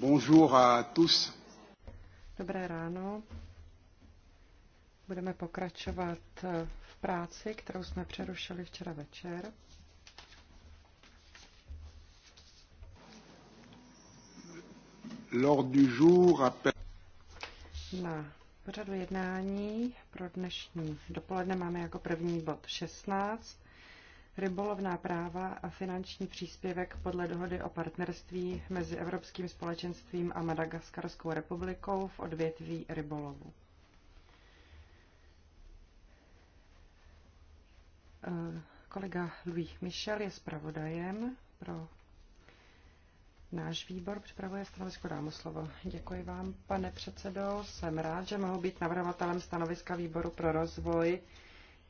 Bonjour à tous. Dobré ráno. Budeme pokračovat v práci, kterou jsme přerušili včera večer. Lors du jour Na pořadu jednání pro dnešní dopoledne máme jako první bod 16 rybolovná práva a finanční příspěvek podle dohody o partnerství mezi Evropským společenstvím a Madagaskarskou republikou v odvětví rybolovu. Eh, kolega Louis Michel je zpravodajem pro Náš výbor připravuje stanovisko, dám slovo. Děkuji vám, pane předsedo. Jsem rád, že mohu být navrhovatelem stanoviska výboru pro rozvoj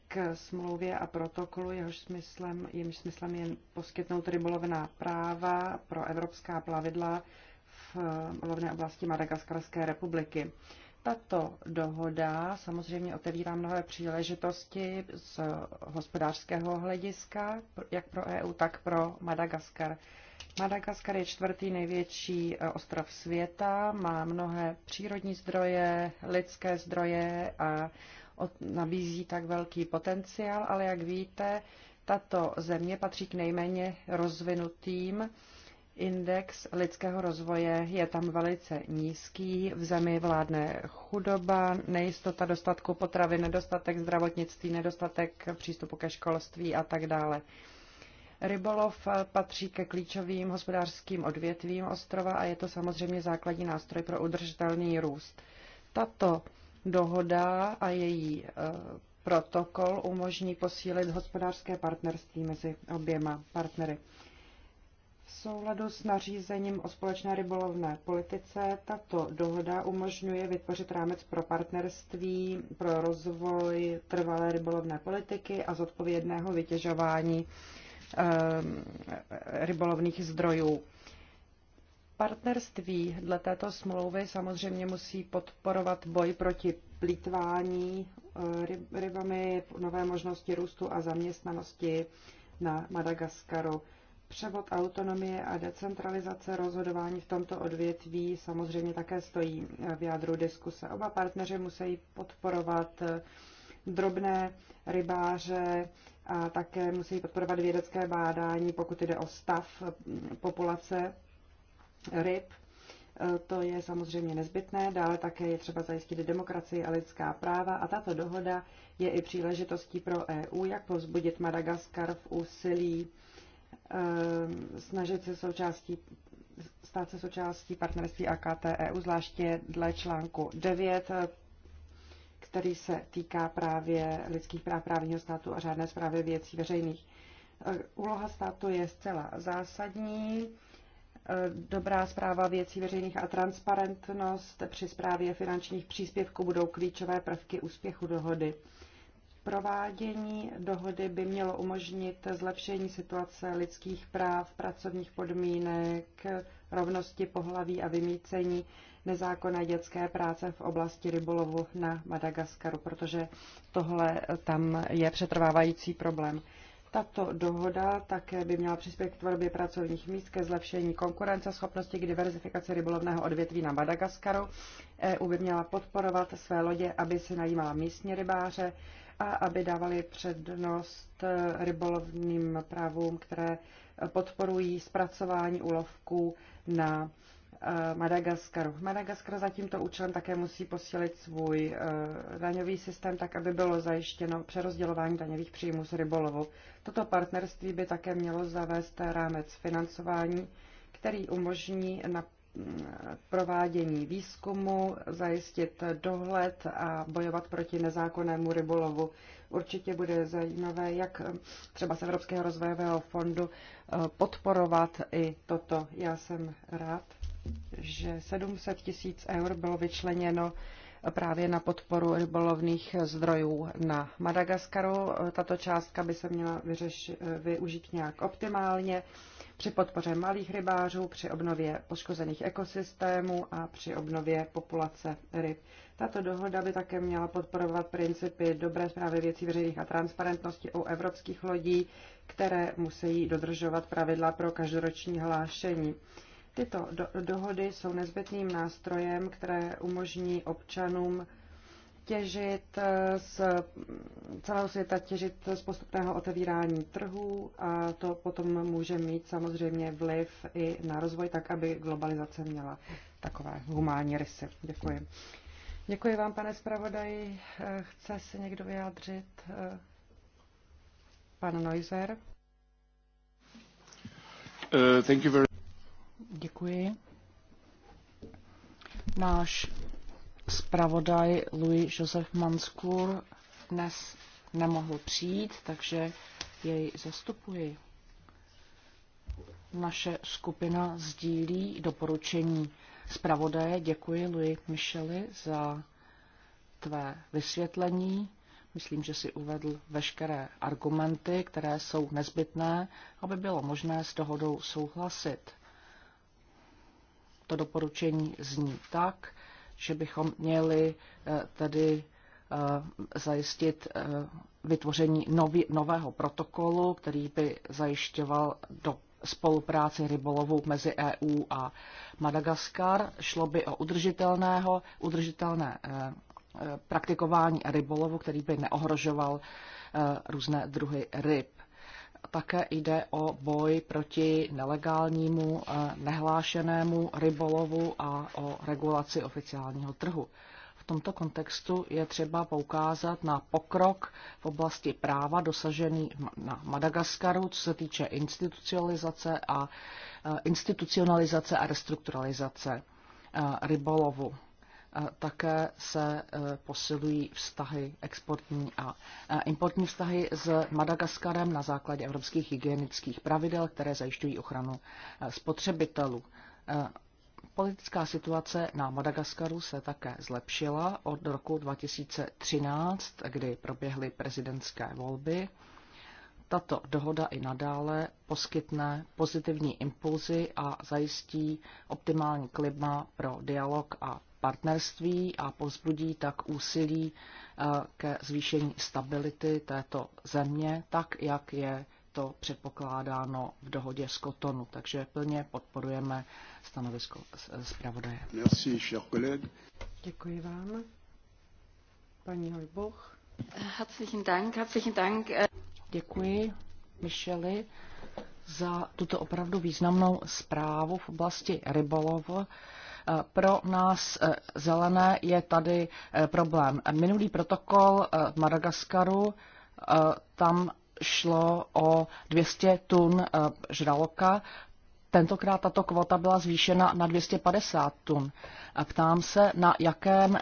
k smlouvě a protokolu, jehož smyslem, jehož smyslem je poskytnout rybolovná práva pro evropská plavidla v lovné oblasti Madagaskarské republiky. Tato dohoda samozřejmě otevírá mnohé příležitosti z hospodářského hlediska, jak pro EU, tak pro Madagaskar. Madagaskar je čtvrtý největší e, ostrov světa, má mnohé přírodní zdroje, lidské zdroje a nabízí tak velký potenciál, ale jak víte, tato země patří k nejméně rozvinutým. Index lidského rozvoje je tam velice nízký, v zemi vládne chudoba, nejistota dostatku potravy, nedostatek zdravotnictví, nedostatek přístupu ke školství a tak dále. Rybolov patří ke klíčovým hospodářským odvětvím ostrova a je to samozřejmě základní nástroj pro udržitelný růst. Tato Dohoda a její eh, protokol umožní posílit hospodářské partnerství mezi oběma partnery. V souladu s nařízením o společné rybolovné politice tato dohoda umožňuje vytvořit rámec pro partnerství pro rozvoj trvalé rybolovné politiky a zodpovědného vytěžování eh, rybolovných zdrojů. Partnerství dle této smlouvy samozřejmě musí podporovat boj proti plítvání eh, rybami, nové možnosti růstu a zaměstnanosti na Madagaskaru. Převod autonomie a decentralizace rozhodování v tomto odvětví samozřejmě také stojí eh, v jádru diskuse. Oba partneři musí podporovat eh, drobné rybáře a také musí podporovat vědecké bádání, pokud jde o stav populace ryb. E, to je samozřejmě nezbytné, dále také je třeba zajistit demokracii a lidská práva a tato dohoda je i příležitostí pro EU, jak povzbudit Madagaskar v úsilí e, snažit se součástí, stát se součástí partnerství AKT-EU, zvláště dle článku 9, e, který se týká právě lidských práv právního státu a řádné zprávy věcí veřejných. Úloha státu je zcela zásadní Dobrá zpráva věcí veřejných a transparentnost při zprávě finančních příspěvků budou klíčové prvky úspěchu dohody. Provádění dohody by mělo umožnit zlepšení situace lidských práv, pracovních podmínek, rovnosti pohlaví a vymícení nezákonné dětské práce v oblasti rybolovu na Madagaskaru, protože tohle tam je přetrvávající problém. Tato dohoda také by měla přispět k tvorbě pracovních míst, ke zlepšení konkurenceschopnosti, k diverzifikaci rybolovného odvětví na Madagaskaru. EU by měla podporovat své lodě, aby si najímala místní rybáře a aby dávali přednost e, rybolovným právům, které podporují zpracování ulovků na Eh, Madagaskaru. Madagaskar za tímto účelem také musí posílit svůj eh, daňový systém tak, aby bylo zajištěno přerozdělování daňových příjmů z rybolovu. Toto partnerství by také mělo zavést rámec financování, který umožní na mm, provádění výzkumu, zajistit dohled a bojovat proti nezákonnému rybolovu. Určitě bude zajímavé, jak eh, třeba z Evropského rozvojového fondu podporovat i toto. Já jsem rád, že 700 tisíc eur bylo vyčleněno právě na podporu rybolovných zdrojů na Madagaskaru. Tato částka by se měla vyřeš, využít nějak optimálně při podpoře malých rybářů, při obnově poškozených ekosystémů a při obnově populace ryb. Tato dohoda by také měla podporovat principy dobré zprávy věcí veřejných a transparentnosti u evropských lodí, které musí dodržovat pravidla pro každoroční hlášení. Tyto do- dohody jsou nezbytným nástrojem, které umožní občanům těžit eh, z celého světa těžit z postupného otevírání trhů a to potom může mít samozřejmě vliv i na rozvoj, tak aby globalizace měla takové humánní rysy. Děkuji. Děkuji vám, pane zpravodaji. Eh, chce se někdo vyjádřit? Eh, pan Neuser. Uh, thank you very Děkuji. Náš zpravodaj Louis Josef Manskur dnes nemohl přijít, takže jej zastupuji. Naše skupina sdílí doporučení zpravodaje. Děkuji Louis Micheli za tvé vysvětlení. Myslím, že si uvedl veškeré argumenty, které jsou nezbytné, aby bylo možné s dohodou souhlasit to doporučení zní tak, že bychom měli eh, tedy eh, zajistit eh, vytvoření nový, nového protokolu, který by zajišťoval do spolupráci rybolovou mezi EU a Madagaskar. Šlo by o udržitelného, udržitelné praktikování rybolovu, který by neohrožoval různé druhy ryb také jde o boj proti nelegálnímu, eh, nehlášenému rybolovu a o regulaci oficiálního trhu. V tomto kontextu je třeba poukázat na pokrok v oblasti práva dosažený na Madagaskaru, co se týče institucionalizace a, eh, institucionalizace a restrukturalizace eh, rybolovu také se e, posilují vztahy exportní a importní vztahy s Madagaskarem na základě evropských hygienických pravidel, které zajišťují ochranu e, spotřebitelů. E, politická situace na Madagaskaru se také zlepšila od roku 2013, kdy proběhly prezidentské volby. Tato dohoda i nadále poskytne pozitivní impulzy a zajistí optimální klima pro dialog a partnerství a pozbudí tak úsilí eh, ke zvýšení stability této země, tak jak je to předpokládáno v dohodě z Kotonu. Takže plně podporujeme stanovisko eh, zpravodaje. Merci, cher collègue. Děkuji vám. Paní Holboch. Herzlichen Dank, herzlichen Dank. Eh. Děkuji, Micheli, za tuto opravdu významnou zprávu v oblasti rybolovu. Pro nás e, zelené je tady e, problém. Minulý protokol e, v Madagaskaru, tam šlo o 200 tun žraloka, Tentokrát tato kvota byla zvýšena na 250 tun. Ptám se, na jakém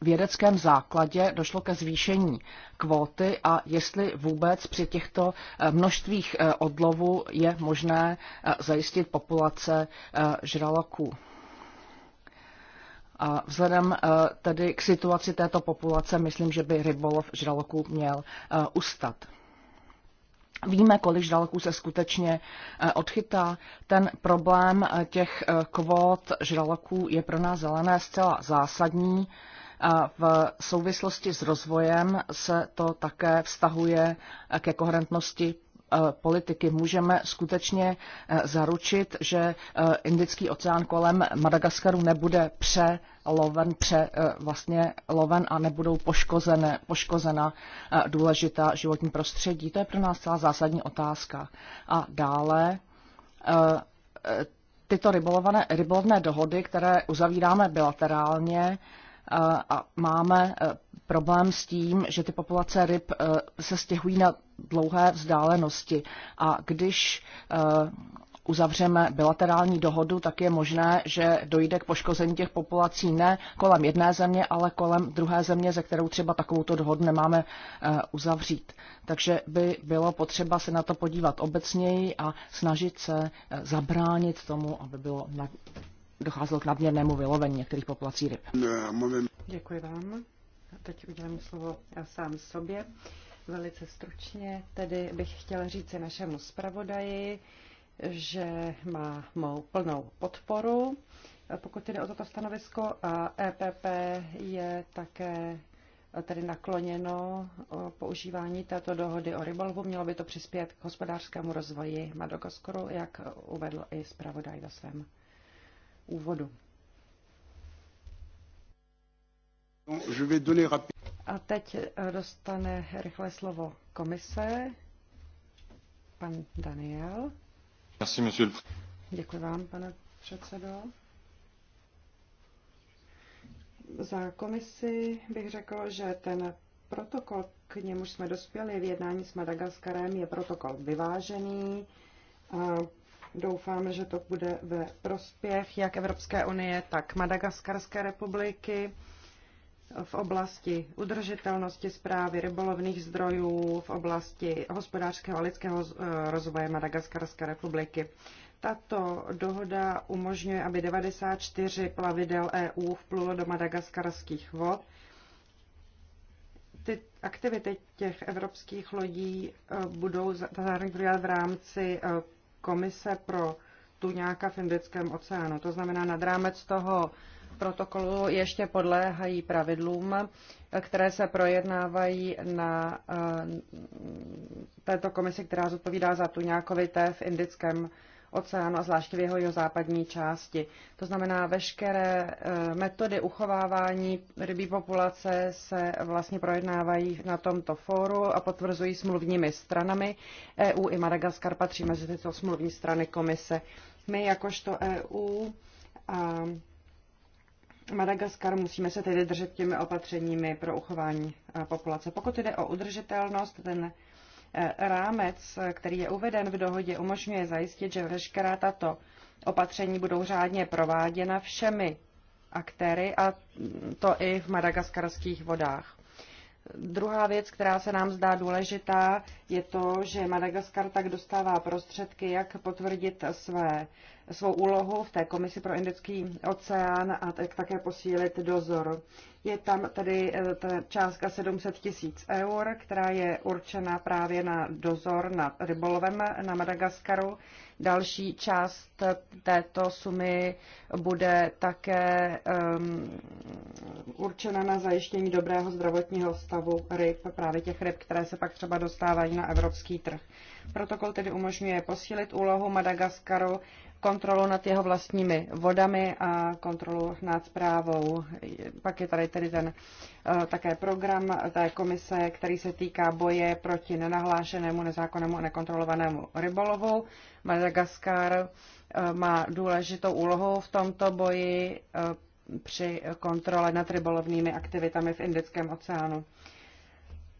vědeckém základě došlo ke zvýšení kvóty a jestli vůbec při těchto množstvích odlovu je možné zajistit populace žraloků. A vzhledem eh, tedy k situaci této populace, myslím, že by rybolov žraloků měl eh, ustat. Víme, kolik žraloků se skutečně eh, odchytá. Ten problém těch kvót žraloků je pro nás zelené zcela zásadní. V souvislosti s rozvojem se to také vztahuje ke koherentnosti politiky můžeme skutečně zaručit, že Indický oceán kolem Madagaskaru nebude pře loven, pře, eh, vlastně loven a nebudou poškozené, poškozena eh, důležitá životní prostředí. To je pro nás celá zásadní otázka. A dále eh, tyto rybolované, rybolovné dohody, které uzavíráme bilaterálně, a máme problém s tím, že ty populace ryb se stěhují na dlouhé vzdálenosti. A když uzavřeme bilaterální dohodu, tak je možné, že dojde k poškození těch populací ne kolem jedné země, ale kolem druhé země, ze kterou třeba takovouto dohodu nemáme eh, uzavřít. Takže by bylo potřeba se na to podívat obecněji a snažit se eh, zabránit tomu, aby bylo na, docházelo k nadměrnému vylovení některých populací ryb. Děkuji vám. A teď udělám slovo já sám sobě. Velice stručně tedy bych chtěla říct našemu zpravodaji, že má mou plnou podporu, pokud jde o toto stanovisko a EPP je také tedy nakloněno používání této dohody o rybolovu. Mělo by to přispět k hospodářskému rozvoji Madagaskaru, jak uvedl i zpravodaj ve svém úvodu. A teď eh, dostane rychle slovo komise, pan Daniel. Děkuji vám, pane předsedo. Za komisi bych řekl, že ten protokol, k němuž jsme dospěli v jednání s Madagaskarem, je protokol vyvážený. A doufám, že to bude ve prospěch jak Evropské unie, tak Madagaskarské republiky v oblasti udržitelnosti zprávy rybolovných zdrojů, v oblasti hospodářského a lidského eh, rozvoje Madagaskarské republiky. Tato dohoda umožňuje, aby 94 plavidel EU vplulo do madagaskarských vod. Ty aktivity těch evropských lodí eh, budou zahrnout v rámci eh, komise pro tuňáka v Indickém oceánu. To znamená nad rámec toho protokolu ještě podléhají pravidlům, které se projednávají na eh, této komisi, která zodpovídá za tu tuňákovité v Indickém oceánu a zvláště v jeho, jeho západní části. To znamená, veškeré eh, metody uchovávání rybí populace se vlastně projednávají na tomto fóru a potvrzují smluvními stranami. EU i Madagaskar patří mezi tyto smluvní strany komise. My jakožto EU a Madagaskar musíme se tedy držet těmi opatřeními pro uchování eh, populace. Pokud jde o udržitelnost, ten eh, rámec, eh, který je uveden v dohodě, umožňuje zajistit, že veškerá tato opatření budou řádně prováděna všemi aktéry a to i v madagaskarských vodách. Druhá věc, která se nám zdá důležitá, je to, že Madagaskar tak dostává prostředky, jak potvrdit své svou úlohu v té komisi pro Indický oceán a tak také posílit dozor. Je tam tedy eh, ta částka 700 tisíc eur, která je určena právě na dozor nad rybolovem na Madagaskaru. Další část této sumy bude také um, určena na zajištění dobrého zdravotního stavu ryb, právě těch ryb, které se pak třeba dostávají na evropský trh. Protokol tedy umožňuje posílit úlohu Madagaskaru kontrolu nad jeho vlastními vodami a kontrolu nad zprávou. Pak je tady tedy ten eh, také program té komise, který se týká boje proti nenahlášenému, nezákonnému a nekontrolovanému rybolovu. Madagaskar eh, má důležitou úlohu v tomto boji eh, při kontrole nad rybolovnými aktivitami v Indickém oceánu.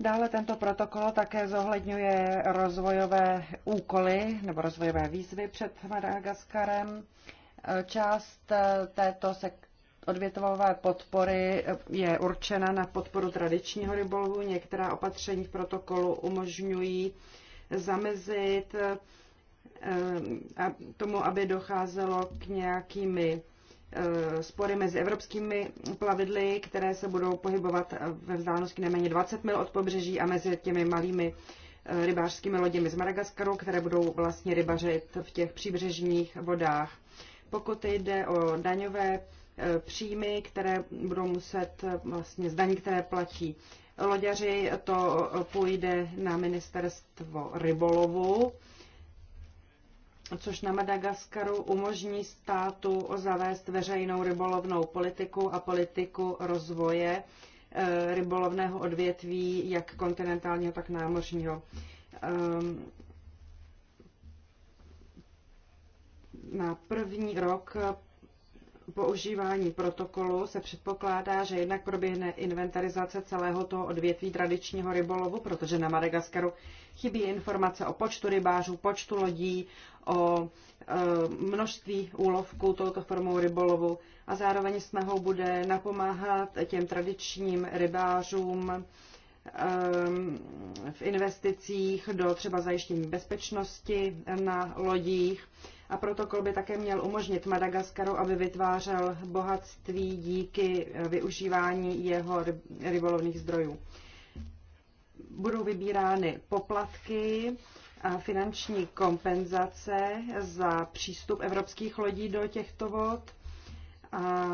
Dále tento protokol také zohledňuje rozvojové úkoly nebo rozvojové výzvy před Madagaskarem. Část této odvětvové podpory je určena na podporu tradičního rybolovu. Některá opatření v protokolu umožňují zamezit eh, tomu, aby docházelo k nějakými Eh, spory mezi evropskými plavidly, které se budou pohybovat ve vzdálenosti nejméně 20 mil od pobřeží a mezi těmi malými eh, rybářskými loděmi z Madagaskaru, které budou vlastně rybařit v těch příbřežních vodách. Pokud jde o daňové eh, příjmy, které budou muset vlastně zdaní, které platí loďaři, to půjde na ministerstvo rybolovu což na Madagaskaru umožní státu zavést veřejnou rybolovnou politiku a politiku rozvoje e, rybolovného odvětví, jak kontinentálního, tak námořního. Ehm, na první rok používání protokolu se předpokládá, že jednak proběhne inventarizace celého toho odvětví tradičního rybolovu, protože na Madagaskaru chybí informace o počtu rybářů, počtu lodí, o e, množství úlovků touto formou rybolovu a zároveň snahou bude napomáhat těm tradičním rybářům e, v investicích do třeba zajištění bezpečnosti na lodích. A protokol by také měl umožnit Madagaskaru, aby vytvářel bohatství díky využívání jeho rybolovných zdrojů. Budou vybírány poplatky, finanční kompenzace za přístup evropských lodí do těchto vod. A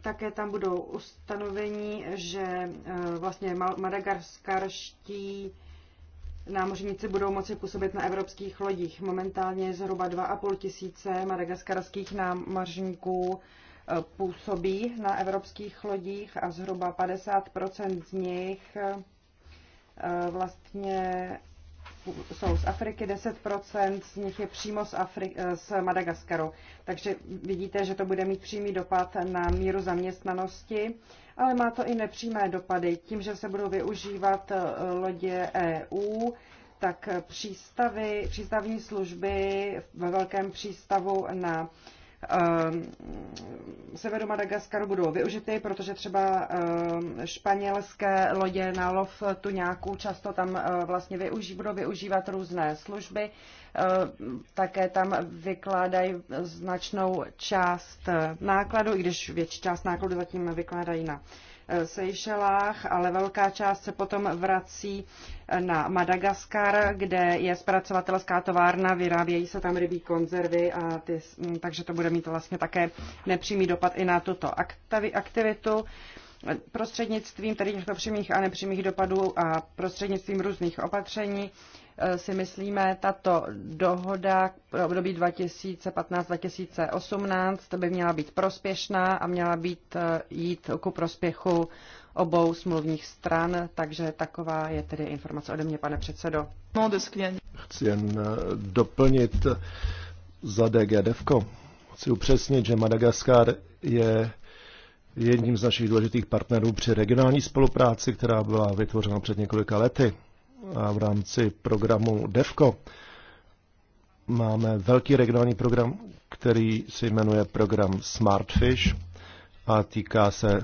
také tam budou ustanovení, že e, vlastně madagaskarští námořníci budou moci působit na evropských lodích. Momentálně je zhruba 2,5 tisíce madagaskarských námořníků e, působí na evropských lodích a zhruba 50 z nich e, vlastně jsou z Afriky, 10% z nich je přímo z, Afri- eh, z Madagaskaru. Takže vidíte, že to bude mít přímý dopad na míru zaměstnanosti, ale má to i nepřímé dopady. Tím, že se budou využívat eh, lodě EU, tak přístavy, přístavní služby ve velkém přístavu na Ehm, severu Madagaskaru budou využity, protože třeba ehm, španělské lodě na lov nějakou často tam eh, vlastně využí, budou využívat různé služby. Ehm, také tam vykládají značnou část eh, nákladu, i když větší část nákladu zatím vykládají na Eh, Seychelách, ale velká část se potom vrací eh, na Madagaskar, kde je zpracovatelská továrna, vyrábějí se tam rybí konzervy, a ty, mm, takže to bude mít vlastně také nepřímý dopad i na tuto aktivitu prostřednictvím tedy těchto přímých a nepřímých dopadů a prostřednictvím různých opatření Eh, si myslíme, tato dohoda pro období 2015-2018 by měla být prospěšná a měla být eh, jít ku prospěchu obou smluvních stran, takže taková je tedy informace ode mě, pane předsedo. Chci jen eh, doplnit za DGDFko. Chci upřesnit, že Madagaskar je jedním z našich důležitých partnerů při regionální spolupráci, která byla vytvořena před několika lety a v rámci programu DEVCO máme velký regionální program, který se jmenuje program Smartfish a týká se e,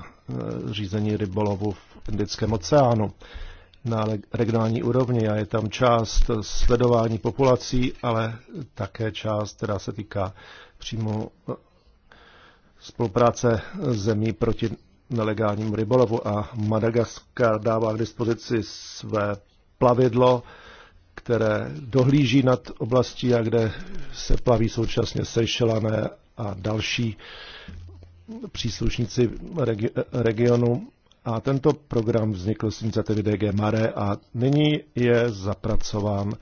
řízení rybolovu v Indickém oceánu na regionální úrovni a je tam část sledování populací, ale také část, která se týká přímo e, spolupráce zemí proti nelegálnímu rybolovu a Madagaskar dává k dispozici své plavidlo, které dohlíží nad oblastí a kde se plaví současně Seychelané a další příslušníci regi- regionu. A tento program vznikl z iniciativy DG Mare a nyní je zapracován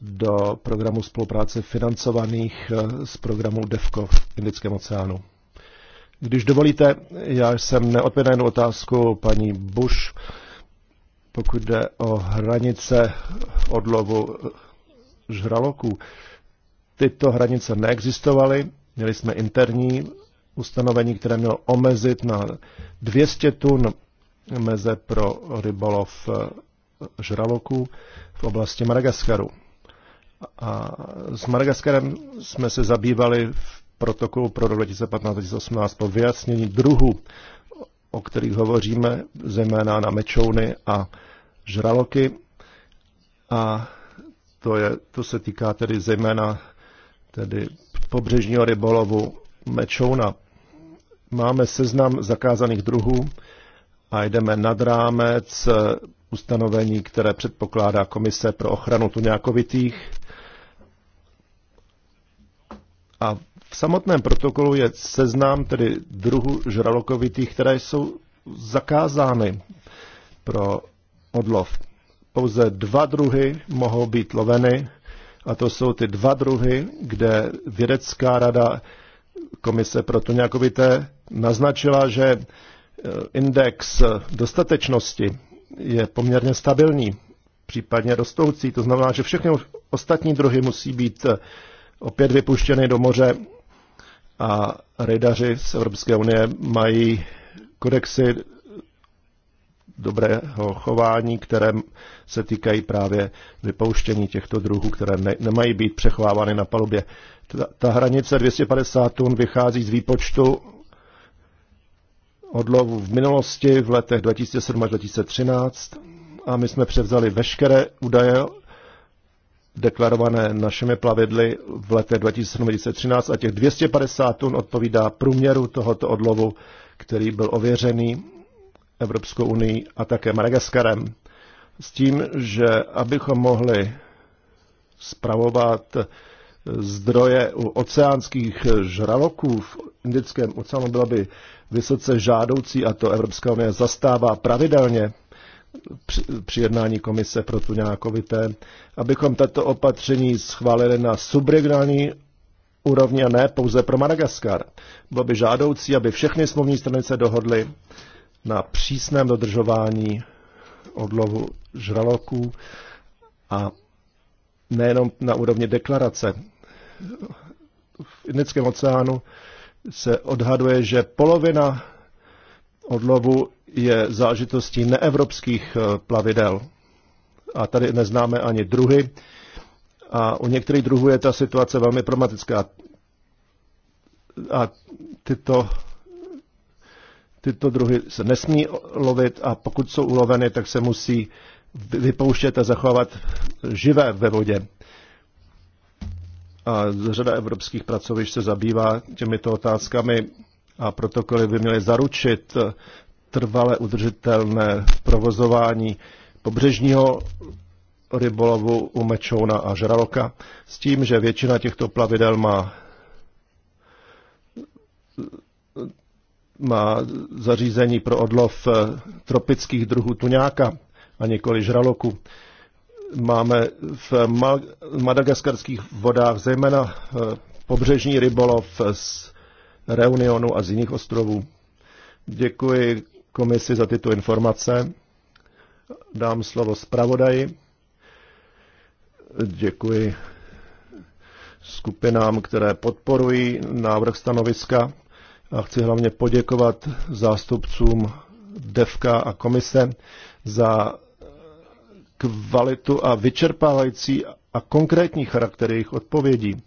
do programu spolupráce financovaných eh, z programu DEVCO v Indickém oceánu. Když dovolíte, já jsem neodpověděl na otázku paní Bush pokud jde o hranice odlovu žraloků. Tyto hranice neexistovaly, měli jsme interní ustanovení, které mělo omezit na 200 tun meze pro rybolov eh, žraloků v oblasti Madagaskaru. A s Madagaskarem jsme se zabývali v protokolu pro rok 2015-2018 po vyjasnění druhu o kterých hovoříme, zejména na mečouny a žraloky. A to, je, to se týká tedy zejména tedy pobřežního rybolovu mečouna. Máme seznam zakázaných druhů a jdeme nad rámec ustanovení, které předpokládá Komise pro ochranu tuňákovitých a v samotném protokolu je seznám tedy druhu žralokovitých, které jsou zakázány pro odlov. Pouze dva druhy mohou být loveny a to jsou ty dva druhy, kde vědecká rada komise pro tuňákovité naznačila, že e, index dostatečnosti je poměrně stabilní, případně rostoucí. To znamená, že všechny ostatní druhy musí být e, opět vypuštěny do moře a rejdaři z Evropské unie mají kodexy dobrého chování, které se týkají právě vypouštění těchto druhů, které ne, nemají být přechovávány na palubě. Ta, ta hranice 250 tun vychází z výpočtu odlovu v minulosti, v letech 2007 až 2013 a my jsme převzali veškeré údaje deklarované našimi plavidly v letech 2013 a těch 250 tun odpovídá průměru tohoto odlovu, který byl ověřený Evropskou unii a také Madagaskarem. S tím, že abychom mohli spravovat zdroje u oceánských žraloků v Indickém oceánu, bylo by vysoce žádoucí a to Evropská unie zastává pravidelně při jednání komise pro tuňákovité, abychom tato opatření schválili na subregionální úrovni a ne pouze pro Madagaskar. Bylo by žádoucí, aby všechny smluvní strany se dohodly na přísném dodržování odlovu žraloků a nejenom na úrovni deklarace. V Indickém oceánu se odhaduje, že polovina odlovu je zážitostí neevropských eh, plavidel. A tady neznáme ani druhy. A u některých druhů je ta situace velmi problematická. A tyto, tyto druhy se nesmí lovit a pokud jsou uloveny, tak se musí vypouštět a zachovat živé ve vodě. A řada evropských pracovišť se zabývá těmito otázkami a protokoly by měly zaručit trvale udržitelné provozování pobřežního rybolovu u Mečouna a Žraloka s tím, že většina těchto plavidel má, má zařízení pro odlov eh, tropických druhů tuňáka a nikoli žraloku. Máme v madagaskarských vodách zejména eh, pobřežní rybolov z Reunionu a z jiných ostrovů. Děkuji komisi za tyto informace. Dám slovo zpravodaji. Děkuji skupinám, které podporují návrh stanoviska a chci hlavně poděkovat zástupcům DEVKA a komise za kvalitu a vyčerpávající a konkrétní charakter jejich odpovědí.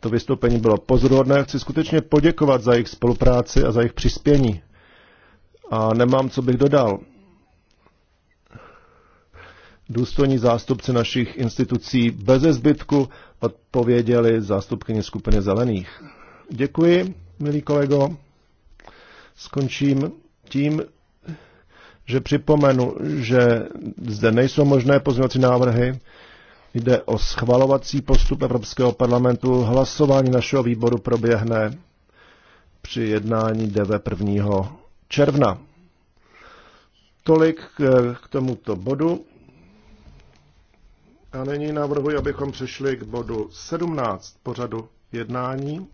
To vystoupení bylo pozoruhodné. Chci skutečně poděkovat za jejich spolupráci a za jejich přispění a nemám, co bych dodal. Důstojní zástupci našich institucí bez zbytku odpověděli zástupkyně skupiny zelených. Děkuji, milý kolego. Skončím tím, že připomenu, že zde nejsou možné pozměňovací návrhy. Jde o schvalovací postup Evropského parlamentu. Hlasování našeho výboru proběhne při jednání DV 1 června. Tolik k tomuto bodu. A nyní navrhuji, abychom přešli k bodu 17 pořadu jednání.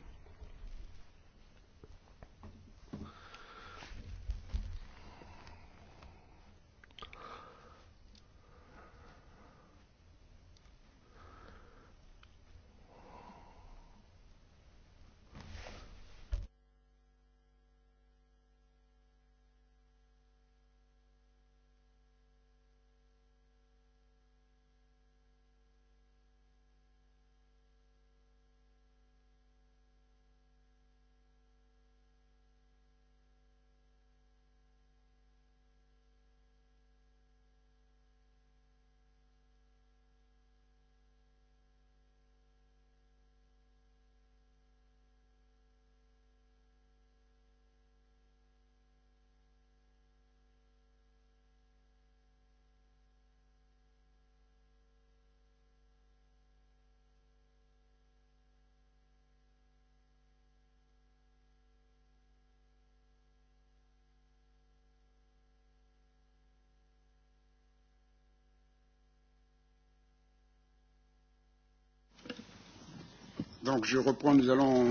Donc je reprends, nous allons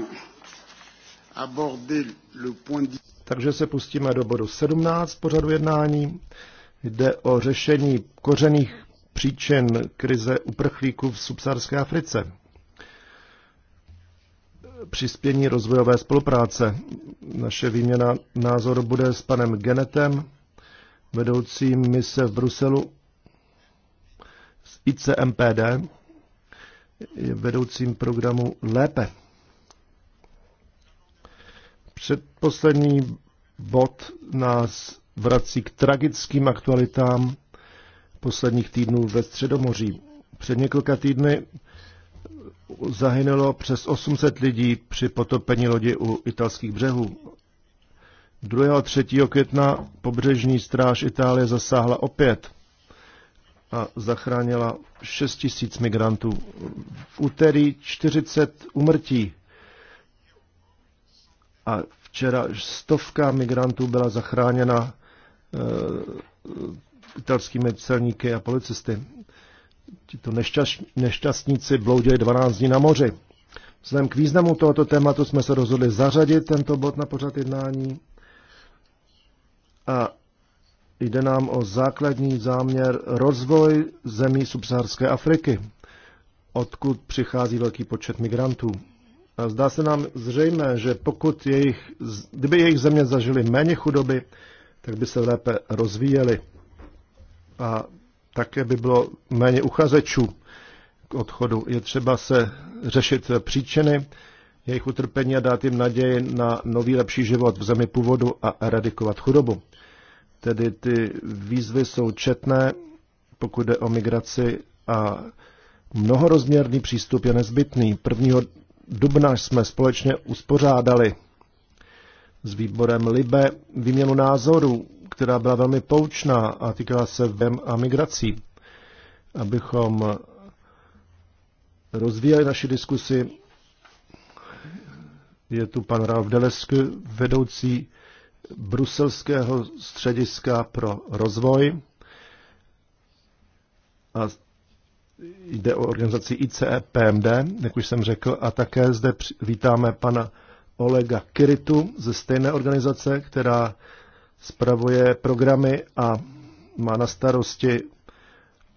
aborder le point... Takže se pustíme do bodu 17 pořadu jednání. Jde o řešení kořených příčin krize uprchlíků v subsaharské Africe. Přispění rozvojové spolupráce. Naše výměna názoru bude s panem Genetem, vedoucím mise v Bruselu z ICMPD, vedoucím programu lépe. Předposlední bod nás vrací k tragickým aktualitám posledních týdnů ve Středomoří. Před několika týdny zahynulo přes 800 lidí při potopení lodi u italských břehů. 2. a 3. května pobřežní stráž Itálie zasáhla opět a zachránila 6 tisíc migrantů. V úterý 40 umrtí a včera stovka migrantů byla zachráněna eh, italskými celníky a policisty. Tito nešťastníci bloudili 12 dní na moři. Vzhledem k významu tohoto tématu jsme se rozhodli zařadit tento bod na pořad jednání a Jde nám o základní záměr rozvoj zemí subsaharské Afriky, odkud přichází velký počet migrantů. A zdá se nám zřejmé, že pokud jejich, kdyby jejich země zažily méně chudoby, tak by se lépe rozvíjely. A také by bylo méně uchazečů k odchodu. Je třeba se řešit příčiny jejich utrpení a dát jim naději na nový lepší život v zemi původu a eradikovat chudobu. Tedy ty výzvy jsou četné, pokud jde o migraci a mnohorozměrný přístup je nezbytný. 1. dubna jsme společně uspořádali s výborem Libe výměnu názorů, která byla velmi poučná a týkala se vem a migrací. Abychom rozvíjeli naši diskusi, je tu pan Ralf Delesk, vedoucí Bruselského střediska pro rozvoj a jde o organizaci ICE PMD, jak už jsem řekl, a také zde vítáme pana Olega Kiritu ze stejné organizace, která spravuje programy a má na starosti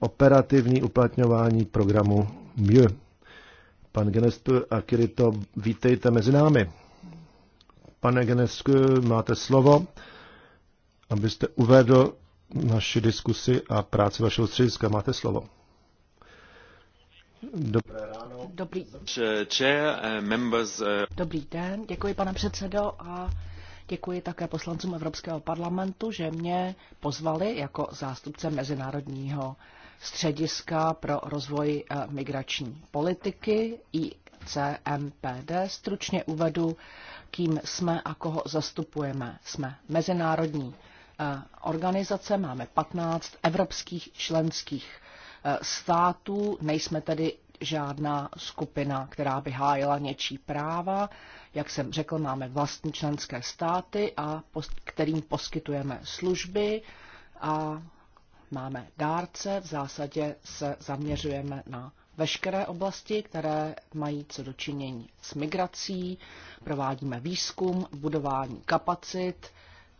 operativní uplatňování programu MIE. Pan Genestu a Kirito, vítejte mezi námi. Pane Genesku, máte slovo, abyste uvedl naši diskusi a práci vašeho střediska. Máte slovo. Dobré ráno. Dobrý. Eh, eh. Dobrý den, děkuji pane předsedo a děkuji také poslancům Evropského parlamentu, že mě pozvali jako zástupce Mezinárodního střediska pro rozvoj eh, migrační politiky ICMPD. Stručně uvedu kým jsme a koho zastupujeme. Jsme mezinárodní eh, organizace, máme 15 evropských členských eh, států, nejsme tedy žádná skupina, která by hájila něčí práva. Jak jsem řekl, máme vlastní členské státy, a post, kterým poskytujeme služby a máme dárce. V zásadě se zaměřujeme na veškeré oblasti, které mají co dočinění s migrací, provádíme výzkum, budování kapacit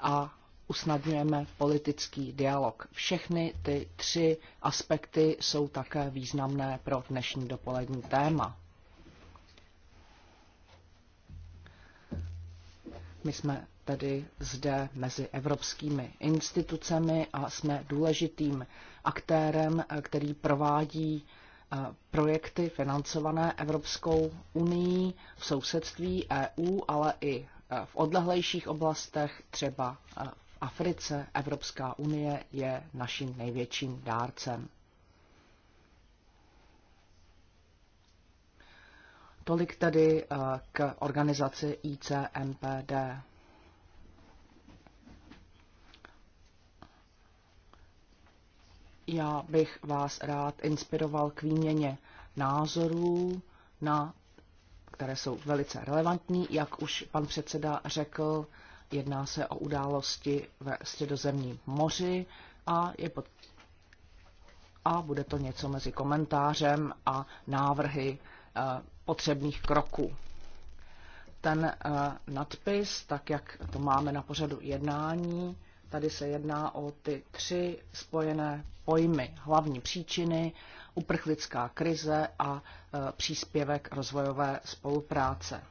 a usnadňujeme politický dialog. Všechny ty tři aspekty jsou také významné pro dnešní dopolední téma. My jsme tedy zde mezi evropskými institucemi a jsme důležitým aktérem, který provádí Eh, projekty financované Evropskou unii v sousedství EU, ale i eh, v odlehlejších oblastech, třeba eh, v Africe. Evropská unie je naším největším dárcem. Tolik tedy k organizaci ICMPD. Já bych vás rád inspiroval k výměně názorů, na, které jsou velice relevantní. Jak už pan předseda řekl, jedná se o události ve středozemním moři a je pod a bude to něco mezi komentářem a návrhy eh, potřebných kroků. Ten eh, nadpis, tak jak to máme na pořadu jednání, tady se jedná o ty tři spojené pojmy hlavní příčiny, uprchlická krize a e, příspěvek rozvojové spolupráce.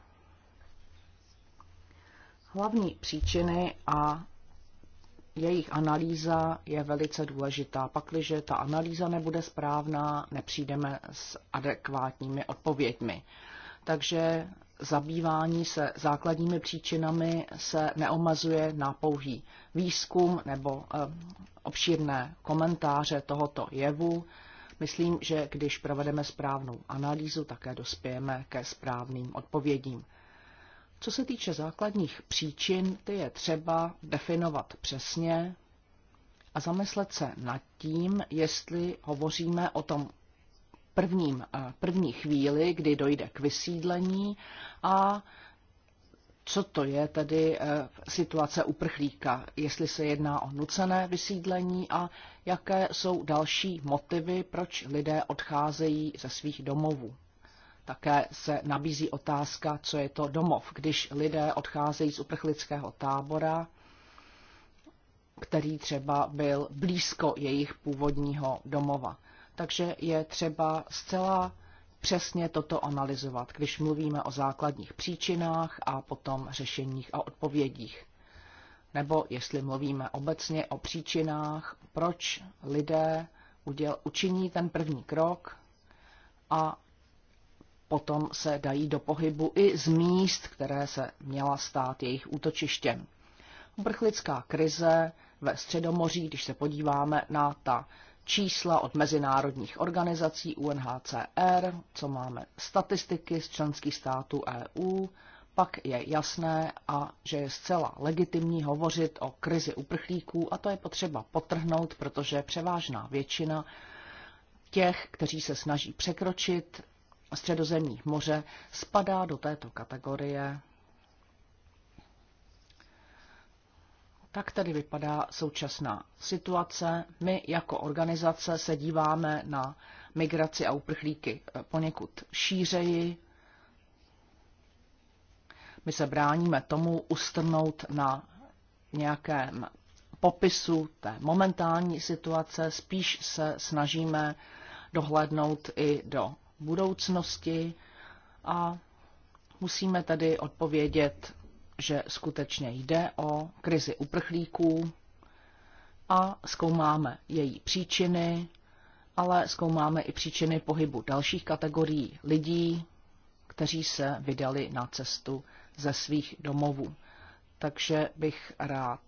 Hlavní příčiny a jejich analýza je velice důležitá. Pakliže ta analýza nebude správná, nepřijdeme s adekvátními odpověďmi. Takže zabývání se základními příčinami se neomazuje na pouhý výzkum nebo eh, obšírné komentáře tohoto jevu. Myslím, že když provedeme správnou analýzu, také dospějeme ke správným odpovědím. Co se týče základních příčin, ty je třeba definovat přesně a zamyslet se nad tím, jestli hovoříme o tom prvním, eh, první chvíli, kdy dojde k vysídlení a co to je tedy eh, situace uprchlíka, jestli se jedná o nucené vysídlení a jaké jsou další motivy, proč lidé odcházejí ze svých domovů. Také se nabízí otázka, co je to domov, když lidé odcházejí z uprchlického tábora, který třeba byl blízko jejich původního domova takže je třeba zcela přesně toto analyzovat, když mluvíme o základních příčinách a potom řešeních a odpovědích. Nebo jestli mluvíme obecně o příčinách, proč lidé uděl, učiní ten první krok a potom se dají do pohybu i z míst, které se měla stát jejich útočištěm. Brchlická krize ve Středomoří, když se podíváme na ta čísla od mezinárodních organizací UNHCR, co máme statistiky z členských států EU, pak je jasné a že je zcela legitimní hovořit o krizi uprchlíků a to je potřeba potrhnout, protože převážná většina těch, kteří se snaží překročit středozemní moře, spadá do této kategorie Tak tedy vypadá současná situace. My jako organizace se díváme na migraci a uprchlíky eh, poněkud šířeji. My se bráníme tomu ustrnout na nějakém popisu té momentální situace, spíš se snažíme dohlédnout i do budoucnosti a musíme tedy odpovědět že skutečně jde o krizi uprchlíků a zkoumáme její příčiny, ale zkoumáme i příčiny pohybu dalších kategorií lidí, kteří se vydali na cestu ze svých domovů. Takže bych rád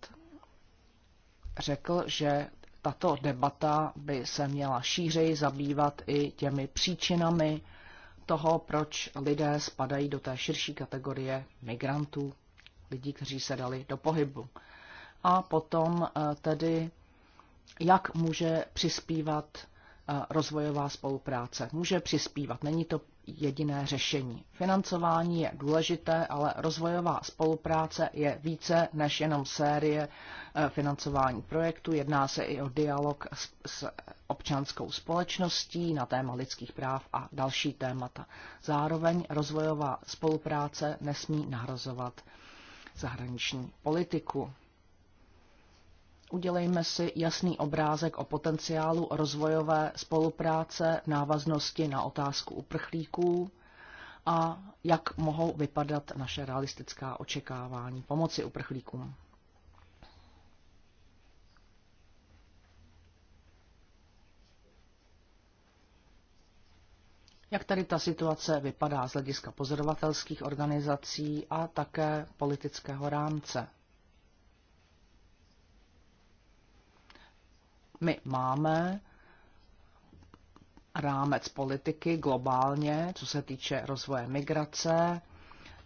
řekl, že tato debata by se měla šířeji zabývat i těmi příčinami toho, proč lidé spadají do té širší kategorie migrantů lidí, kteří se dali do pohybu. A potom eh, tedy, jak může přispívat eh, rozvojová spolupráce. Může přispívat, není to jediné řešení. Financování je důležité, ale rozvojová spolupráce je více než jenom série eh, financování projektu. Jedná se i o dialog s, s občanskou společností na téma lidských práv a další témata. Zároveň rozvojová spolupráce nesmí nahrazovat zahraniční politiku. Udělejme si jasný obrázek o potenciálu rozvojové spolupráce návaznosti na otázku uprchlíků a jak mohou vypadat naše realistická očekávání pomoci uprchlíkům. jak tady ta situace vypadá z hlediska pozorovatelských organizací a také politického rámce. My máme rámec politiky globálně, co se týče rozvoje migrace,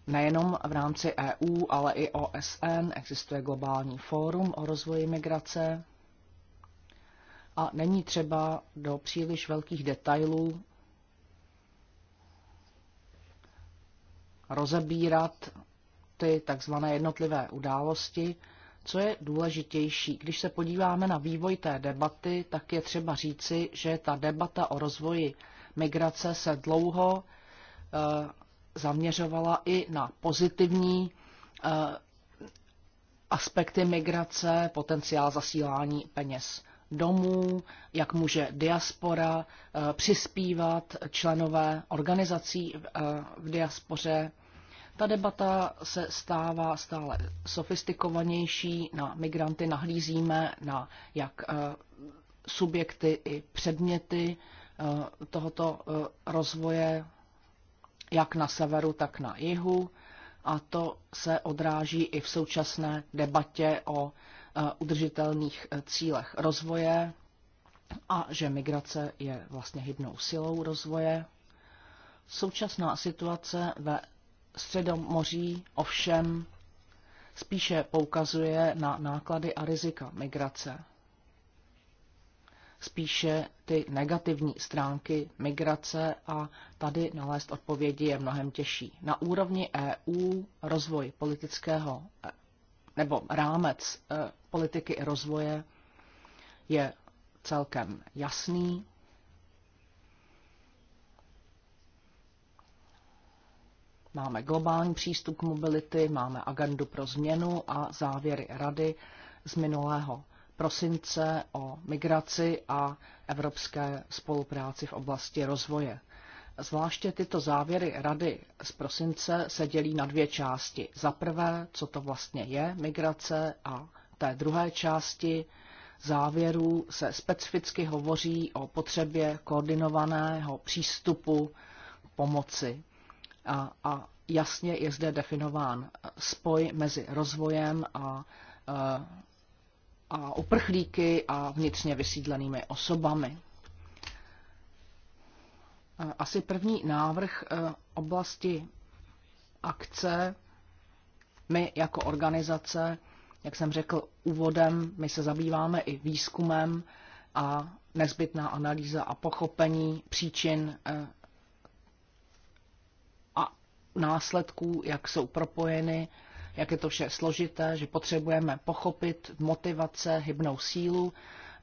Nejenom v rámci EU, ale i OSN existuje globální fórum o rozvoji migrace a není třeba do příliš velkých detailů rozebírat ty takzvané jednotlivé události. Co je důležitější, když se podíváme na vývoj té debaty, tak je třeba říci, že ta debata o rozvoji migrace se dlouho eh, zaměřovala i na pozitivní eh, aspekty migrace, potenciál zasílání peněz domů, jak může diaspora eh, přispívat členové organizací v diaspoře ta debata se stává stále sofistikovanější, na migranty nahlízíme, na jak eh, subjekty i předměty eh, tohoto eh, rozvoje, jak na severu, tak na jihu. A to se odráží i v současné debatě o udržitelných cílech rozvoje a že migrace je vlastně hybnou silou rozvoje. Současná situace ve Středomoří ovšem spíše poukazuje na náklady a rizika migrace. Spíše ty negativní stránky migrace a tady nalézt odpovědi je mnohem těžší. Na úrovni EU rozvoj politického nebo rámec eh, politiky rozvoje je celkem jasný. Máme globální přístup k mobility, máme agendu pro změnu a závěry rady z minulého prosince o migraci a evropské spolupráci v oblasti rozvoje. Zvláště tyto závěry rady z prosince se dělí na dvě části. Za prvé, co to vlastně je migrace a té druhé části závěrů se specificky hovoří o potřebě koordinovaného přístupu pomoci a, a jasně je zde definován spoj mezi rozvojem a, a, e, a uprchlíky a vnitřně vysídlenými osobami. E, asi první návrh e, oblasti akce my jako organizace, jak jsem řekl úvodem, my se zabýváme i výzkumem a nezbytná analýza a pochopení příčin následků, jak jsou propojeny, jak je to vše složité, že potřebujeme pochopit motivace, hybnou sílu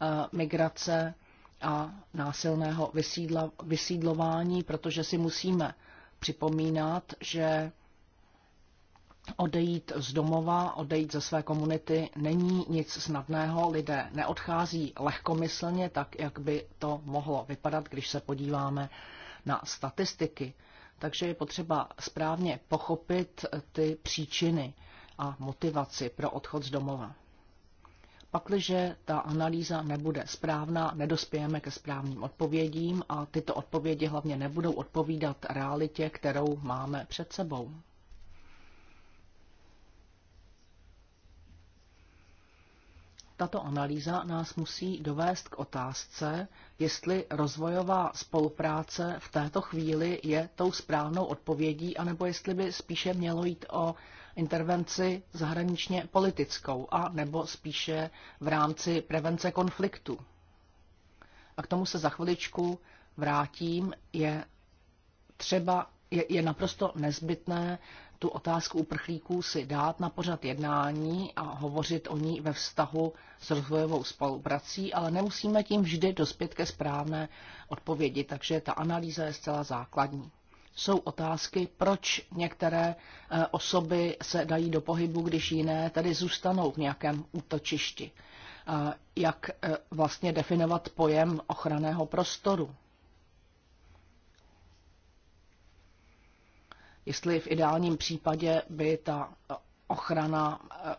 eh, migrace a násilného vysídla, vysídlování, protože si musíme připomínat, že odejít z domova, odejít ze své komunity není nic snadného. Lidé neodchází lehkomyslně, tak jak by to mohlo vypadat, když se podíváme na statistiky. Takže je potřeba správně pochopit ty příčiny a motivaci pro odchod z domova. Pakliže ta analýza nebude správná, nedospějeme ke správným odpovědím a tyto odpovědi hlavně nebudou odpovídat realitě, kterou máme před sebou. Tato analýza nás musí dovést k otázce, jestli rozvojová spolupráce v této chvíli je tou správnou odpovědí, anebo jestli by spíše mělo jít o intervenci zahraničně politickou, a nebo spíše v rámci prevence konfliktu. A k tomu se za chviličku vrátím. Je třeba je, je naprosto nezbytné tu otázku uprchlíků si dát na pořad jednání a hovořit o ní ve vztahu s rozvojovou spoluprací, ale nemusíme tím vždy dospět ke správné odpovědi, takže ta analýza je zcela základní. Jsou otázky, proč některé eh, osoby se dají do pohybu, když jiné tedy zůstanou v nějakém útočišti. Eh, jak eh, vlastně definovat pojem ochranného prostoru? jestli v ideálním případě by ta eh, ochrana eh,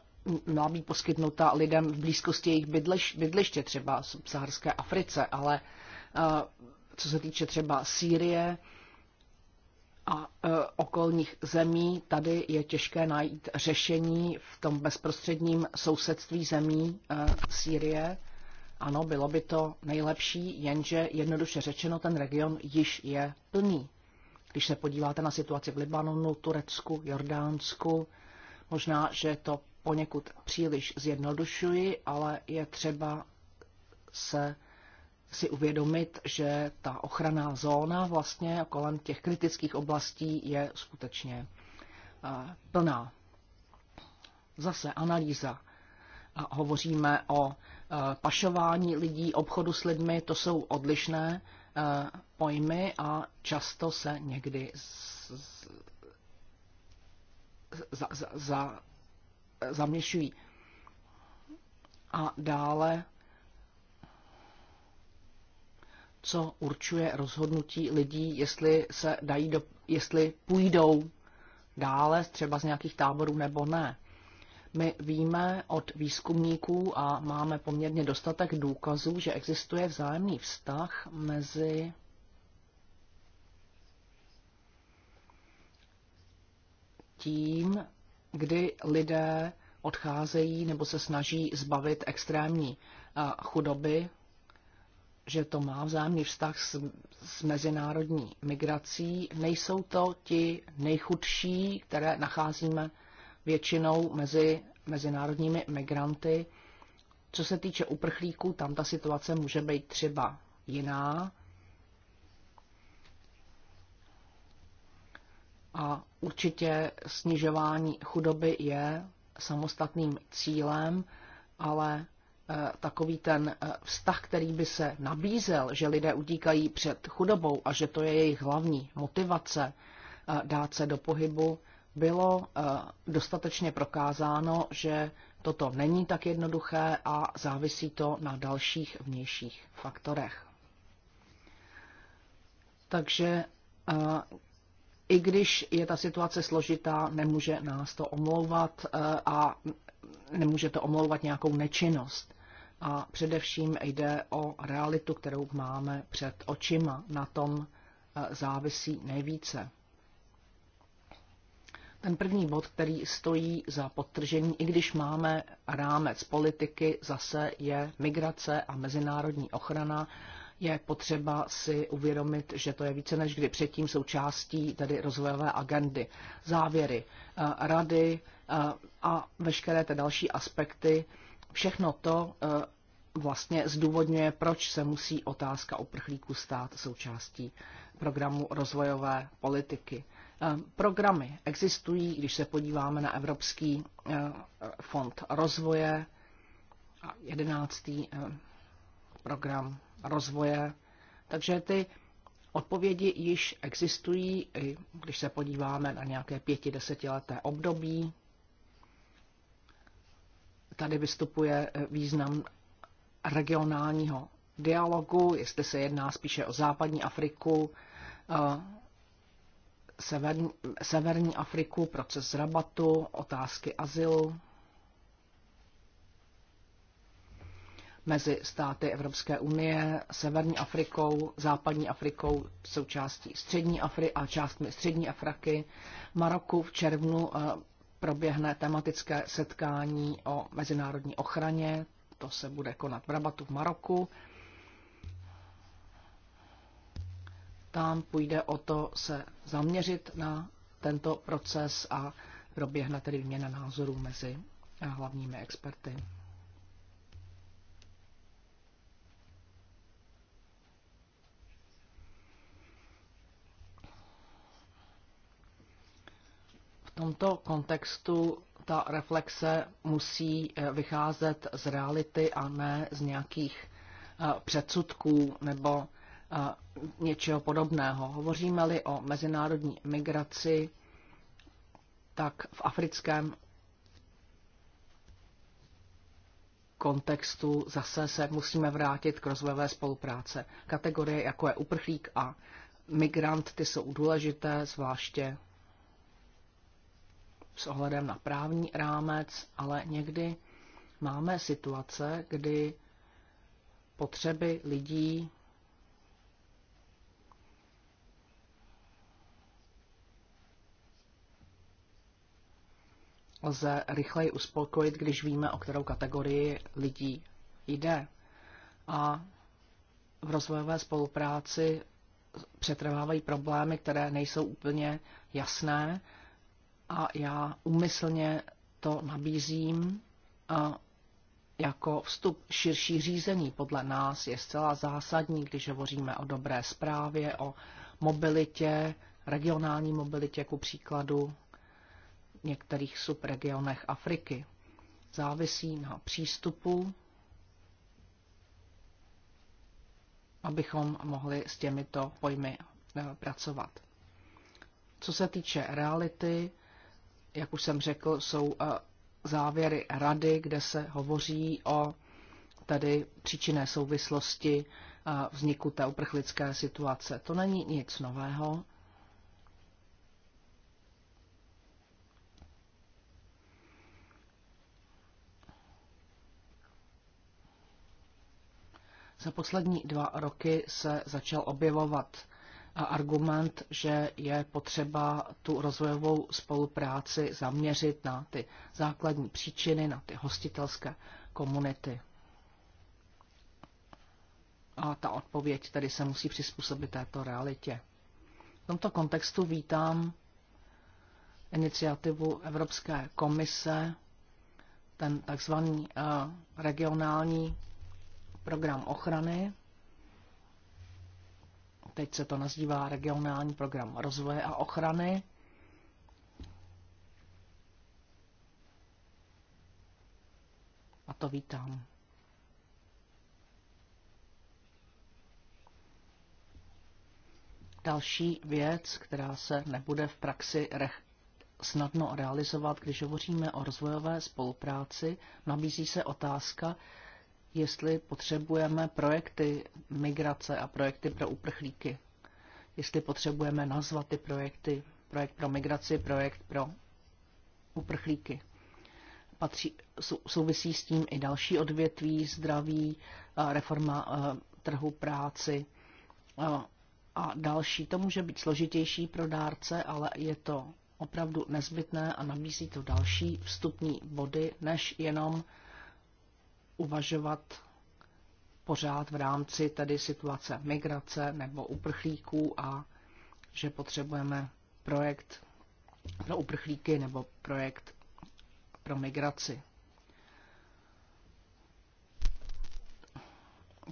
měla být poskytnuta lidem v blízkosti jejich bydliš, bydliště, třeba v subsaharské Africe, ale eh, co se týče třeba Sýrie a okolních zemí, tady je těžké najít řešení v tom bezprostředním sousedství zemí Sýrie. Ano, bylo by to nejlepší, jenže jednoduše řečeno ten region již je plný když se podíváte na situaci v Libanonu, Turecku, Jordánsku, možná, že to poněkud příliš zjednodušuji, ale je třeba se si uvědomit, že ta ochranná zóna vlastně kolem těch kritických oblastí je skutečně eh, plná. Zase analýza. Hovoříme o eh, pašování lidí, obchodu s lidmi, to jsou odlišné Eh, pojmy a často se někdy za, za, za, zaměšují. A dále, co určuje rozhodnutí lidí, jestli se dají do, jestli půjdou dále třeba z nějakých táborů nebo ne. My víme od výzkumníků a máme poměrně dostatek důkazů, že existuje vzájemný vztah mezi tím, kdy lidé odcházejí nebo se snaží zbavit extrémní eh, chudoby, že to má vzájemný vztah s, s mezinárodní migrací. Nejsou to ti nejchudší, které nacházíme většinou mezi mezinárodními migranty. Co se týče uprchlíků, tam ta situace může být třeba jiná. A určitě snižování chudoby je samostatným cílem, ale e, takový ten e, vztah, který by se nabízel, že lidé utíkají před chudobou a že to je jejich hlavní motivace e, dát se do pohybu, bylo eh, dostatečně prokázáno, že toto není tak jednoduché a závisí to na dalších vnějších faktorech. Takže eh, i když je ta situace složitá, nemůže nás to omlouvat eh, a nemůže to omlouvat nějakou nečinnost. A především jde o realitu, kterou máme před očima. Na tom závisí nejvíce. Ten první bod, který stojí za podtržení, i když máme rámec politiky, zase je migrace a mezinárodní ochrana, je potřeba si uvědomit, že to je více než kdy předtím součástí tedy rozvojové agendy. Závěry, eh, rady eh, a veškeré ty další aspekty, všechno to eh, vlastně zdůvodňuje, proč se musí otázka uprchlíků stát součástí programu rozvojové politiky. Eh, programy existují, když se podíváme na Evropský eh, fond rozvoje, jedenáctý eh, program rozvoje. Takže ty odpovědi již existují, i když se podíváme na nějaké pěti, desetileté období. Tady vystupuje význam regionálního dialogu, jestli se jedná spíše o západní Afriku, severní, severní Afriku, proces rabatu, otázky azylu mezi státy Evropské unie, Severní Afrikou, Západní Afrikou, součástí Střední Afry a částmi Střední Afriky. Maroku v červnu eh, proběhne tematické setkání o mezinárodní ochraně, to se bude konat v Rabatu v Maroku. tam půjde o to se zaměřit na tento proces a proběhne tedy výměna názorů mezi hlavními experty. V tomto kontextu ta reflexe musí eh, vycházet z reality a ne z nějakých eh, předsudků nebo něčeho podobného. Hovoříme-li o mezinárodní migraci, tak v africkém kontextu zase se musíme vrátit k rozvojové spolupráce. Kategorie jako je uprchlík a migrant, ty jsou důležité, zvláště s ohledem na právní rámec, ale někdy máme situace, kdy potřeby lidí lze rychleji uspokojit, když víme, o kterou kategorii lidí jde. A v rozvojové spolupráci přetrvávají problémy, které nejsou úplně jasné a já úmyslně to nabízím jako vstup širší řízení podle nás je zcela zásadní, když hovoříme o dobré správě, o mobilitě, regionální mobilitě ku příkladu, některých subregionech Afriky. Závisí na přístupu, abychom mohli s těmito pojmy eh, pracovat. Co se týče reality, jak už jsem řekl, jsou eh, závěry rady, kde se hovoří o tady příčinné souvislosti eh, vzniku té uprchlické situace. To není nic nového. Za poslední dva roky se začal objevovat eh, argument, že je potřeba tu rozvojovou spolupráci zaměřit na ty základní příčiny, na ty hostitelské komunity. A ta odpověď tedy se musí přizpůsobit této realitě. V tomto kontextu vítám iniciativu Evropské komise, ten takzvaný eh, regionální program ochrany. Teď se to nazývá regionální program rozvoje a ochrany. A to vítám. Další věc, která se nebude v praxi re snadno realizovat, když hovoříme o rozvojové spolupráci, nabízí se otázka, jestli potřebujeme projekty migrace a projekty pro uprchlíky. Jestli potřebujeme nazvat ty projekty projekt pro migraci, projekt pro uprchlíky. Patří, souvisí s tím i další odvětví zdraví, reforma trhu práci a další. To může být složitější pro dárce, ale je to opravdu nezbytné a nabízí to další vstupní body, než jenom uvažovat pořád v rámci tedy situace migrace nebo uprchlíků a že potřebujeme projekt pro uprchlíky nebo projekt pro migraci.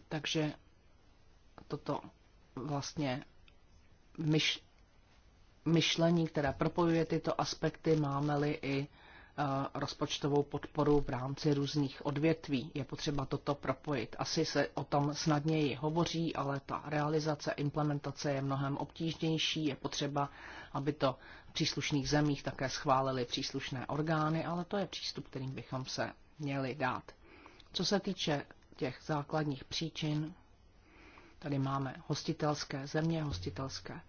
Takže toto vlastně myš, myšlení, které propojuje tyto aspekty, máme-li i Eh, rozpočtovou podporu v rámci různých odvětví. Je potřeba toto propojit. Asi se o tom snadněji hovoří, ale ta realizace, implementace je mnohem obtížnější. Je potřeba, aby to v příslušných zemích také schválili příslušné orgány, ale to je přístup, kterým bychom se měli dát. Co se týče těch základních příčin, tady máme hostitelské země, hostitelské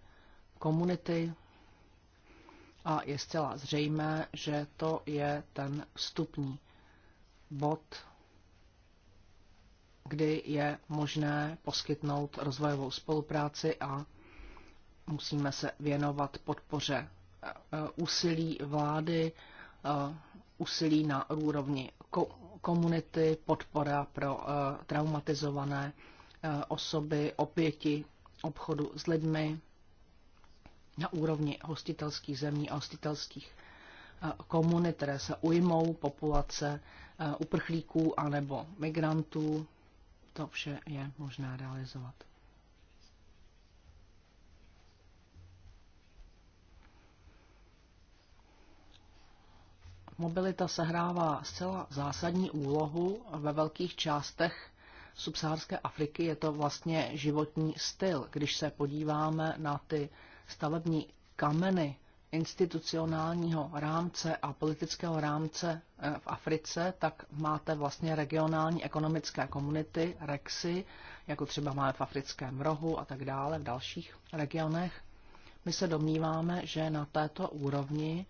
komunity, a je zcela zřejmé, že to je ten vstupní bod, kdy je možné poskytnout rozvojovou spolupráci a musíme se věnovat podpoře eh, úsilí vlády, eh, úsilí na úrovni komunity, podpora pro eh, traumatizované osoby, oběti obchodu s lidmi, na úrovni hostitelských zemí a hostitelských eh, komunit, které se ujmou populace eh, uprchlíků anebo migrantů. To vše je možné realizovat. Mobilita sehrává zcela zásadní úlohu ve velkých částech subsaharské Afriky. Je to vlastně životní styl. Když se podíváme na ty stavební kameny institucionálního rámce a politického rámce eh, v Africe, tak máte vlastně regionální ekonomické komunity, REXy, jako třeba máme v Africkém rohu a tak dále, v dalších regionech. My se domníváme, že na této úrovni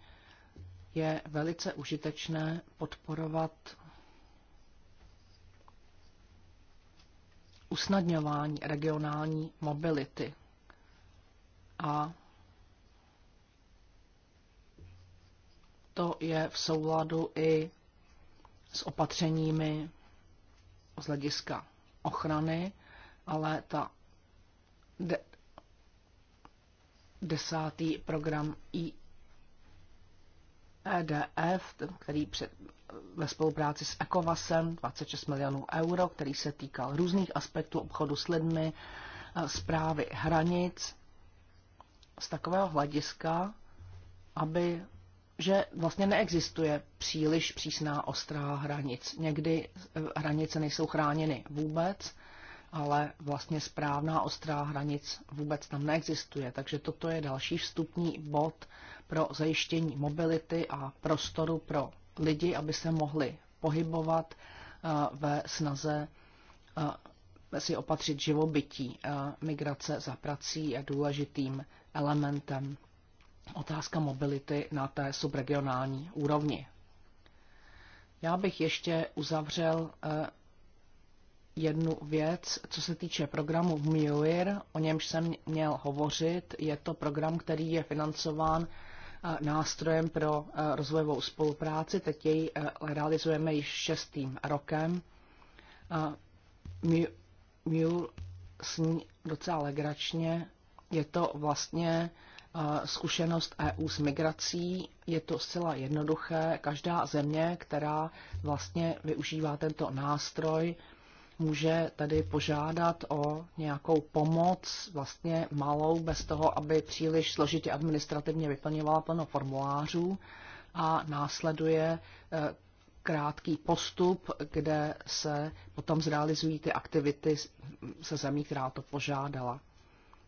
je velice užitečné podporovat usnadňování regionální mobility a to je v souladu i s opatřeními z hlediska ochrany, ale ta de- desátý program I EDF, který před, ve spolupráci s ECOVASem 26 milionů euro, který se týkal různých aspektů obchodu s lidmi, eh, zprávy hranic, z takového hlediska, aby že vlastně neexistuje příliš přísná ostrá hranic. Někdy eh, hranice nejsou chráněny vůbec, ale vlastně správná ostrá hranic vůbec tam neexistuje. Takže toto je další vstupní bod pro zajištění mobility a prostoru pro lidi, aby se mohli pohybovat eh, ve snaze eh, si opatřit živobytí. Migrace za prací je důležitým elementem otázka mobility na té subregionální úrovni. Já bych ještě uzavřel eh, jednu věc, co se týče programu MUIR, o němž jsem měl hovořit. Je to program, který je financován eh, nástrojem pro eh, rozvojovou spolupráci. Teď jej realizujeme již šestým rokem. MUIR sní docela legračně, je to vlastně eh, zkušenost EU s migrací. Je to zcela jednoduché. Každá země, která vlastně využívá tento nástroj, může tady požádat o nějakou pomoc, vlastně malou, bez toho, aby příliš složitě administrativně vyplňovala plno formulářů a následuje eh, krátký postup, kde se potom zrealizují ty aktivity se zemí, která to požádala.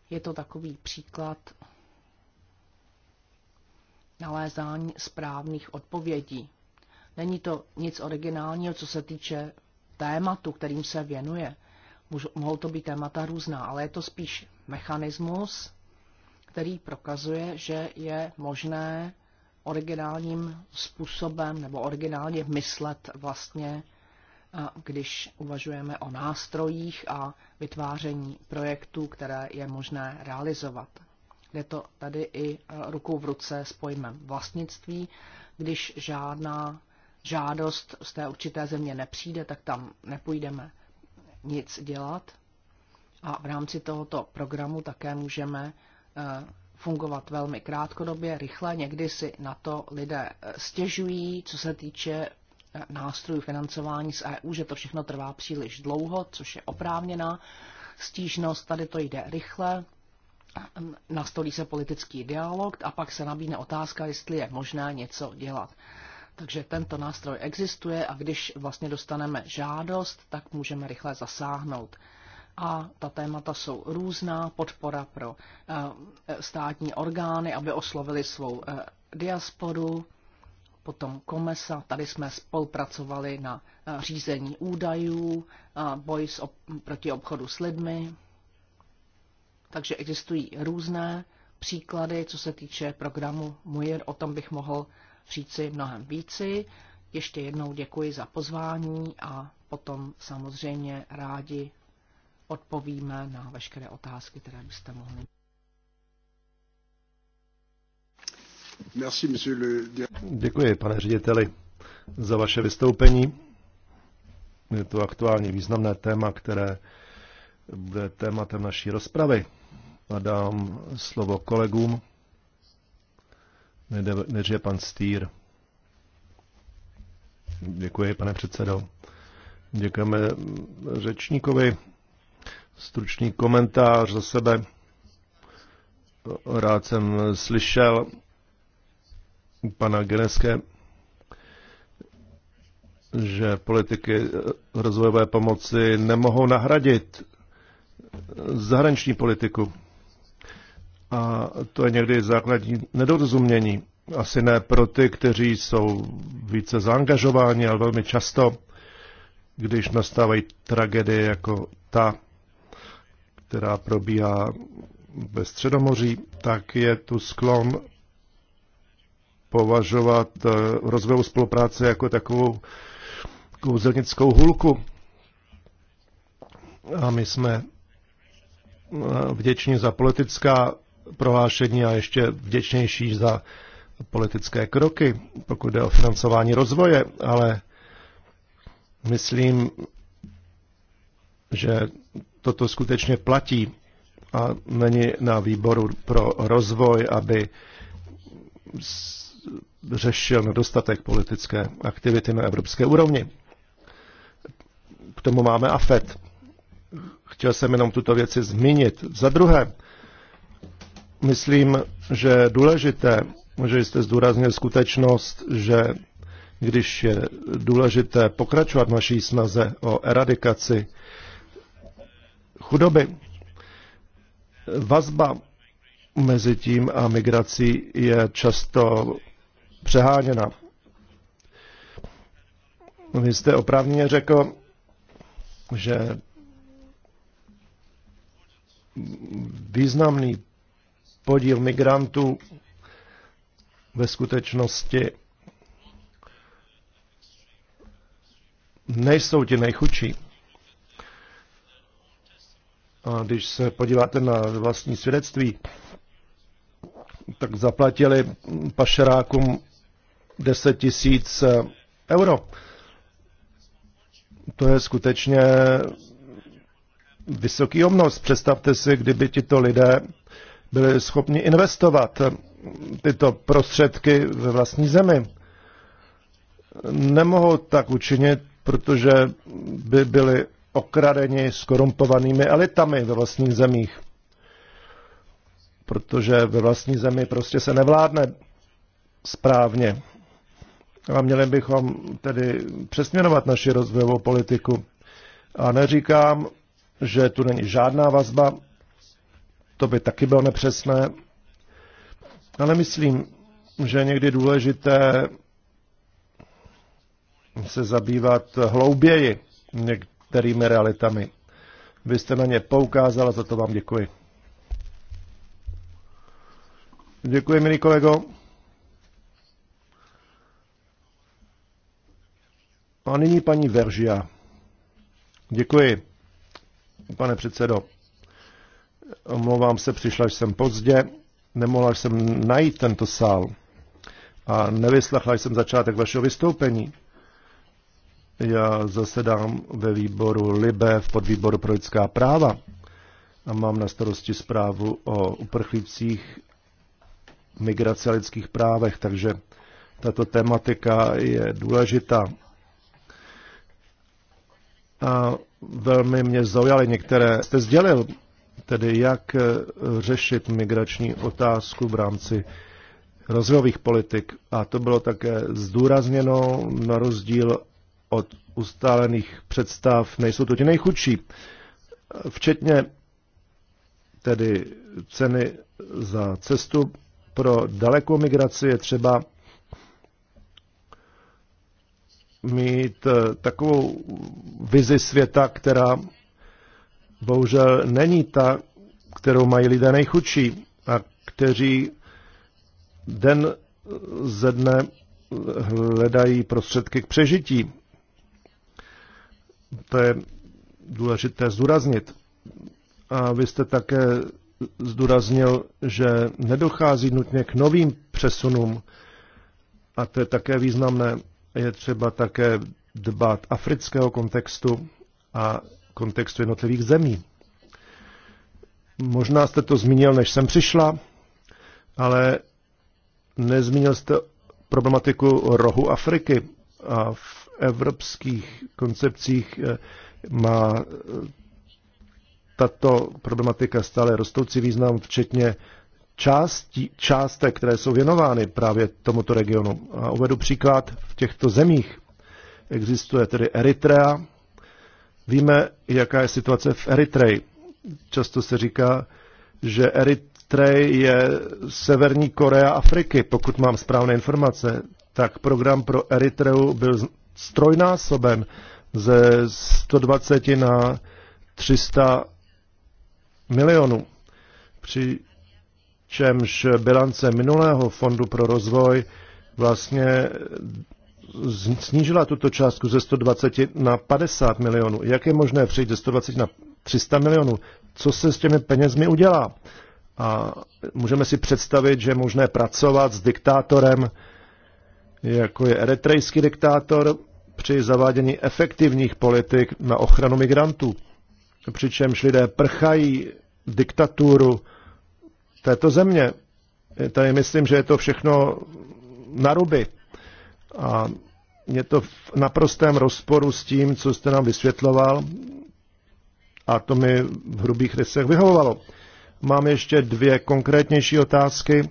Je to takový příklad nalézání správných odpovědí. Není to nic originálního, co se týče tématu, kterým se věnuje. Mohou to být témata různá, ale je to spíš mechanismus, který prokazuje, že je možné originálním způsobem nebo originálně myslet vlastně když uvažujeme o nástrojích a vytváření projektů, které je možné realizovat. Je to tady i e, ruku v ruce s pojmem vlastnictví. Když žádná žádost z té určité země nepřijde, tak tam nepůjdeme nic dělat. A v rámci tohoto programu také můžeme e, fungovat velmi krátkodobě, rychle. Někdy si na to lidé e, stěžují, co se týče nástrojů financování z EU, že to všechno trvá příliš dlouho, což je oprávněná stížnost. Tady to jde rychle, nastolí se politický dialog a pak se nabídne otázka, jestli je možné něco dělat. Takže tento nástroj existuje a když vlastně dostaneme žádost, tak můžeme rychle zasáhnout. A ta témata jsou různá, podpora pro eh, státní orgány, aby oslovili svou eh, diasporu, potom komesa, tady jsme spolupracovali na eh, řízení údajů, boj s ob, proti obchodu s lidmi. Takže existují různé příklady, co se týče programu MUIR, o tom bych mohl říci mnohem víci. Ještě jednou děkuji za pozvání a potom samozřejmě rádi odpovíme na veškeré otázky, které byste mohli. Děkuji, pane řediteli, za vaše vystoupení. Je to aktuální významné téma, které bude tématem naší rozpravy. A dám slovo kolegům. Než je pan Stýr. Děkuji, pane předsedo. Děkujeme řečníkovi. Stručný komentář za sebe. Rád jsem slyšel pana Geneske, že politiky rozvojové pomoci nemohou nahradit zahraniční politiku. A to je někdy základní nedorozumění. Asi ne pro ty, kteří jsou více zaangažováni, ale velmi často, když nastávají tragédie jako ta, která probíhá ve Středomoří, tak je tu sklon považovat eh, rozvojovou spolupráci jako takovou kouzelnickou hulku. A my jsme eh, vděční za politická prohlášení a ještě vděčnější za politické kroky, pokud jde o financování rozvoje, ale myslím, že toto skutečně platí a není na výboru pro rozvoj, aby řešil nedostatek politické aktivity na evropské úrovni. K tomu máme AFET. Chtěl jsem jenom tuto věci zmínit. Za druhé, myslím, že je důležité, že jste zdůraznil skutečnost, že když je důležité pokračovat naší snaze o eradikaci chudoby, vazba mezi tím a migrací je často přeháněna. Vy jste oprávněně řekl, že významný podíl migrantů ve skutečnosti nejsou ti nejchudší. A když se podíváte na vlastní svědectví, tak zaplatili pašerákům 10 tisíc eh, euro. To je skutečně vysoký obnos. Představte si, kdyby tito lidé byli schopni investovat eh, tyto prostředky ve vlastní zemi. Nemohou tak učinit, protože by byli okradeni korumpovanými elitami ve vlastních zemích. Protože ve vlastní zemi prostě se nevládne správně. A měli bychom tedy přesměrovat naši rozvojovou politiku. A neříkám, že tu není žádná vazba, to by taky bylo nepřesné, ale myslím, že je někdy důležité se zabývat hlouběji některými realitami. Vy jste na ně poukázal za to vám děkuji. Děkuji, milí kolego. A nyní paní Veržia. Děkuji, pane předsedo. Omlouvám se, přišla jsem pozdě, nemohla jsem najít tento sál a nevyslechla jsem začátek vašeho vystoupení. Já zasedám ve výboru LIBE v podvýboru pro lidská práva a mám na starosti zprávu o uprchlících migrace a lidských právech, takže tato tematika je důležitá a velmi mě zaujaly některé. Jste sdělil, tedy jak eh, řešit migrační otázku v rámci rozvojových politik. A to bylo také zdůrazněno na rozdíl od ustálených představ. Nejsou to ti nejchudší, včetně tedy ceny za cestu pro dalekou migraci je třeba mít eh, takovou vizi světa, která bohužel není ta, kterou mají lidé nejchudší a kteří den ze dne hledají prostředky k přežití. To je důležité zdůraznit. A vy jste také zdůraznil, že nedochází nutně k novým přesunům, a to je také významné. Je třeba také dbát afrického kontextu a kontextu jednotlivých zemí. Možná jste to zmínil, než jsem přišla, ale nezmínil jste problematiku rohu Afriky. A v evropských koncepcích eh, má eh, tato problematika stále rostoucí význam, včetně části částek, které jsou věnovány právě tomuto regionu. A uvedu příklad, v těchto zemích existuje tedy Eritrea. Víme, jaká je situace v Eritreji. Často se říká, že Eritrej je severní Korea Afriky, pokud mám správné informace. Tak program pro Eritreu byl strojnásoben ze 120 na 300 milionů. Při čemž bilance minulého fondu pro rozvoj vlastně snížila tuto částku ze 120 na 50 milionů. Jak je možné přejít ze 120 na 300 milionů? Co se s těmi penězmi udělá? A můžeme si představit, že je možné pracovat s diktátorem, jako je eritrejský diktátor, při zavádění efektivních politik na ochranu migrantů. Přičemž lidé prchají diktaturu této země. Tady myslím, že je to všechno naruby. A je to v naprostém rozporu s tím, co jste nám vysvětloval. A to mi v hrubých rysech vyhovovalo. Mám ještě dvě konkrétnější otázky.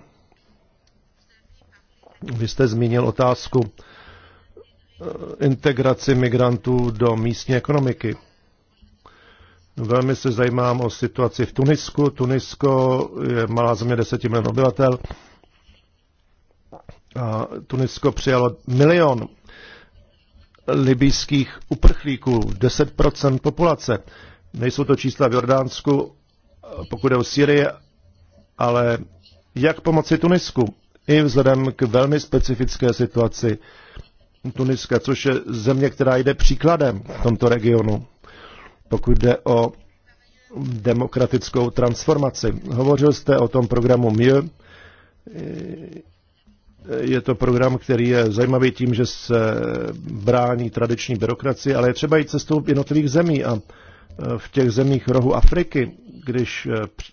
Vy jste zmínil otázku eh, integraci migrantů do místní ekonomiky. Velmi se zajímám o situaci v Tunisku. Tunisko je malá země 10 milionů obyvatel. A Tunisko přijalo milion libijských uprchlíků, 10% populace. Nejsou to čísla v Jordánsku, pokud je o Syrii, ale jak pomoci Tunisku? I vzhledem k velmi specifické situaci Tuniska, což je země, která jde příkladem v tomto regionu pokud jde o demokratickou transformaci. Hovořil jste o tom programu MIR. Je to program, který je zajímavý tím, že se brání tradiční byrokracii, ale je třeba jít cestou jednotlivých zemí a e, v těch zemích rohu Afriky, když e,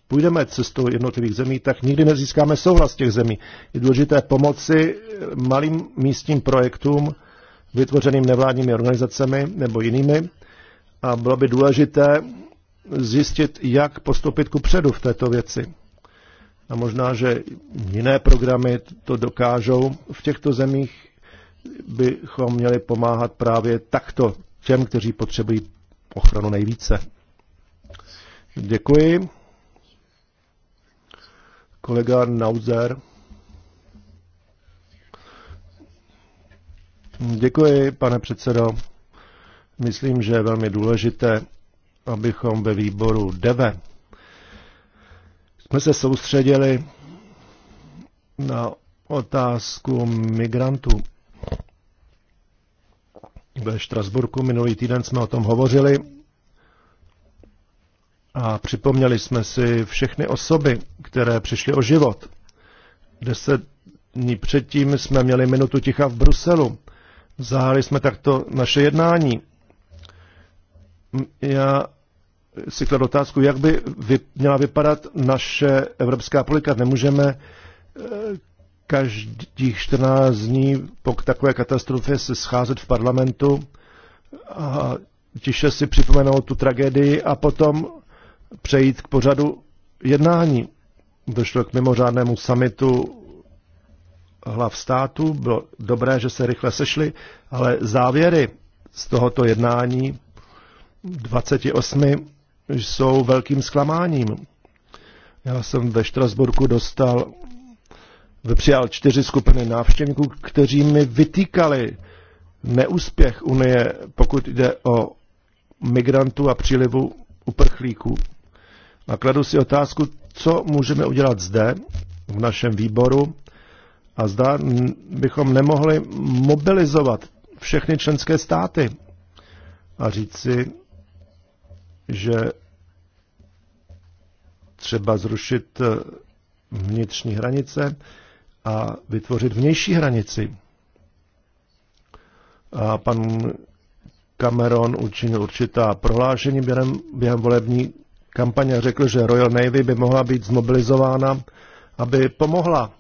půjdeme cestou jednotlivých zemí, tak nikdy nezískáme souhlas těch zemí. Je důležité pomoci e, malým místním projektům, vytvořeným nevládními organizacemi nebo jinými, a bylo by důležité zjistit, jak postupit ku předu v této věci. A možná, že jiné programy to dokážou. V těchto zemích bychom měli pomáhat právě takto těm, kteří potřebují ochranu nejvíce. Děkuji. Kolega Nauzer. Děkuji, pane předsedo. Myslím, že je velmi důležité, abychom ve výboru DEVE jsme se soustředili na otázku migrantů. Ve Štrasburku minulý týden jsme o tom hovořili a připomněli jsme si všechny osoby, které přišly o život. Deset dní předtím jsme měli minutu ticha v Bruselu. Zahali jsme takto naše jednání já si kladu otázku, jak by měla vypadat naše evropská politika. Nemůžeme eh, každých 14 dní po takové katastrofě se scházet v parlamentu a tiše si připomenout tu tragédii a potom přejít k pořadu jednání. Došlo k mimořádnému samitu hlav státu, bylo dobré, že se rychle sešli, ale závěry z tohoto jednání 28 jsou velkým zklamáním. Já jsem ve Štrasburku dostal, přijal čtyři skupiny návštěvníků, kteří mi vytýkali neúspěch Unie, pokud jde o migrantů a přílivu uprchlíků. A kladu si otázku, co můžeme udělat zde, v našem výboru, a zda bychom nemohli mobilizovat všechny členské státy a říci, že třeba zrušit eh, vnitřní hranice a vytvořit vnější hranici. A pan Cameron učinil určitá prohlášení během, během volební kampaně a řekl, že Royal Navy by mohla být zmobilizována, aby pomohla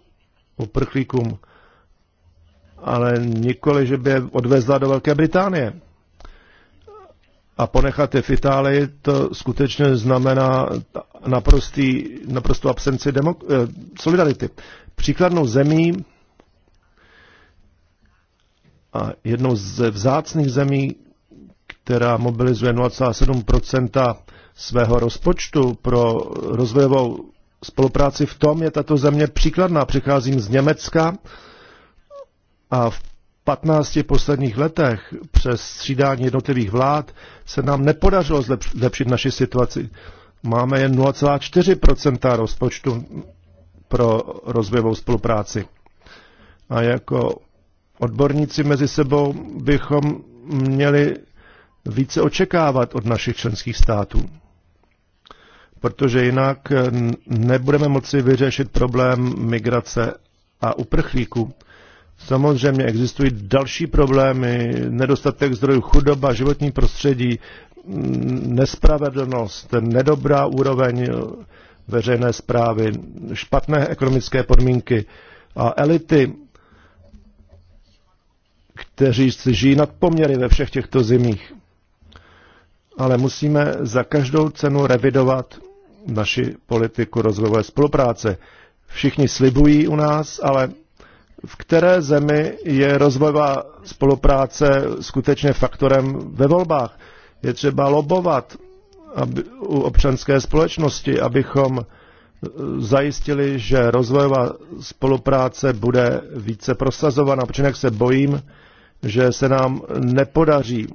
uprchlíkům, ale nikoli, že by je odvezla do Velké Británie a ponechat je v Itálii, to skutečně znamená naprostý, naprostou absenci demok- eh, solidarity. Příkladnou zemí a jednou ze vzácných zemí, která mobilizuje 0,7 svého rozpočtu pro rozvojovou spolupráci, v tom je tato země příkladná. Přicházím z Německa a v 15 posledních letech přes střídání jednotlivých vlád se nám nepodařilo zlepšit naši situaci. Máme jen 0,4 rozpočtu pro rozvojovou spolupráci. A jako odborníci mezi sebou bychom měli více očekávat od našich členských států. Protože jinak nebudeme moci vyřešit problém migrace a uprchlíků. Samozřejmě existují další problémy, nedostatek zdrojů, chudoba, životní prostředí, mm, nespravedlnost, nedobrá úroveň veřejné zprávy, špatné ekonomické podmínky a elity, kteří si žijí nad poměry ve všech těchto zimích. Ale musíme za každou cenu revidovat naši politiku rozvojové spolupráce. Všichni slibují u nás, ale v které zemi je rozvojová spolupráce skutečně faktorem ve volbách. Je třeba lobovat aby, u občanské společnosti, abychom zajistili, že rozvojová spolupráce bude více prosazována, protože jak se bojím, že se nám nepodaří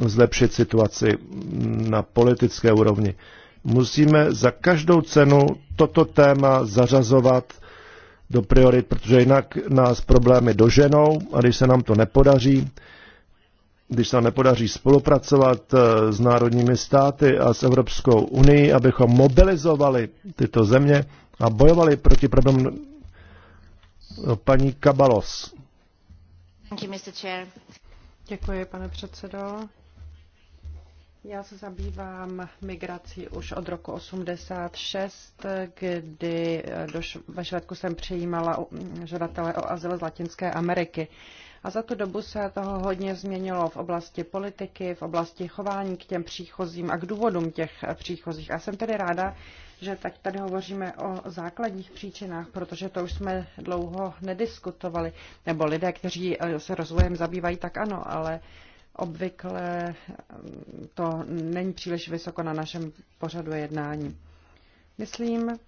zlepšit situaci na politické úrovni. Musíme za každou cenu toto téma zařazovat do priorit, protože jinak nás problémy doženou a když se nám to nepodaří, když se nám nepodaří spolupracovat eh, s národními státy a s Evropskou unii, abychom mobilizovali tyto země a bojovali proti problémům no, paní Kabalos. Děkuji, pane předsedo. Já se zabývám migrací už od roku 86, kdy eh, ve Švédku jsem přijímala žadatele o azyl z Latinské Ameriky. A za tu dobu se toho hodně změnilo v oblasti politiky, v oblasti chování k těm příchozím a k důvodům těch eh, příchozích. A jsem tedy ráda, že tak tady hovoříme o základních příčinách, protože to už jsme dlouho nediskutovali. Nebo lidé, kteří eh, se rozvojem zabývají, tak ano, ale Obvykle mm, to není příliš vysoko na našem pořadu jednání. Myslím,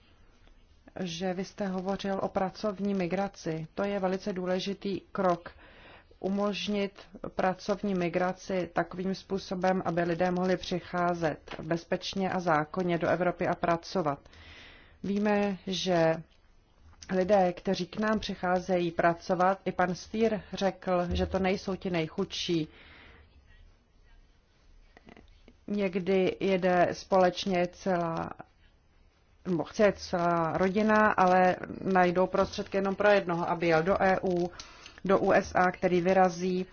že vy jste hovořil o pracovní migraci. To je velice důležitý krok. Umožnit pracovní migraci takovým způsobem, aby lidé mohli přicházet bezpečně a zákonně do Evropy a pracovat. Víme, že lidé, kteří k nám přicházejí pracovat, i pan Stýr řekl, že to nejsou ti nejchudší, Někdy jede společně celá nebo chce celá rodina, ale najdou prostředky jenom pro jednoho, aby jel do EU, do USA, který vyrazí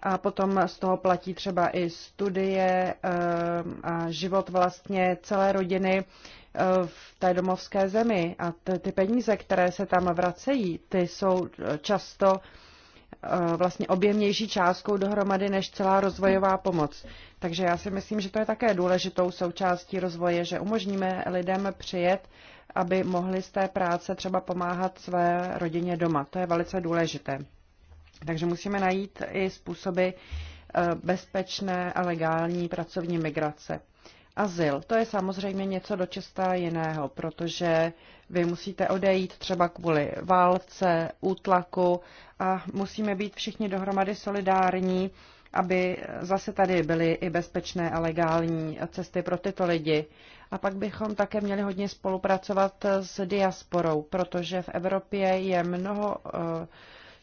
a potom z toho platí třeba i studie ehm, a život vlastně celé rodiny eh, v té domovské zemi. A ty peníze, které se tam vracejí, ty jsou eh, často eh, vlastně objemnější částkou dohromady než celá rozvojová pomoc. Takže já si myslím, že to je také důležitou součástí rozvoje, že umožníme lidem přijet, aby mohli z té práce třeba pomáhat své rodině doma. To je velice důležité. Takže musíme najít i způsoby eh, bezpečné a legální pracovní migrace. Azyl, to je samozřejmě něco dočistá jiného, protože vy musíte odejít třeba kvůli válce, útlaku a musíme být všichni dohromady solidární aby zase tady byly i bezpečné a legální cesty pro tyto lidi. A pak bychom také měli hodně spolupracovat s diasporou, protože v Evropě je mnoho eh,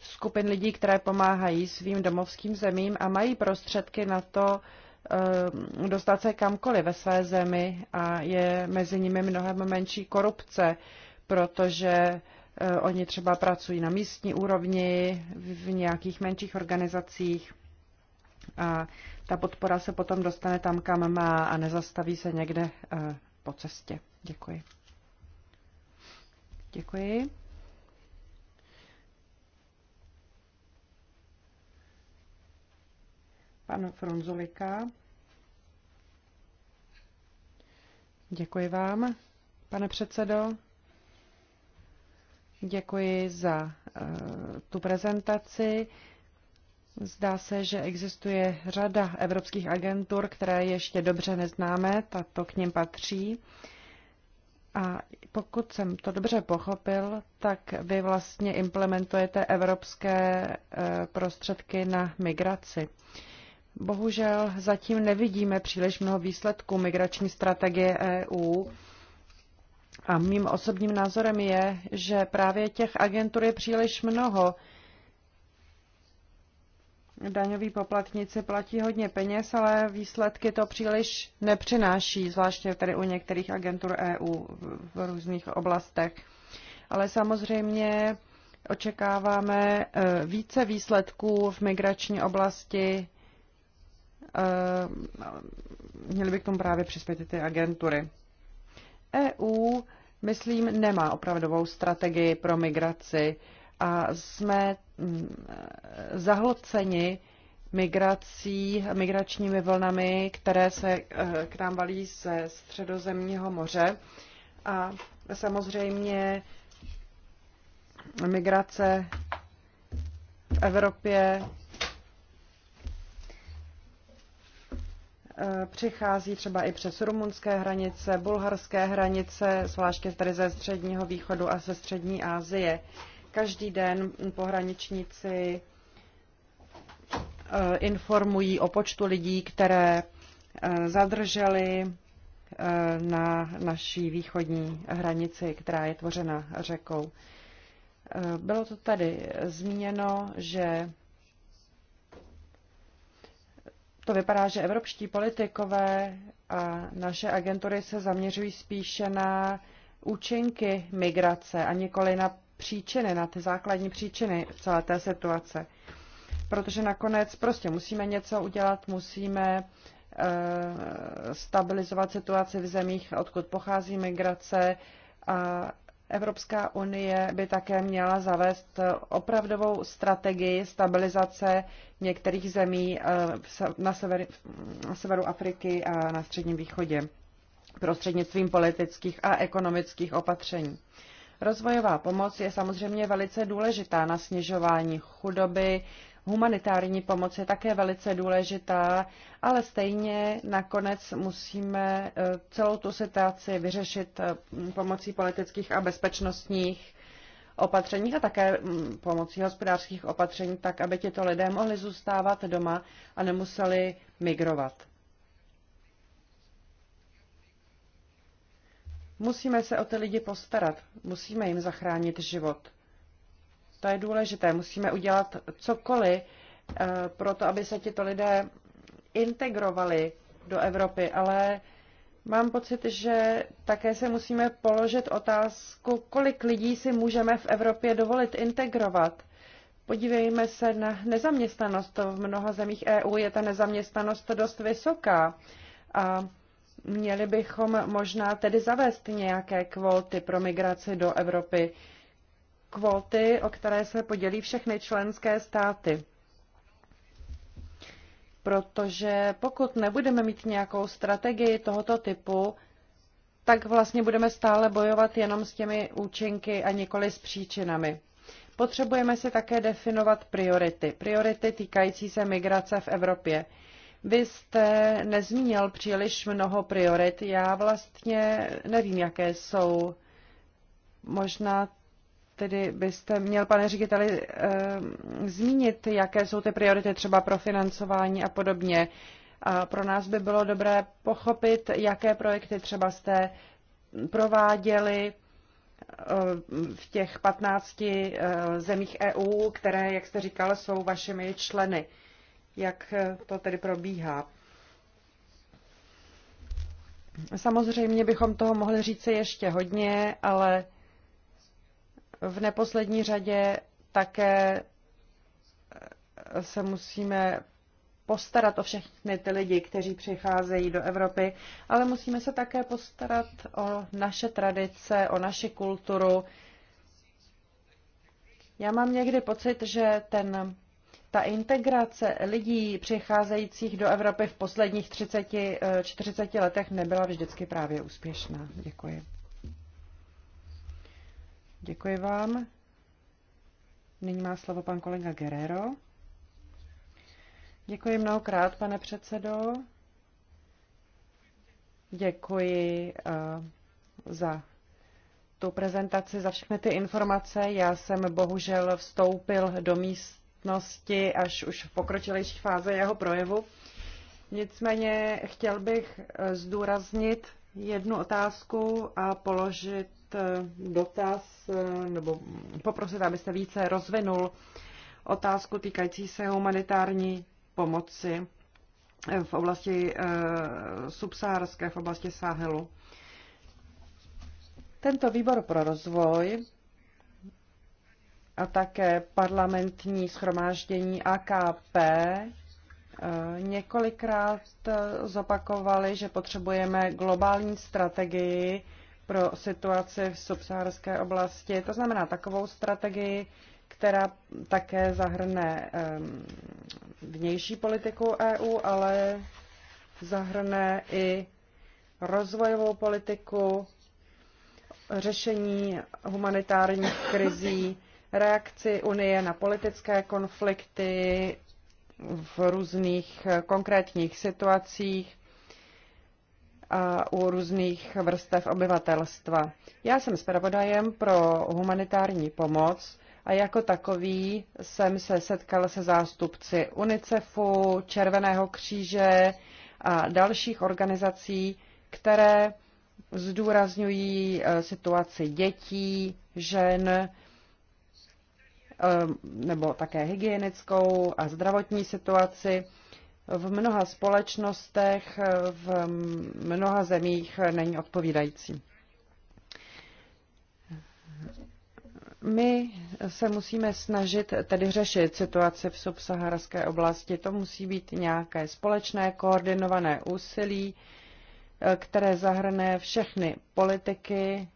skupin lidí, které pomáhají svým domovským zemím a mají prostředky na to eh, dostat se kamkoliv ve své zemi a je mezi nimi mnohem menší korupce, protože eh, oni třeba pracují na místní úrovni v nějakých menších organizacích a ta podpora se potom dostane tam, kam má a nezastaví se někde eh, po cestě. Děkuji. Děkuji. Pan Fronzulika. Děkuji vám, pane předsedo. Děkuji za uh, tu prezentaci. Uh, Zdá se, že existuje řada evropských agentur, které ještě dobře neznáme, tato k ním patří. A pokud jsem to dobře pochopil, tak vy vlastně implementujete evropské eh, prostředky na migraci. Bohužel zatím nevidíme příliš mnoho výsledků migrační strategie EU. A mým osobním názorem je, že právě těch agentur je příliš mnoho daňoví poplatníci platí hodně peněz, ale výsledky to příliš nepřináší, zvláště tedy u některých agentur EU v různých oblastech. Ale samozřejmě očekáváme eh, více výsledků v migrační oblasti. Eh, Měly by k tomu právě přispět ty agentury. EU, myslím, nemá opravdovou strategii pro migraci a jsme mm, zahlceni migrací, migračními vlnami, které se eh, k nám valí ze středozemního moře. A samozřejmě migrace v Evropě eh, přichází třeba i přes rumunské hranice, bulharské hranice, zvláště tady ze středního východu a ze střední Asie. Každý den pohraničníci eh, informují o počtu lidí, které eh, zadrželi eh, na naší východní hranici, která je tvořena řekou. Bylo to tady zmíněno, že to vypadá, že evropští politikové a naše agentury se zaměřují spíše na účinky migrace a nikoli na příčiny, na ty základní příčiny celé té situace. Protože nakonec prostě musíme něco udělat, musíme eh, stabilizovat situaci v zemích, odkud pochází migrace a Evropská unie by také měla zavést opravdovou strategii stabilizace některých zemí eh, na, sever, na severu Afriky a na Středním východě prostřednictvím politických a ekonomických opatření. Rozvojová pomoc je samozřejmě velice důležitá na snižování chudoby, humanitární pomoc je také velice důležitá, ale stejně nakonec musíme eh, celou tu situaci vyřešit eh, pomocí politických a bezpečnostních opatření a také mm, pomocí hospodářských opatření, tak aby tito lidé mohli zůstávat doma a nemuseli migrovat. Musíme se o ty lidi postarat, musíme jim zachránit život. To je důležité, musíme udělat cokoliv eh, pro to, aby se tito lidé integrovali do Evropy, ale mám pocit, že také se musíme položit otázku, kolik lidí si můžeme v Evropě dovolit integrovat. Podívejme se na nezaměstnanost. V mnoha zemích EU je ta nezaměstnanost dost vysoká. A Měli bychom možná tedy zavést nějaké kvóty pro migraci do Evropy. Kvóty, o které se podělí všechny členské státy. Protože pokud nebudeme mít nějakou strategii tohoto typu, tak vlastně budeme stále bojovat jenom s těmi účinky a nikoli s příčinami. Potřebujeme si také definovat priority. Priority týkající se migrace v Evropě. Vy jste nezmínil příliš mnoho priorit. Já vlastně nevím, jaké jsou. Možná tedy byste měl, pane řediteli, eh, zmínit, jaké jsou ty priority třeba pro financování a podobně. A pro nás by bylo dobré pochopit, jaké projekty třeba jste prováděli eh, v těch 15 eh, zemích EU, které, jak jste říkal, jsou vašimi členy jak eh, to tedy probíhá. Samozřejmě bychom toho mohli říci ještě hodně, ale v neposlední řadě také eh, se musíme postarat o všechny ty lidi, kteří přicházejí do Evropy, ale musíme se také postarat o naše tradice, o naši kulturu. Já mám někdy pocit, že ten ta integrace lidí přicházejících do Evropy v posledních 30-40 eh, letech nebyla vždycky právě úspěšná. Děkuji. Děkuji vám. Nyní má slovo pan kolega Guerrero. Děkuji mnohokrát, pane předsedo. Děkuji uh, za tu prezentaci, za všechny ty informace. Já jsem bohužel vstoupil do míst samostatnosti až už v pokročilejší fáze jeho projevu. Nicméně chtěl bych eh, zdůraznit jednu otázku a položit eh, dotaz, eh, nebo poprosit, abyste více rozvinul otázku týkající se humanitární pomoci v oblasti subsaharské, v oblasti Sahelu. Tento výbor pro rozvoj a také parlamentní schromáždění AKP eh, několikrát eh, zopakovali, že potřebujeme globální strategii pro situaci v subsaharské oblasti. To znamená takovou strategii, která také zahrne eh, vnější politiku EU, ale zahrne i rozvojovou politiku, řešení humanitárních krizí, reakci Unie na politické konflikty v různých eh, konkrétních situacích a u různých vrstev obyvatelstva. Já jsem zpravodajem pro humanitární pomoc a jako takový jsem se setkal se zástupci UNICEFu, Červeného kříže a dalších organizací, které zdůrazňují eh, situaci dětí, žen, Eh, nebo také hygienickou a zdravotní situaci. V mnoha společnostech, eh, v mnoha zemích není odpovídající. My se musíme snažit tedy řešit situaci v subsaharské oblasti. To musí být nějaké společné koordinované úsilí, eh, které zahrne všechny politiky,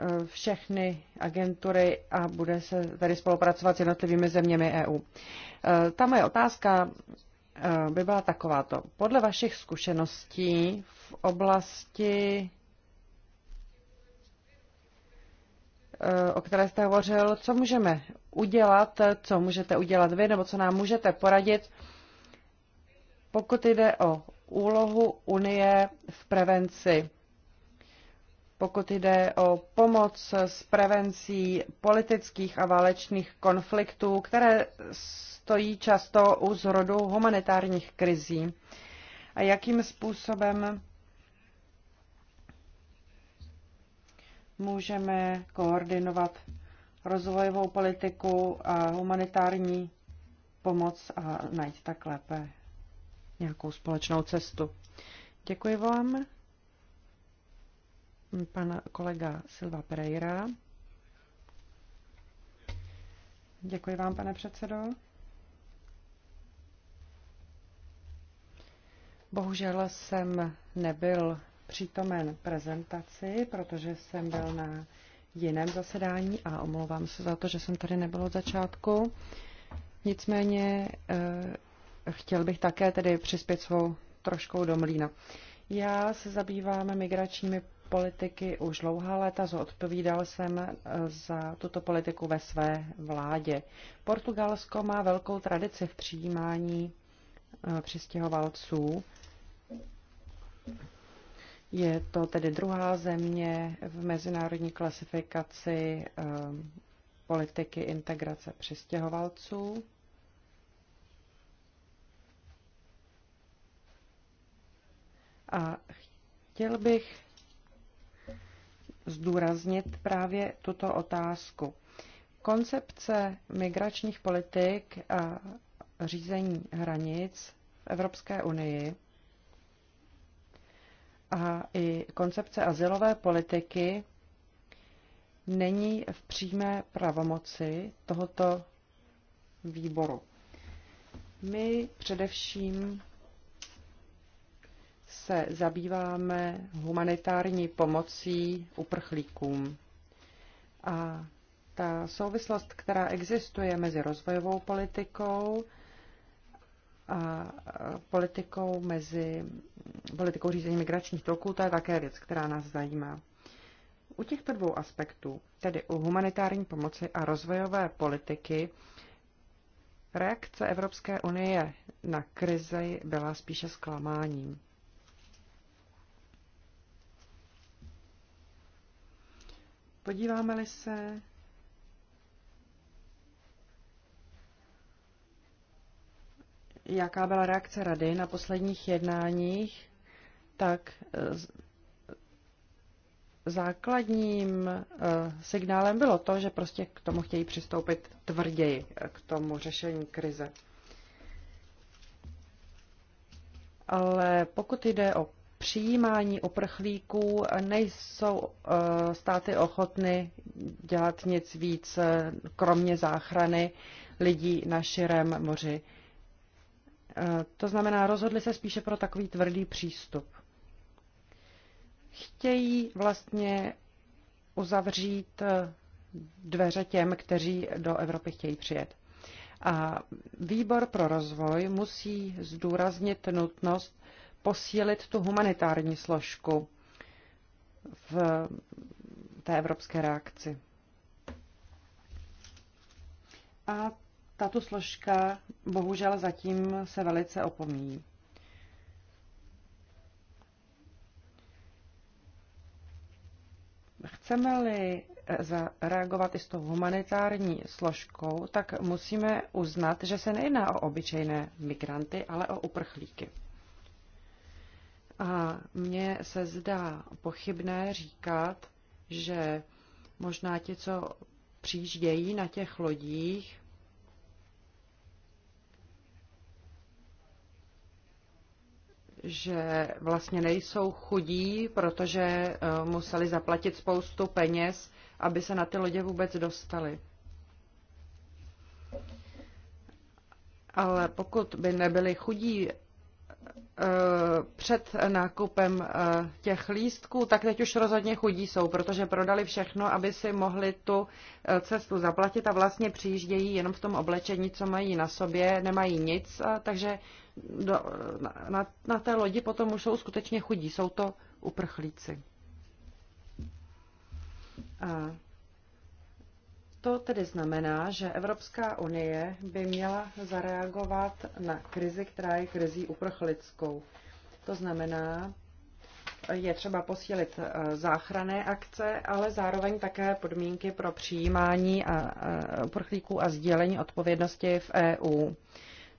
Eh, všechny agentury a bude se tady spolupracovat s jednotlivými zeměmi EU. Eh, ta moje otázka eh, by byla takováto. Podle vašich zkušeností v oblasti, o které jste hovořil, co můžeme udělat, co můžete udělat vy, nebo co nám můžete poradit, pokud jde o úlohu Unie v prevenci pokud jde o pomoc s prevencí politických a válečných konfliktů, které stojí často u zrodu humanitárních krizí. A jakým způsobem můžeme koordinovat rozvojovou politiku a humanitární pomoc a najít tak lépe nějakou společnou cestu. Děkuji vám pan kolega Silva Pereira. Děkuji vám, pane předsedo. Bohužel jsem nebyl přítomen prezentaci, protože jsem byl na jiném zasedání a omlouvám se za to, že jsem tady nebyl od začátku. Nicméně eh, chtěl bych také tedy přispět svou troškou do mlína. Já se zabývám migračními politiky už dlouhá léta, zodpovídal jsem eh, za tuto politiku ve své vládě. Portugalsko má velkou tradici v přijímání eh, přistěhovalců. Je to tedy druhá země v mezinárodní klasifikaci eh, politiky integrace přistěhovalců. A chtěl bych zdůraznit právě tuto otázku. Koncepce migračních politik a řízení hranic v Evropské unii a i koncepce asilové politiky není v přímé pravomoci tohoto výboru. My především se zabýváme humanitární pomocí uprchlíkům. A ta souvislost, která existuje mezi rozvojovou politikou a politikou, mezi, politikou řízení migračních toků, to je také věc, která nás zajímá. U těchto dvou aspektů, tedy u humanitární pomoci a rozvojové politiky, reakce Evropské unie na krizi byla spíše zklamáním. Podíváme-li se jaká byla reakce rady na posledních jednáních, tak eh, základním eh, signálem bylo to, že prostě k tomu chtějí přistoupit tvrději, eh, k tomu řešení krize. Ale pokud jde o přijímání uprchlíků nejsou eh, státy ochotny dělat nic víc, eh, kromě záchrany lidí na širém moři. Eh, to znamená, rozhodli se spíše pro takový tvrdý přístup. Chtějí vlastně uzavřít dveře těm, kteří do Evropy chtějí přijet. A výbor pro rozvoj musí zdůraznit nutnost posílit tu humanitární složku v té evropské reakci. A tato složka bohužel zatím se velice opomíjí. Chceme-li zareagovat i s tou humanitární složkou, tak musíme uznat, že se nejedná o obyčejné migranty, ale o uprchlíky. A mně se zdá pochybné říkat, že možná ti, co přijíždějí na těch lodích, že vlastně nejsou chudí, protože eh, museli zaplatit spoustu peněz, aby se na ty lodě vůbec dostali. Ale pokud by nebyli chudí, Eh, před nákupem eh, těch lístků, tak teď už rozhodně chudí jsou, protože prodali všechno, aby si mohli tu eh, cestu zaplatit a vlastně přijíždějí jenom v tom oblečení, co mají na sobě, nemají nic, takže do, na, na té lodi potom už jsou skutečně chudí, jsou to uprchlíci. A to tedy znamená, že Evropská unie by měla zareagovat na krizi, která je krizí uprchlickou. To znamená, je třeba posílit eh, záchranné akce, ale zároveň také podmínky pro přijímání a uprchlíků a sdílení odpovědnosti v EU,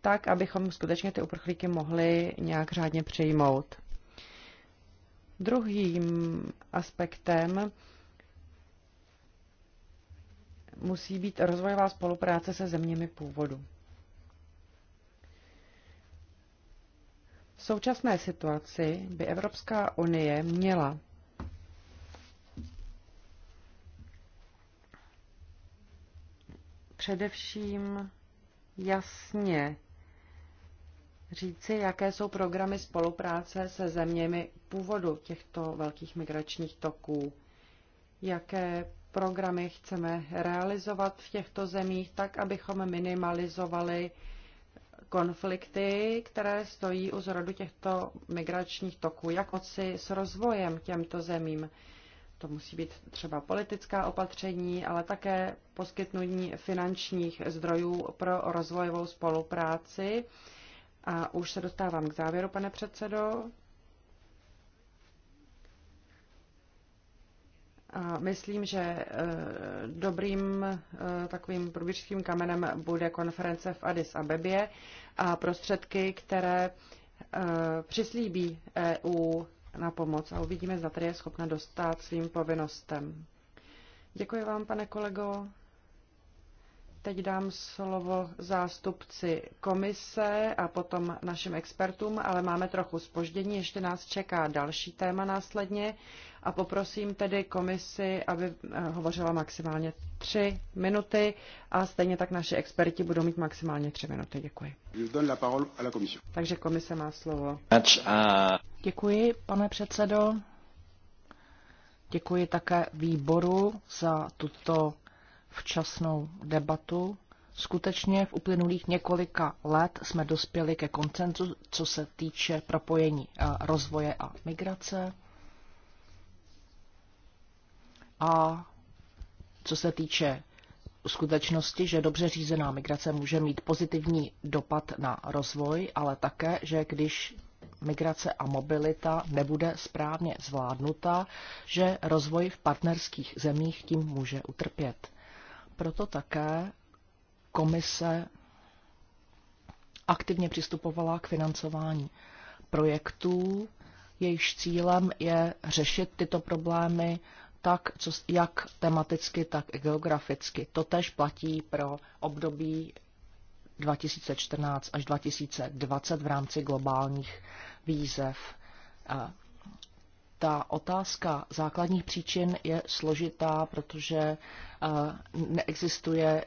tak abychom skutečně ty uprchlíky mohli nějak řádně přijmout. Druhým aspektem musí být rozvojová spolupráce se zeměmi původu. V současné situaci by Evropská unie měla především jasně říci, jaké jsou programy spolupráce se zeměmi původu těchto velkých migračních toků, jaké programy chceme realizovat v těchto zemích tak, abychom minimalizovali konflikty, které stojí u zrodu těchto migračních toků, jak moci s rozvojem těmto zemím. To musí být třeba politická opatření, ale také poskytnutí finančních zdrojů pro rozvojovou spolupráci. A už se dostávám k závěru, pane předsedo. myslím, že eh, dobrým eh, takovým průběžským kamenem bude konference v Addis Abebě a prostředky, které eh, přislíbí EU na pomoc a uvidíme, zda tady je schopna dostat svým povinnostem. Děkuji vám, pane kolego. Teď dám slovo zástupci komise a potom našim expertům, ale máme trochu spoždění, ještě nás čeká další téma následně a poprosím tedy komisi, aby eh, hovořila maximálně tři minuty a stejně tak naši experti budou mít maximálně tři minuty. Děkuji. Takže komise má slovo. Eh. Děkuji, pane předsedo. Děkuji také výboru za tuto včasnou debatu. Skutečně v uplynulých několika let jsme dospěli ke koncentru, co se týče propojení eh, rozvoje a migrace. A co se týče skutečnosti, že dobře řízená migrace může mít pozitivní dopad na rozvoj, ale také, že když migrace a mobilita nebude správně zvládnuta, že rozvoj v partnerských zemích tím může utrpět proto také komise aktivně přistupovala k financování projektů, jejichž cílem je řešit tyto problémy tak, co, jak tematicky, tak i geograficky. To tež platí pro období 2014 až 2020 v rámci globálních výzev ta otázka základních příčin je složitá, protože eh, neexistuje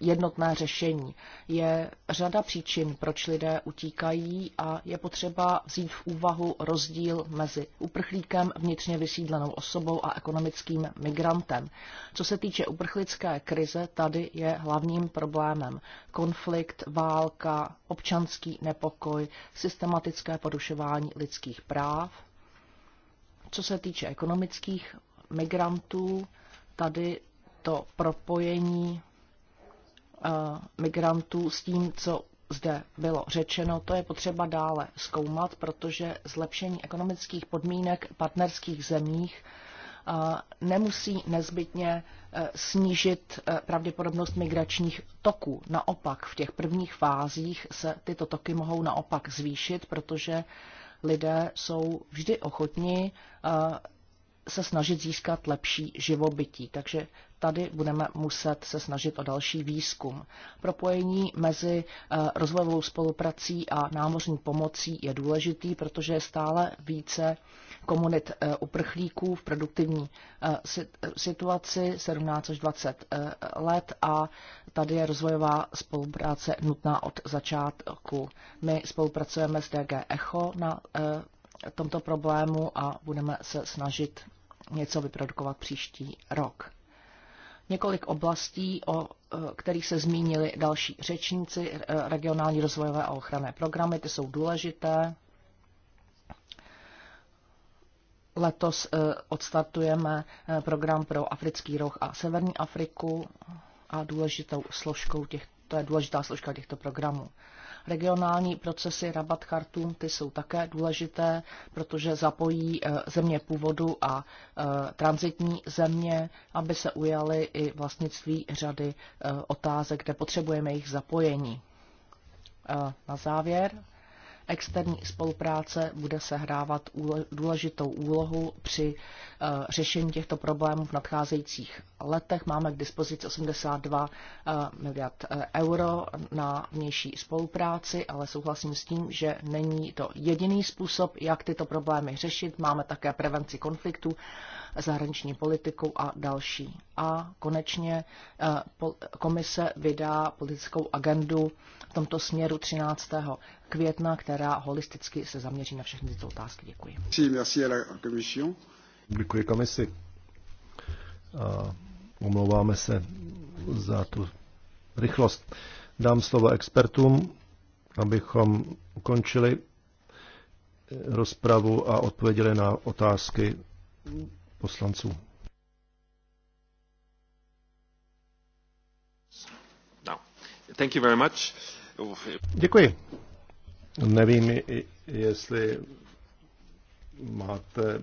jednotné řešení. Je řada příčin, proč lidé utíkají a je potřeba vzít v úvahu rozdíl mezi uprchlíkem, vnitřně vysídlenou osobou a ekonomickým migrantem. Co se týče uprchlické krize, tady je hlavním problémem konflikt, válka, občanský nepokoj, systematické porušování lidských práv, co se týče ekonomických migrantů, tady to propojení eh, migrantů s tím, co zde bylo řečeno, to je potřeba dále zkoumat, protože zlepšení ekonomických podmínek partnerských zemích eh, nemusí nezbytně eh, snížit pravděpodobnost migračních toků. Naopak v těch prvních fázích se tyto toky mohou naopak zvýšit, protože lidé jsou vždy ochotni eh, se snažit získat lepší živobytí. Takže tady budeme muset se snažit o další výzkum. Propojení mezi eh, rozvojovou spoluprací a námořní pomocí je důležitý, protože je stále více komunit eh, uprchlíků v produktivní eh, situaci 17 až 20 let a tady je rozvojová spolupráce nutná od začátku. My spolupracujeme s DG Echo na tomto problému a budeme se snažit něco vyprodukovat příští rok několik oblastí, o e, kterých se zmínili další řečníci, e, regionální rozvojové a ochranné programy, ty jsou důležité. Letos e, odstartujeme program pro Africký roh a Severní Afriku a důležitou složkou těch, to je důležitá složka těchto programů. Regionální procesy Rabat Khartoum ty jsou také důležité, protože zapojí eh, země původu a eh, transitní země, aby se ujaly i vlastnictví řady eh, otázek, kde potřebujeme jejich zapojení. Na závěr Externí spolupráce bude sehrávat důležitou úlohu při eh, řešení těchto problémů v nadcházejících letech. Máme k dispozici 82 eh, miliard eh, euro na vnější spolupráci, ale souhlasím s tím, že není to jediný způsob, jak tyto problémy řešit. Máme také prevenci konfliktů zahraniční politikou a další. A konečně eh, komise vydá politickou agendu v tomto směru 13. května, která holisticky se zaměří na všechny tyto otázky. Děkuji. Děkuji komisi. A omlouváme se za tu rychlost. Dám slovo expertům, abychom ukončili eh, rozpravu a odpověděli na otázky poslanců. No. Thank you very much. Děkuji. Nevím, jestli máte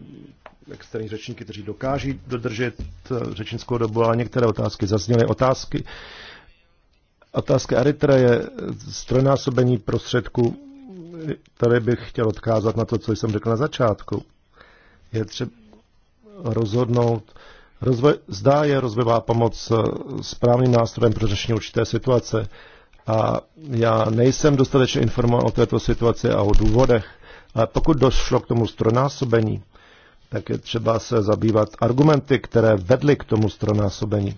externí řečníky, kteří dokáží dodržet eh, řečnickou dobu, ale některé otázky zazněly. Otázky, otázka Eritreje, je eh, strojnásobení prostředků. Tady bych chtěl odkázat na to, co jsem řekl na začátku. Je třeba rozhodnout, rozvoj, zdá je rozvojová pomoc eh, správným nástrojem pro řešení určité situace. A já nejsem dostatečně informován o této situaci a o důvodech. Ale pokud došlo k tomu stronásobení, tak je třeba se zabývat argumenty, které vedly k tomu stronásobení.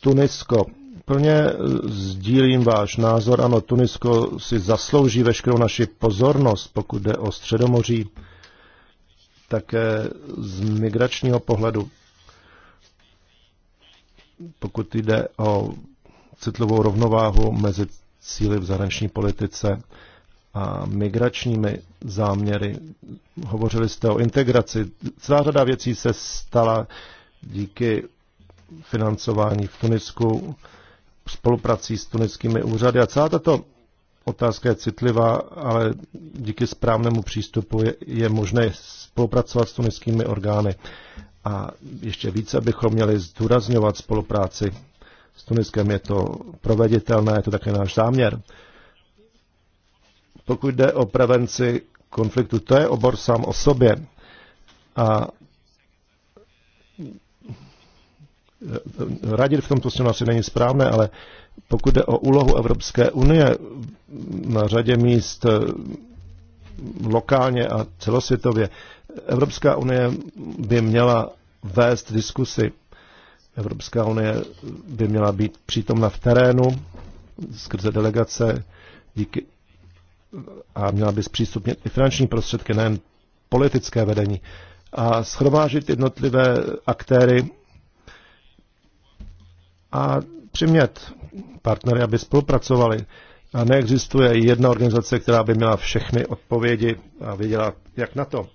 Tunisko. Plně eh, sdílím váš názor. Ano, Tunisko si zaslouží veškerou naši pozornost, pokud jde o Středomoří také z migračního pohledu. Pokud jde o citlivou rovnováhu mezi cíly v zahraniční politice a migračními záměry. Hovořili jste o integraci. Celá řada věcí se stala díky financování v Tunisku, spoluprací s tuniskými úřady a celá tato otázka je citlivá, ale díky správnému přístupu je, je možné spolupracovat s tuniskými orgány. A ještě více bychom měli zdůrazňovat spolupráci s Tuniskem. Je to proveditelné, je to také náš záměr. Pokud jde o prevenci konfliktu, to je obor sám o sobě. A radit v tomto směru asi není správné, ale pokud jde o úlohu Evropské unie na řadě míst eh, lokálně a celosvětově, Evropská unie by měla vést diskusy. Evropská unie by měla být přítomna v terénu skrze delegace díky, a měla by zpřístupnit i finanční prostředky, nejen politické vedení. A schromážit jednotlivé aktéry a přimět partnery, aby spolupracovali. A neexistuje jedna organizace, která by měla všechny odpovědi a věděla, jak na to.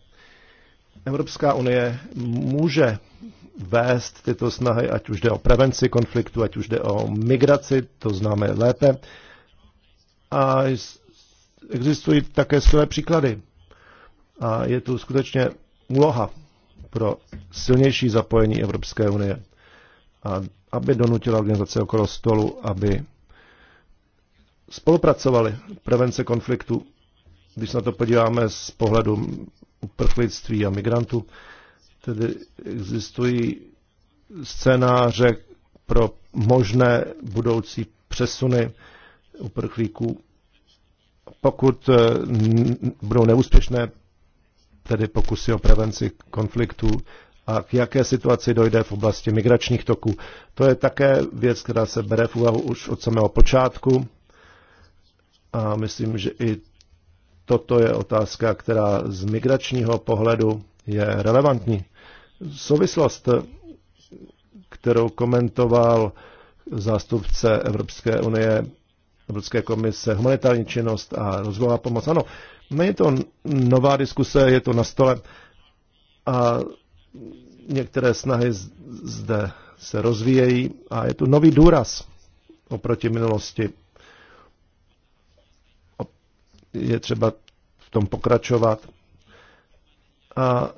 Evropská unie může vést tyto snahy, ať už jde o prevenci konfliktu, ať už jde o migraci, to známe lépe. A existují také skvělé příklady. A je tu skutečně úloha pro silnější zapojení Evropské unie a aby donutila organizace okolo stolu, aby spolupracovali prevence konfliktu. Když se na to podíváme z pohledu uprchlictví a migrantů, tedy existují scénáře pro možné budoucí přesuny uprchlíků. Pokud eh, budou neúspěšné, tedy pokusy o prevenci konfliktu, a k jaké situaci dojde v oblasti migračních toků. To je také věc, která se bere v úvahu už od samého počátku a myslím, že i toto je otázka, která z migračního pohledu je relevantní. Souvislost, kterou komentoval zástupce Evropské unie, Evropské komise, humanitární činnost a rozvojová pomoc. Ano, není to nová diskuse, je to na stole a Některé snahy zde se rozvíjejí a je tu nový důraz oproti minulosti. Je třeba v tom pokračovat. A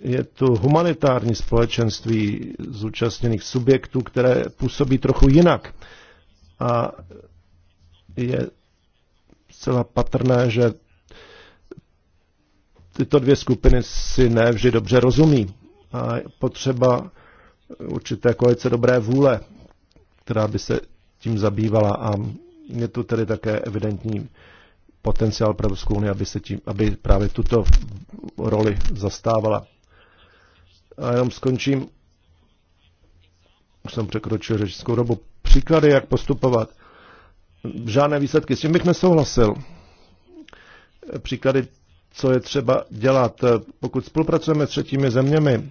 je tu humanitární společenství zúčastněných subjektů, které působí trochu jinak. A je zcela patrné, že tyto dvě skupiny si nevždy dobře rozumí a je potřeba určité kolice dobré vůle, která by se tím zabývala a je tu tedy také evidentní potenciál pro Evropskou unii, aby, se tím, aby právě tuto roli zastávala. A jenom skončím, už jsem překročil řečskou dobu, příklady, jak postupovat. Žádné výsledky, s tím bych nesouhlasil. Příklady co je třeba dělat. Pokud spolupracujeme s třetími zeměmi,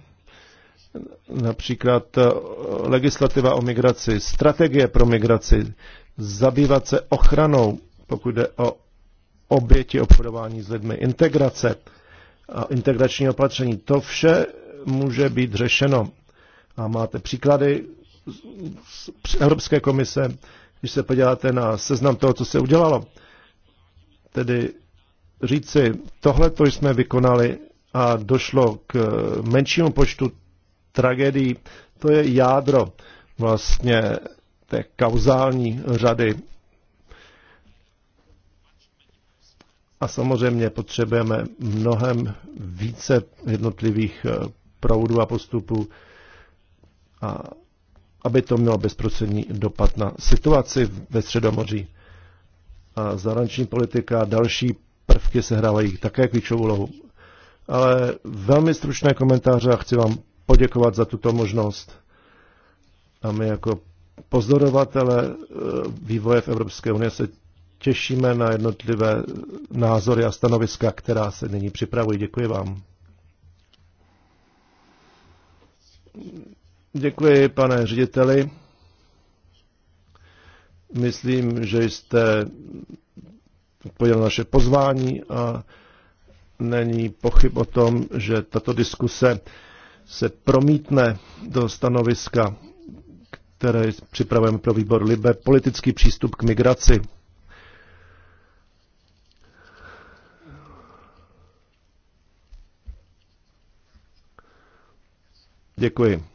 například eh, legislativa o migraci, strategie pro migraci, zabývat se ochranou, pokud jde o oběti obchodování s lidmi, integrace a integrační opatření. To vše může být řešeno. A máte příklady z Evropské komise, když se podíváte na seznam toho, co se udělalo. Tedy říci, tohle to jsme vykonali a došlo k eh, menšímu počtu tragédií, to je jádro vlastně té kauzální řady. A samozřejmě potřebujeme mnohem více jednotlivých eh, proudů a postupů, a aby to mělo bezprostřední dopad na situaci ve Středomoří. A zahraniční politika další prvky sehrávají také klíčovou lohu. Ale velmi stručné komentáře a chci vám poděkovat za tuto možnost. A my jako pozorovatele eh, vývoje v Evropské unii se těšíme na jednotlivé názory a stanoviska, která se nyní připravují. Děkuji vám. Děkuji, pane řediteli. Myslím, že jste odpověděl na naše pozvání a není pochyb o tom, že tato diskuse se promítne do stanoviska, které připravujeme pro výbor Libe, politický přístup k migraci. Děkuji.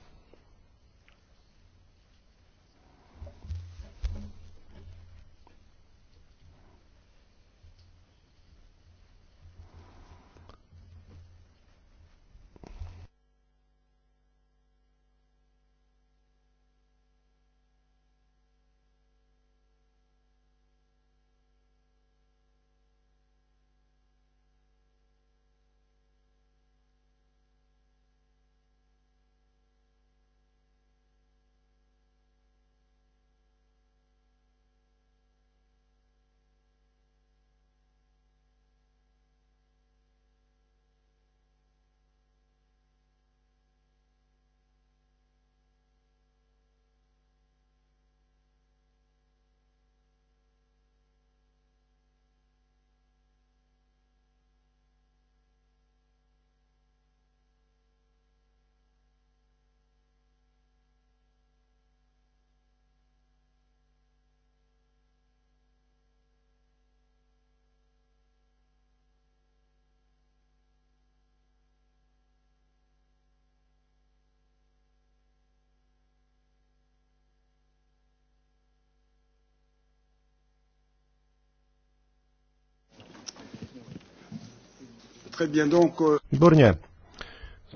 Euh, Výborně.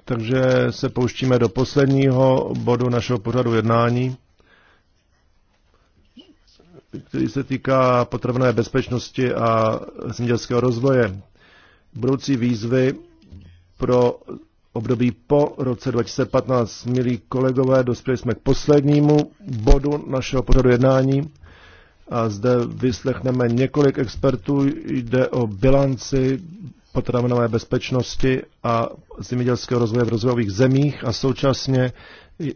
Takže se pouštíme do posledního bodu našeho pořadu jednání, který se týká potravné bezpečnosti a zemědělského rozvoje. Budoucí výzvy pro období po roce 2015. Milí kolegové, dospěli jsme k poslednímu bodu našeho pořadu jednání a zde vyslechneme několik expertů. Jde o bilanci potravinové bezpečnosti a zemědělského rozvoje v rozvojových zemích a současně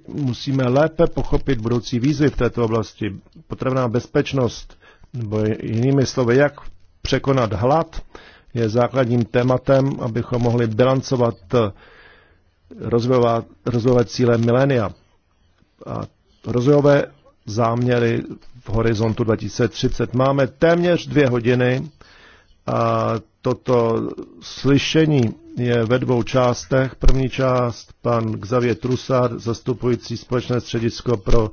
musíme lépe pochopit budoucí výzvy v této oblasti. Potravná bezpečnost, nebo jinými slovy, jak překonat hlad, je základním tématem, abychom mohli bilancovat rozvojová, rozvojové cíle milénia a rozvojové záměry v horizontu 2030. Máme téměř dvě hodiny a toto slyšení je ve dvou částech. První část pan Xavier Trusar, zastupující společné středisko pro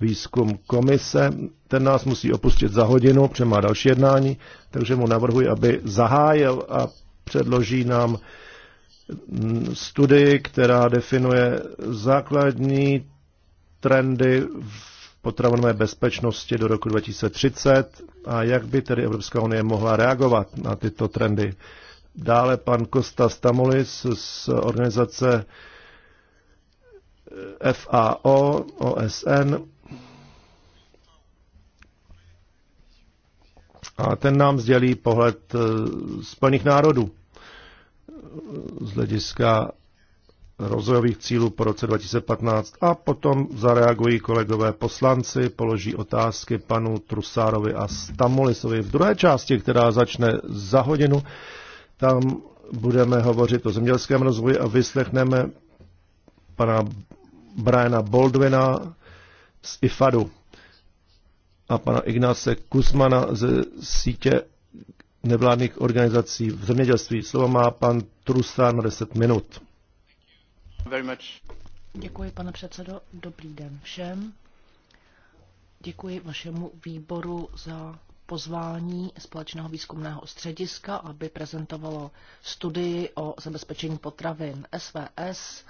výzkum komise. Ten nás musí opustit za hodinu, protože má další jednání, takže mu navrhuji, aby zahájil a předloží nám studii, která definuje základní trendy v potravinové bezpečnosti do roku 2030 a jak by tedy Evropská unie mohla reagovat na tyto trendy. Dále pan Kosta Stamolis z organizace FAO, OSN. A ten nám sdělí pohled z eh, národů z hlediska rozvojových cílů po roce 2015 a potom zareagují kolegové poslanci, položí otázky panu Trusárovi a Stamolisovi. V druhé části, která začne za hodinu, tam budeme hovořit o zemědělském rozvoji a vyslechneme pana Briana Baldwina z IFADu a pana Ignace Kusmana ze sítě nevládních organizací v zemědělství. Slovo má pan Trusán na 10 minut. Děkuji, pane předsedo. Dobrý den všem. Děkuji vašemu výboru za pozvání Společného výzkumného střediska, aby prezentovalo studii o zabezpečení potravin. SVS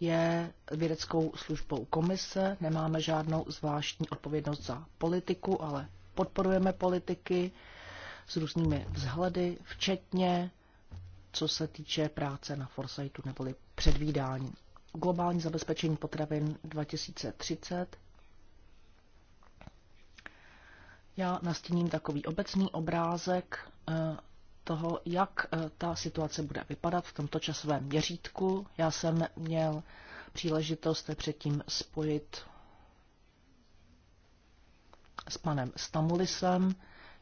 je vědeckou službou komise, nemáme žádnou zvláštní odpovědnost za politiku, ale podporujeme politiky s různými vzhledy, včetně co se týče práce na Foresightu neboli předvídání. Globální zabezpečení potravin 2030. Já nastíním takový obecný obrázek eh, toho, jak eh, ta situace bude vypadat v tomto časovém měřítku. Já jsem měl příležitost předtím spojit s panem Stamulisem,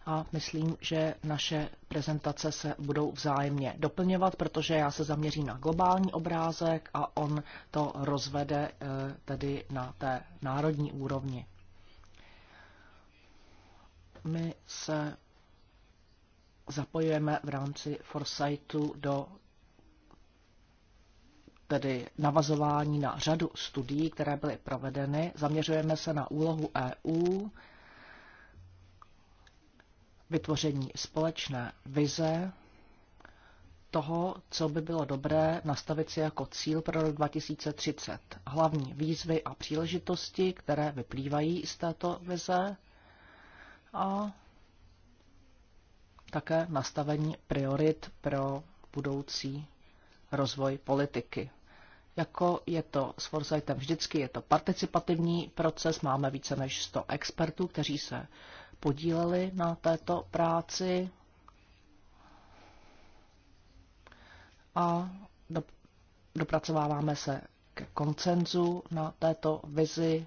a myslím, že naše prezentace se budou vzájemně doplňovat, protože já se zaměřím na globální obrázek a on to rozvede eh, tedy na té národní úrovni. My se zapojujeme v rámci Foresightu do tedy navazování na řadu studií, které byly provedeny. Zaměřujeme se na úlohu EU, vytvoření společné vize toho, co by bylo dobré nastavit si jako cíl pro rok 2030. Hlavní výzvy a příležitosti, které vyplývají z této vize a také nastavení priorit pro budoucí rozvoj politiky. Jako je to s Forsightem vždycky, je to participativní proces, máme více než 100 expertů, kteří se podíleli na této práci a do, dopracováváme se k koncenzu na této vizi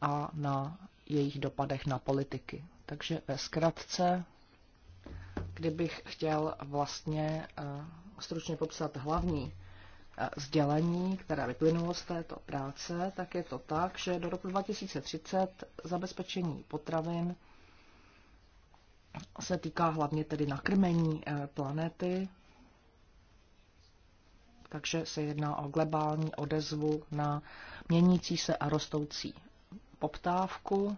a na jejich dopadech na politiky. Takže ve zkratce, kdybych chtěl vlastně eh, stručně popsat hlavní sdělení, které vyplynulo z této práce, tak je to tak, že do roku 2030 zabezpečení potravin se týká hlavně tedy nakrmení eh, planety, takže se jedná o globální odezvu na měnící se a rostoucí poptávku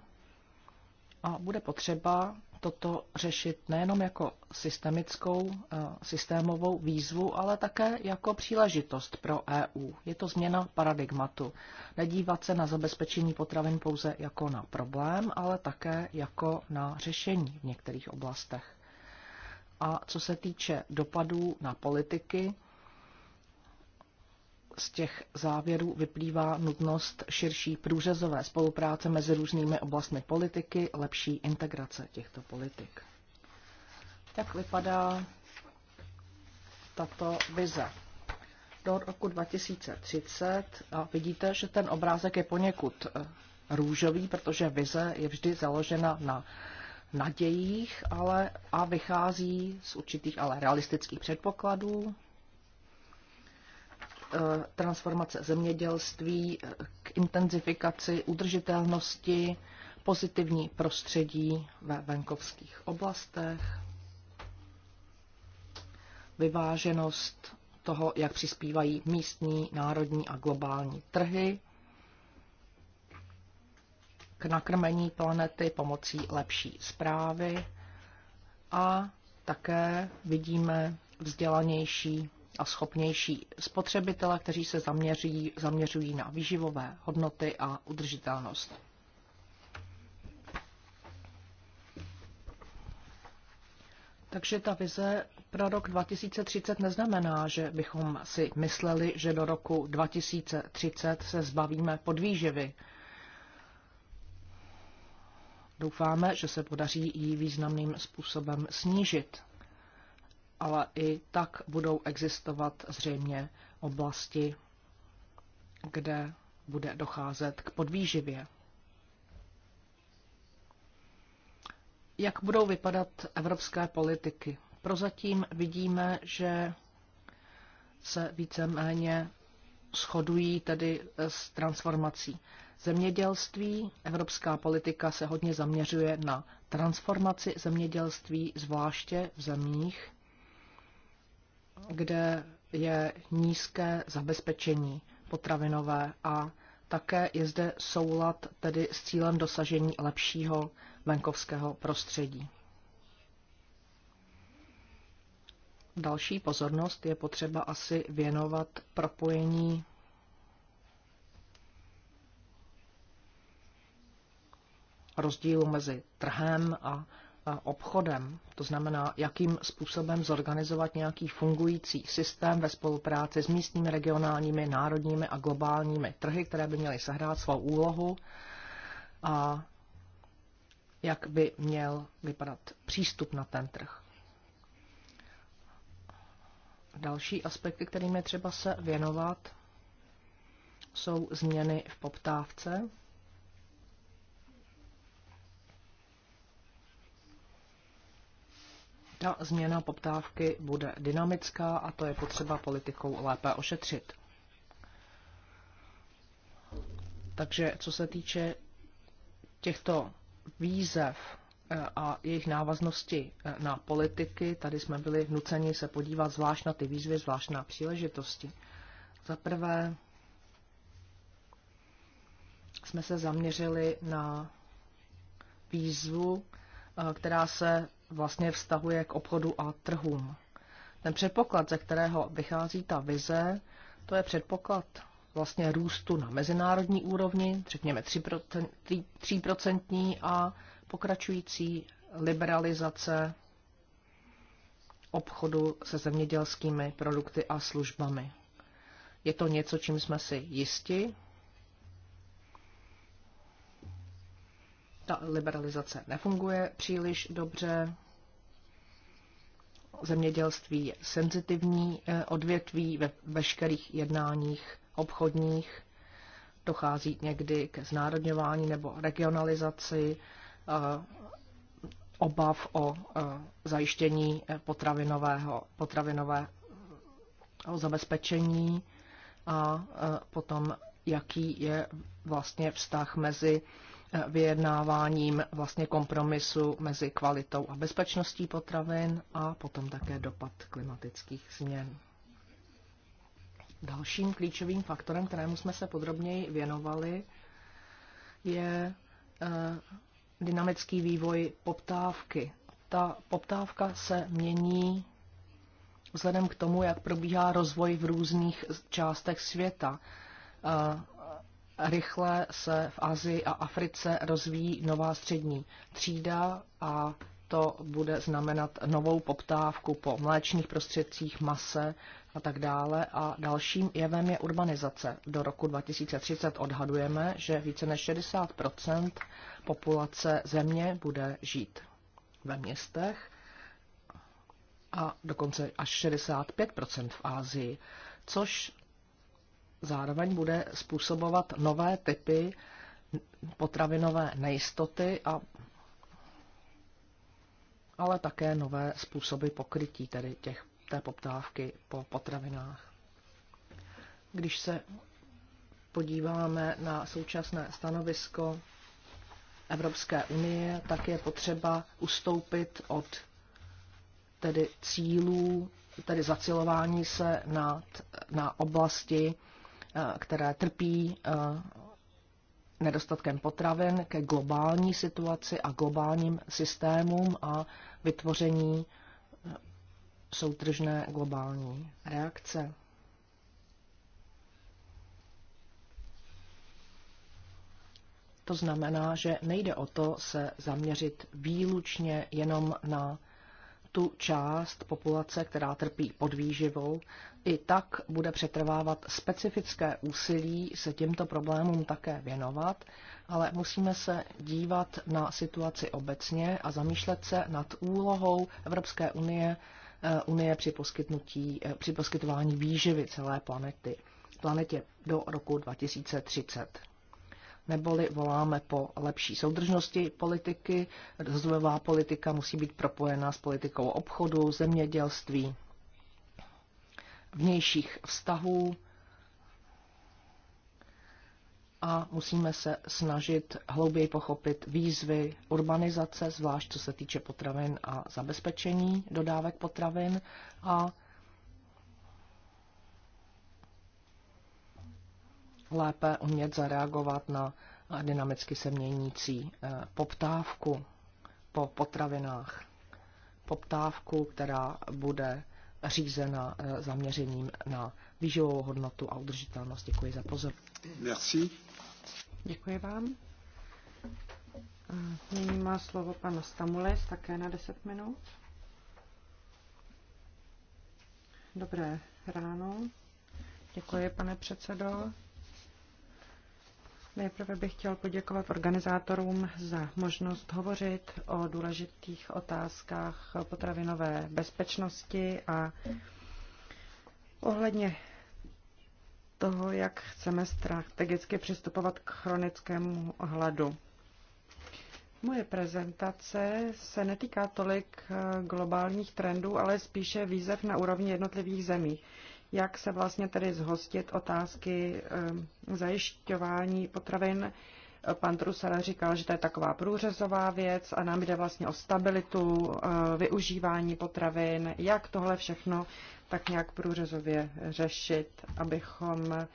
a bude potřeba toto řešit nejenom jako systemickou, eh, systémovou výzvu, ale také jako příležitost pro EU. Je to změna paradigmatu. Nedívat se na zabezpečení potravin pouze jako na problém, ale také jako na řešení v některých oblastech. A co se týče dopadů na politiky, z těch závěrů vyplývá nutnost širší průřezové spolupráce mezi různými oblastmi politiky, lepší integrace těchto politik. Jak vypadá tato vize? Do roku 2030 a vidíte, že ten obrázek je poněkud eh, růžový, protože vize je vždy založena na nadějích ale, a vychází z určitých ale realistických předpokladů, Eh, transformace zemědělství eh, k intenzifikaci udržitelnosti, pozitivní prostředí ve venkovských oblastech, vyváženost toho, jak přispívají místní, národní a globální trhy k nakrmení planety pomocí lepší zprávy a také vidíme vzdělanější a schopnější spotřebitele, kteří se zaměří, zaměřují na výživové hodnoty a udržitelnost. Takže ta vize pro rok 2030 neznamená, že bychom si mysleli, že do roku 2030 se zbavíme podvýživy. Doufáme, že se podaří ji významným způsobem snížit ale i tak budou existovat zřejmě oblasti, kde bude docházet k podvýživě. Jak budou vypadat evropské politiky? Prozatím vidíme, že se víceméně shodují tedy s transformací zemědělství. Evropská politika se hodně zaměřuje na transformaci zemědělství, zvláště v zemích, kde je nízké zabezpečení potravinové a také je zde soulad tedy s cílem dosažení lepšího venkovského prostředí. Další pozornost je potřeba asi věnovat propojení rozdílu mezi trhem a obchodem. To znamená, jakým způsobem zorganizovat nějaký fungující systém ve spolupráci s místními, regionálními, národními a globálními trhy, které by měly sehrát svou úlohu a jak by měl vypadat přístup na ten trh. Další aspekty, kterým je třeba se věnovat, jsou změny v poptávce, Ta změna poptávky bude dynamická a to je potřeba politikou lépe ošetřit. Takže co se týče těchto výzev eh, a jejich návaznosti eh, na politiky, tady jsme byli nuceni se podívat zvlášť na ty výzvy, zvlášť na příležitosti. Za prvé jsme se zaměřili na výzvu, eh, která se vlastně vztahuje k obchodu a trhům. Ten předpoklad, ze kterého vychází ta vize, to je předpoklad vlastně růstu na mezinárodní úrovni, řekněme 3%, 3% a pokračující liberalizace obchodu se zemědělskými produkty a službami. Je to něco, čím jsme si jisti, ta liberalizace nefunguje příliš dobře. Zemědělství je senzitivní eh, odvětví ve veškerých jednáních obchodních. Dochází někdy k znárodňování nebo regionalizaci eh, obav o eh, zajištění potravinového, potravinového zabezpečení a potom jaký je vlastně vztah mezi vyjednáváním vlastně kompromisu mezi kvalitou a bezpečností potravin a potom také dopad klimatických změn. Dalším klíčovým faktorem, kterému jsme se podrobněji věnovali, je eh, dynamický vývoj poptávky. Ta poptávka se mění vzhledem k tomu, jak probíhá rozvoj v různých částech světa. Eh, rychle se v Asii a Africe rozvíjí nová střední třída a to bude znamenat novou poptávku po mléčných prostředcích, mase a tak dále. A dalším jevem je urbanizace. Do roku 2030 odhadujeme, že více než 60 populace země bude žít ve městech a dokonce až 65 v Ázii, což zároveň bude způsobovat nové typy potravinové nejistoty a ale také nové způsoby pokrytí tedy těch, té poptávky po potravinách. Když se podíváme na současné stanovisko Evropské unie, tak je potřeba ustoupit od tedy cílů, tedy zacilování se nad, na oblasti Eh, které trpí eh, nedostatkem potravin ke globální situaci a globálním systémům a vytvoření eh, soutržné globální reakce. To znamená, že nejde o to se zaměřit výlučně jenom na tu část populace, která trpí podvýživou, i tak bude přetrvávat specifické úsilí se těmto problémům také věnovat, ale musíme se dívat na situaci obecně a zamýšlet se nad úlohou Evropské unie, eh, unie při, poskytnutí, eh, při poskytování výživy celé planety, planetě do roku 2030 neboli voláme po lepší soudržnosti politiky. Rozvojová politika musí být propojená s politikou obchodu, zemědělství, vnějších vztahů a musíme se snažit hlouběji pochopit výzvy urbanizace, zvlášť co se týče potravin a zabezpečení dodávek potravin a lépe umět zareagovat na dynamicky se měnící eh, poptávku po potravinách. Poptávku, která bude řízena eh, zaměřením na výživovou hodnotu a udržitelnost. Děkuji za pozornost. Děkuji vám. Eh, nyní má slovo pan Stamules, také na 10 minut. Dobré ráno. Děkuji, pane předsedo. Nejprve bych chtěl poděkovat organizátorům za možnost hovořit o důležitých otázkách potravinové bezpečnosti a ohledně toho, jak chceme strategicky přistupovat k chronickému hladu. Moje prezentace se netýká tolik globálních trendů, ale spíše výzev na úrovni jednotlivých zemí jak se vlastně tedy zhostit otázky ehm, zajišťování potravin. Pan Trusel říkal, že to je taková průřezová věc a nám jde vlastně o stabilitu eh, využívání potravin, jak tohle všechno tak nějak průřezově řešit, abychom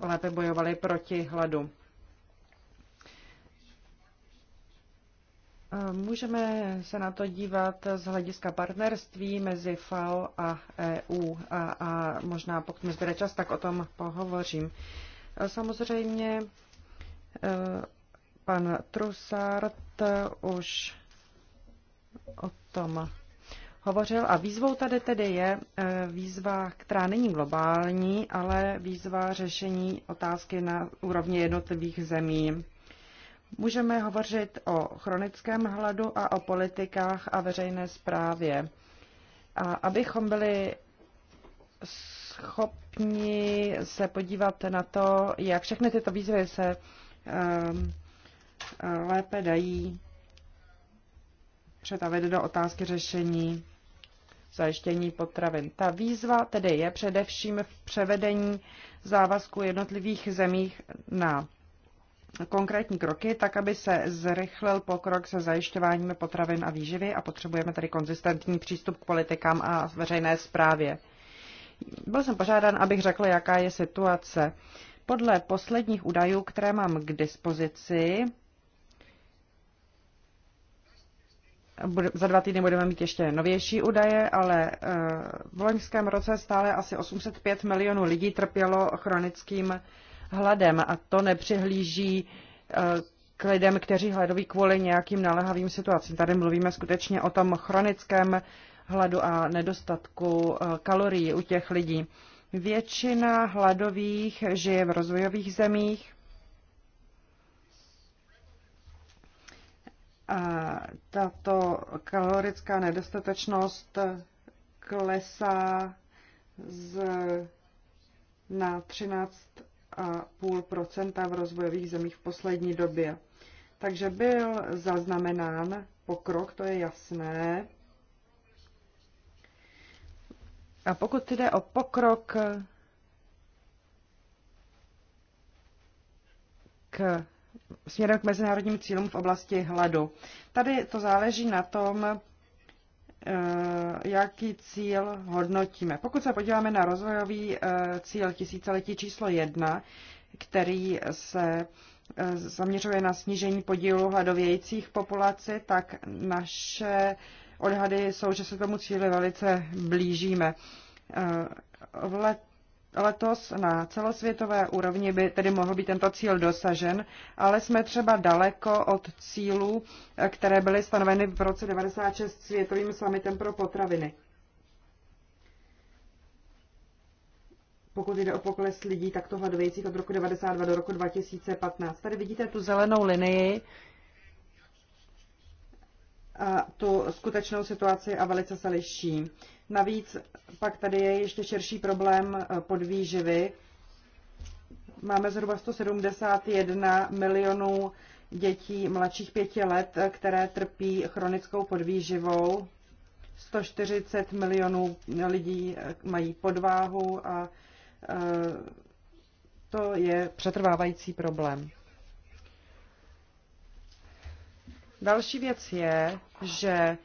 lépe bojovali proti hladu. Můžeme se na to dívat z hlediska partnerství mezi FAO a EU a, a možná pokud mi zbude čas, tak o tom pohovořím. Samozřejmě e, pan Trusart už o tom hovořil a výzvou tady tedy je e, výzva, která není globální, ale výzva řešení otázky na úrovni jednotlivých zemí. Můžeme hovořit o chronickém hladu a o politikách a veřejné zprávě. A abychom byli schopni se podívat na to, jak všechny tyto výzvy se um, lépe dají přetavit do otázky řešení zajištění potravin. Ta výzva tedy je především v převedení závazku jednotlivých zemích na konkrétní kroky, tak aby se zrychlil pokrok se zajišťováním potravin a výživy a potřebujeme tady konzistentní přístup k politikám a veřejné zprávě. Byl jsem požádán, abych řekl, jaká je situace. Podle posledních údajů, které mám k dispozici, za dva týdny budeme mít ještě novější údaje, ale eh, v loňském roce stále asi 805 milionů lidí trpělo chronickým hladem a to nepřihlíží eh, k lidem, kteří hladoví kvůli nějakým naléhavým situacím. Tady mluvíme skutečně o tom chronickém hladu a nedostatku eh, kalorií u těch lidí. Většina hladových žije v rozvojových zemích. A tato kalorická nedostatečnost klesá z, na 13 2,5 v rozvojových zemích v poslední době. Takže byl zaznamenán pokrok, to je jasné. A pokud jde o pokrok k směrem k mezinárodním cílům v oblasti hladu. Tady to záleží na tom, Eh, jaký cíl hodnotíme. Pokud se podíváme na rozvojový eh, cíl tisíciletí číslo jedna, který se eh, zaměřuje na snížení podílu hladovějících populaci, tak naše odhady jsou, že se tomu cíli velice blížíme. V let letos na celosvětové úrovni by tedy mohl být tento cíl dosažen, ale jsme třeba daleko od cílů, které byly stanoveny v roce 96 světovým summitem pro potraviny. pokud jde o pokles lidí tak to hladovějících od roku 92 do roku 2015. Tady vidíte tu zelenou linii, tu skutečnou situaci a velice se liší. Navíc pak tady je ještě širší problém eh, podvýživy. Máme zhruba 171 milionů dětí mladších pěti let, eh, které trpí chronickou podvýživou. 140 milionů lidí eh, mají podváhu a to je přetrvávající problém. Další věc je, že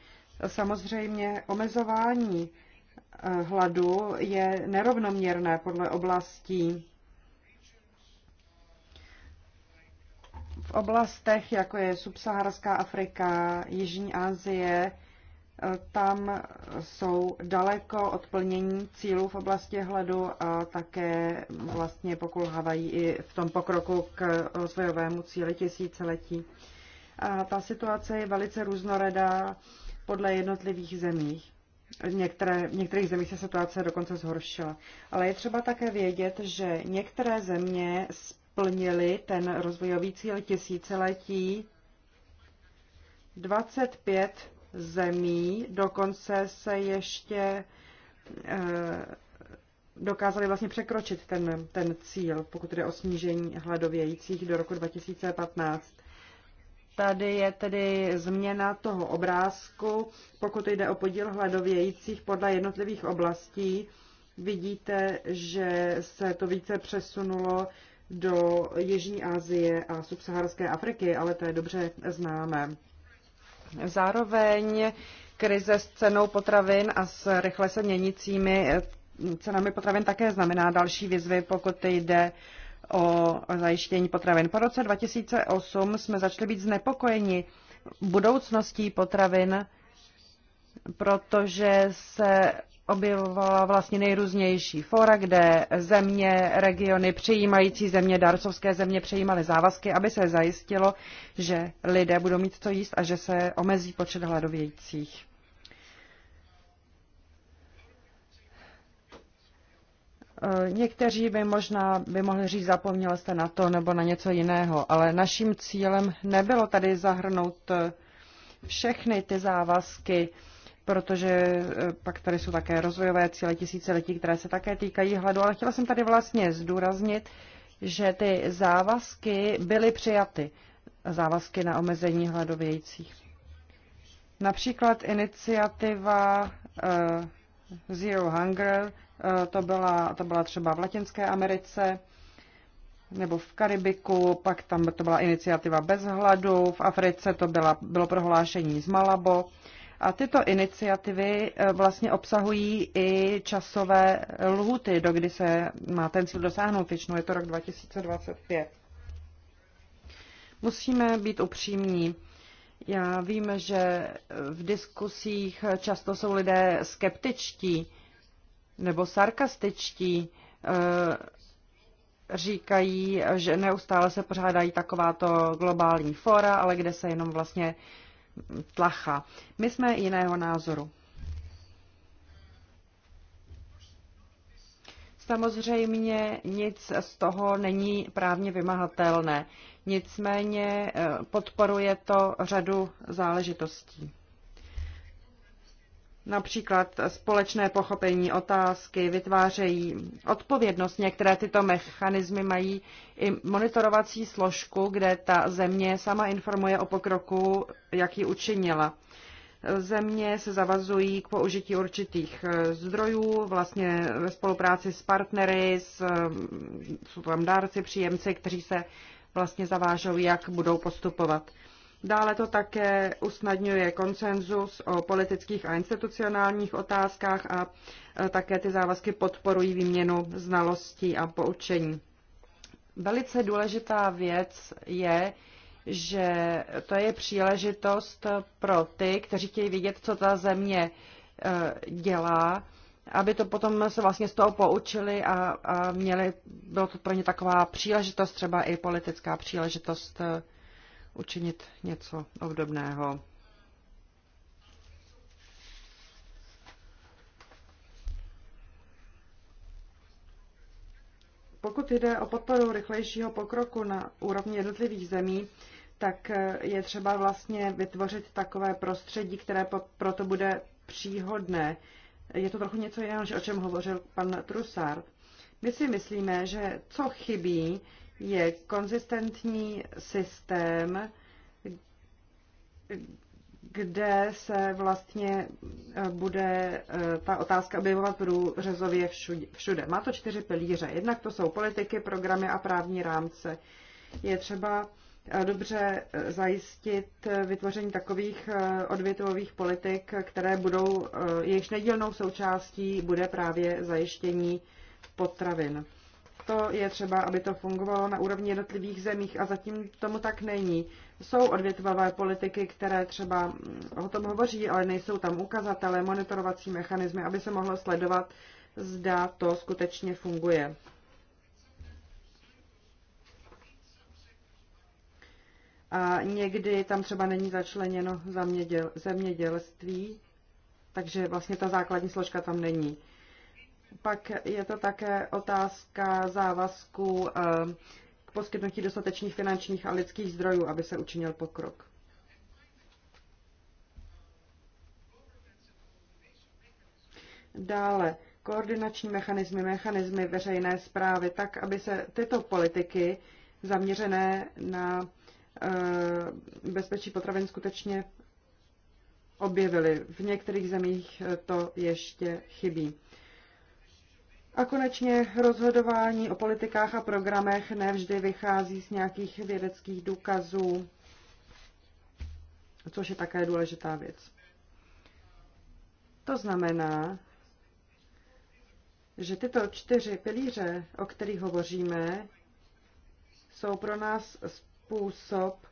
samozřejmě omezování eh, hladu je nerovnoměrné podle oblastí. V oblastech, jako je subsaharská Afrika, Jižní Asie, eh, tam jsou daleko od plnění cílů v oblasti hladu a také vlastně pokulhávají i v tom pokroku k rozvojovému cíli tisíciletí. letí a ta situace je velice různorodá podle jednotlivých zemích. Některé, v některých zemích se situace dokonce zhoršila. Ale je třeba také vědět, že některé země splnily ten rozvojový cíl tisíciletí. 25 zemí dokonce se ještě e, eh, dokázaly vlastně překročit ten, ten cíl, pokud jde o snížení hladovějících do roku 2015. Tady je tedy změna toho obrázku, pokud jde o podíl hledovějících podle jednotlivých oblastí. Vidíte, že se to více přesunulo do Jižní Asie a subsaharské Afriky, ale to je dobře známé. Zároveň krize s cenou potravin a s rychle se měnícími cenami potravin také znamená další výzvy, pokud jde o zajištění potravin. Po roce 2008 jsme začali být znepokojeni budoucností potravin, protože se objevovala vlastně nejrůznější fora, kde země, regiony, přijímající země, darcovské země přijímaly závazky, aby se zajistilo, že lidé budou mít co jíst a že se omezí počet hladovějících. Eh, někteří by možná by mohli říct, zapomněl jste na to nebo na něco jiného, ale naším cílem nebylo tady zahrnout eh, všechny ty závazky, protože eh, pak tady jsou také rozvojové cíle tisíciletí, které se také týkají hladu, ale chtěla jsem tady vlastně zdůraznit, že ty závazky byly přijaty, závazky na omezení hladovějících. Například iniciativa Zero Hunger Eh, to byla, to byla třeba v Latinské Americe nebo v Karibiku, pak tam to byla iniciativa bez hladu, v Africe to byla, bylo prohlášení z Malabo. A tyto iniciativy eh, vlastně obsahují i časové lhuty, do kdy se má ten cíl dosáhnout, většinou je to rok 2025. Musíme být upřímní. Já vím, že v diskusích často jsou lidé skeptičtí, nebo sarkastičtí, eh, říkají, že neustále se pořádají takováto globální fora, ale kde se jenom vlastně tlacha. My jsme jiného názoru. Samozřejmě nic z toho není právně vymahatelné, nicméně eh, podporuje to řadu záležitostí. Například společné pochopení otázky vytvářejí odpovědnost. Některé tyto mechanismy mají i monitorovací složku, kde ta země sama informuje o pokroku, jaký učinila. Země se zavazují k použití určitých eh, zdrojů, vlastně ve spolupráci s partnery, s, eh, jsou tam dárci, příjemci, kteří se vlastně zavážou, jak budou postupovat. Dále to také usnadňuje konsenzus o politických a institucionálních otázkách a e, také ty závazky podporují výměnu znalostí a poučení. Velice důležitá věc je, že to je příležitost pro ty, kteří chtějí vidět, co ta země e, dělá, aby to potom se vlastně z toho poučili a, a měli, bylo to pro ně taková příležitost, třeba i politická příležitost e, učinit něco obdobného. Pokud jde o podporu rychlejšího pokroku na úrovni jednotlivých zemí, tak je třeba vlastně vytvořit takové prostředí, které proto bude příhodné. Je to trochu něco jiného, o čem hovořil pan Trusar. My si myslíme, že co chybí, je konzistentní systém, kde se vlastně eh, bude eh, ta otázka objevovat průřezově všude. Má to čtyři pilíře. Jednak to jsou politiky, programy a právní rámce. Je třeba eh, dobře zajistit vytvoření takových odvětvových politik, které budou, jejichž nedílnou součástí bude právě zajištění potravin proto je třeba, aby to fungovalo na úrovni jednotlivých zemích a zatím tomu tak není. Jsou odvětvové politiky, které třeba mm, o tom hovoří, ale nejsou tam ukazatele, monitorovací mechanismy, aby se mohlo sledovat, zda to skutečně funguje. A někdy tam třeba není začleněno zemědělství, takže vlastně ta základní složka tam není. Pak je to také otázka závazku ehm, k poskytnutí dostatečných finančních a lidských zdrojů, aby se učinil pokrok. Dále koordinační mechanismy, mechanismy veřejné zprávy, tak, aby se tyto politiky zaměřené na ehm, bezpečí potravin skutečně objevily. V některých zemích to ještě chybí. A konečně rozhodování o politikách a programech nevždy vychází z nějakých vědeckých důkazů, což je také důležitá věc. To znamená, že tyto čtyři pilíře, o kterých hovoříme, jsou pro nás způsob,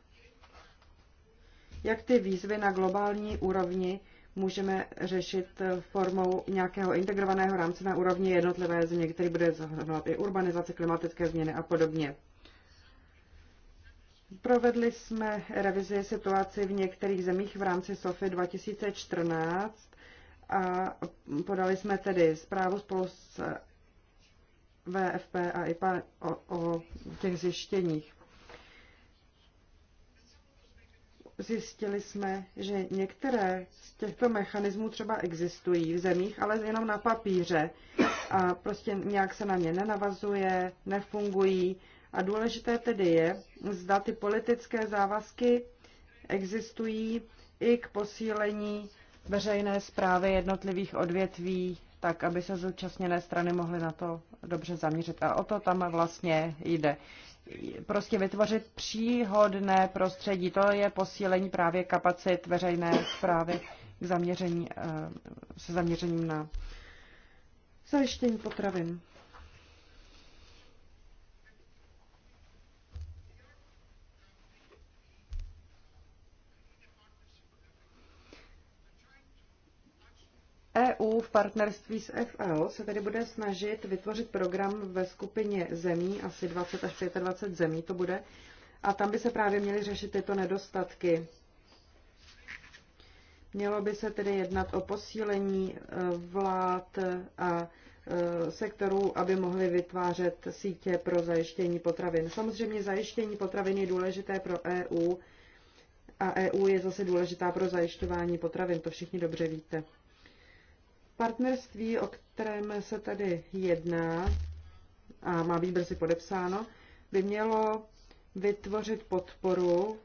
jak ty výzvy na globální úrovni můžeme řešit formou nějakého integrovaného rámce na úrovni jednotlivé země, který bude zahrnovat i urbanizaci, klimatické změny a podobně. Provedli jsme revizi situaci v některých zemích v rámci SOFI 2014 a podali jsme tedy zprávu spolu s VFP a IPA o, o těch zjištěních. zjistili jsme, že některé z těchto mechanismů třeba existují v zemích, ale jenom na papíře a prostě nějak se na ně nenavazuje, nefungují. A důležité tedy je, zda ty politické závazky existují i k posílení veřejné zprávy jednotlivých odvětví, tak aby se zúčastněné strany mohly na to dobře zaměřit. A o to tam vlastně jde prostě vytvořit příhodné prostředí. To je posílení právě kapacit veřejné zprávy k zaměření, eh, se zaměřením na zajištění potravin. EU v partnerství s FL se tedy bude snažit vytvořit program ve skupině zemí, asi 20 až 25 zemí to bude, a tam by se právě měly řešit tyto nedostatky. Mělo by se tedy jednat o posílení e, vlád a e, sektorů, aby mohly vytvářet sítě pro zajištění potravin. Samozřejmě zajištění potravin je důležité pro EU a EU je zase důležitá pro zajišťování potravin, to všichni dobře víte. Partnerství, o kterém se tady jedná a má být brzy podepsáno, by mělo vytvořit podporu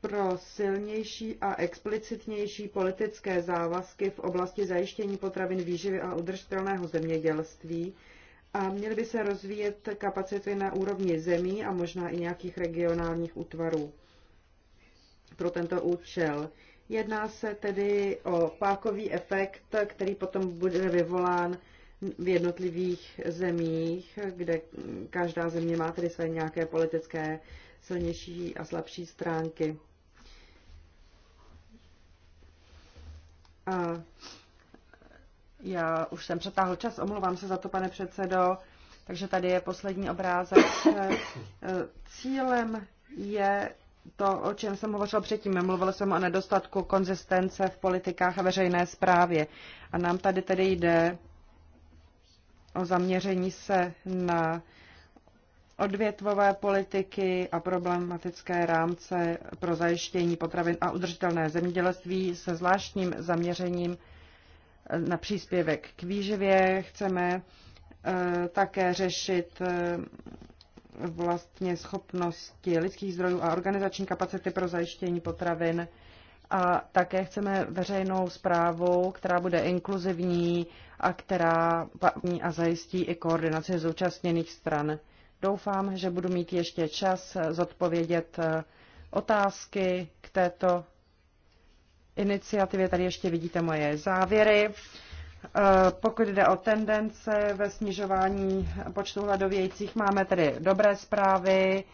pro silnější a explicitnější politické závazky v oblasti zajištění potravin výživy a udržitelného zemědělství a měly by se rozvíjet kapacity na úrovni zemí a možná i nějakých regionálních útvarů pro tento účel. Jedná se tedy o pákový efekt, který potom bude vyvolán v jednotlivých zemích, kde každá země má tedy své nějaké politické silnější a slabší stránky. A já už jsem přetáhl čas, omluvám se za to, pane předsedo. Takže tady je poslední obrázek. Cílem je to, o čem jsem hovořil předtím. Mluvil jsem o nedostatku konzistence v politikách a veřejné správě. A nám tady tedy jde o zaměření se na odvětvové politiky a problematické rámce pro zajištění potravin a udržitelné zemědělství se zvláštním zaměřením eh, na příspěvek k výživě. Chceme eh, také řešit eh, vlastně schopnosti lidských zdrojů a organizační kapacity pro zajištění potravin. A také chceme veřejnou zprávu, která bude inkluzivní a která a zajistí i koordinaci zúčastněných stran. Doufám, že budu mít ještě čas zodpovědět eh, otázky k této iniciativě. Tady ještě vidíte moje závěry. Eh, pokud jde o tendence ve snižování počtu hladovějících, máme tedy dobré zprávy,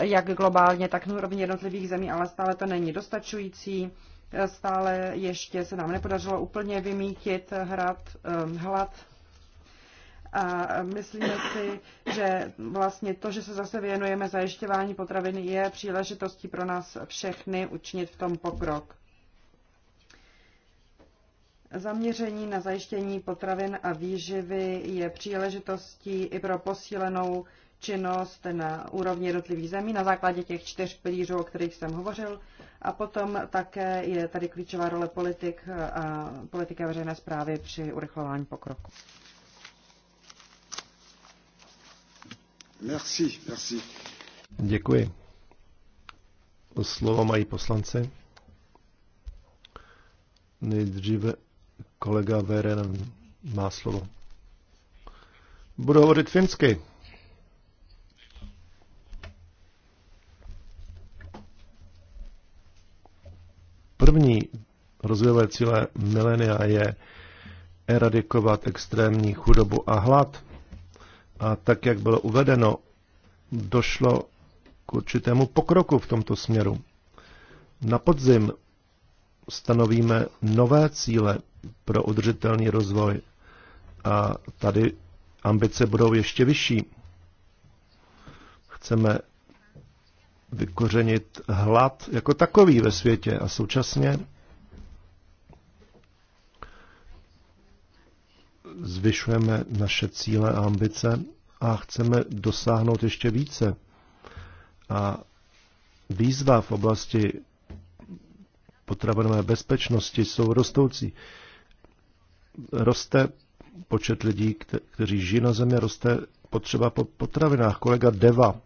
jak globálně, tak na úrovni jednotlivých zemí, ale stále to není dostačující. Eh, stále ještě se nám nepodařilo úplně vymítit hrad, eh, hlad. A myslíme si, že vlastně to, že se zase věnujeme zajišťování potravin, je příležitostí pro nás všechny učinit v tom pokrok. Zaměření na zajištění potravin a výživy je příležitostí i pro posílenou činnost na úrovni jednotlivých zemí na základě těch čtyř pilířů, o kterých jsem hovořil. A potom také je tady klíčová role politik a politika veřejné zprávy při urychlování pokroku. Merci, merci. Děkuji. Slovo mají poslanci. Nejdříve Kolega Veren má slovo. Budu hovořit finsky. První rozvojové cíle milenia je eradikovat extrémní chudobu a hlad. A tak, jak bylo uvedeno, došlo k určitému pokroku v tomto směru. Na podzim stanovíme nové cíle pro udržitelný rozvoj. A tady ambice budou ještě vyšší. Chceme vykořenit hlad jako takový ve světě a současně zvyšujeme naše cíle a ambice a chceme dosáhnout ještě více. A výzva v oblasti potravinové bezpečnosti jsou rostoucí roste počet lidí, kteří žijí na zemi, roste potřeba po potravinách. Kolega Deva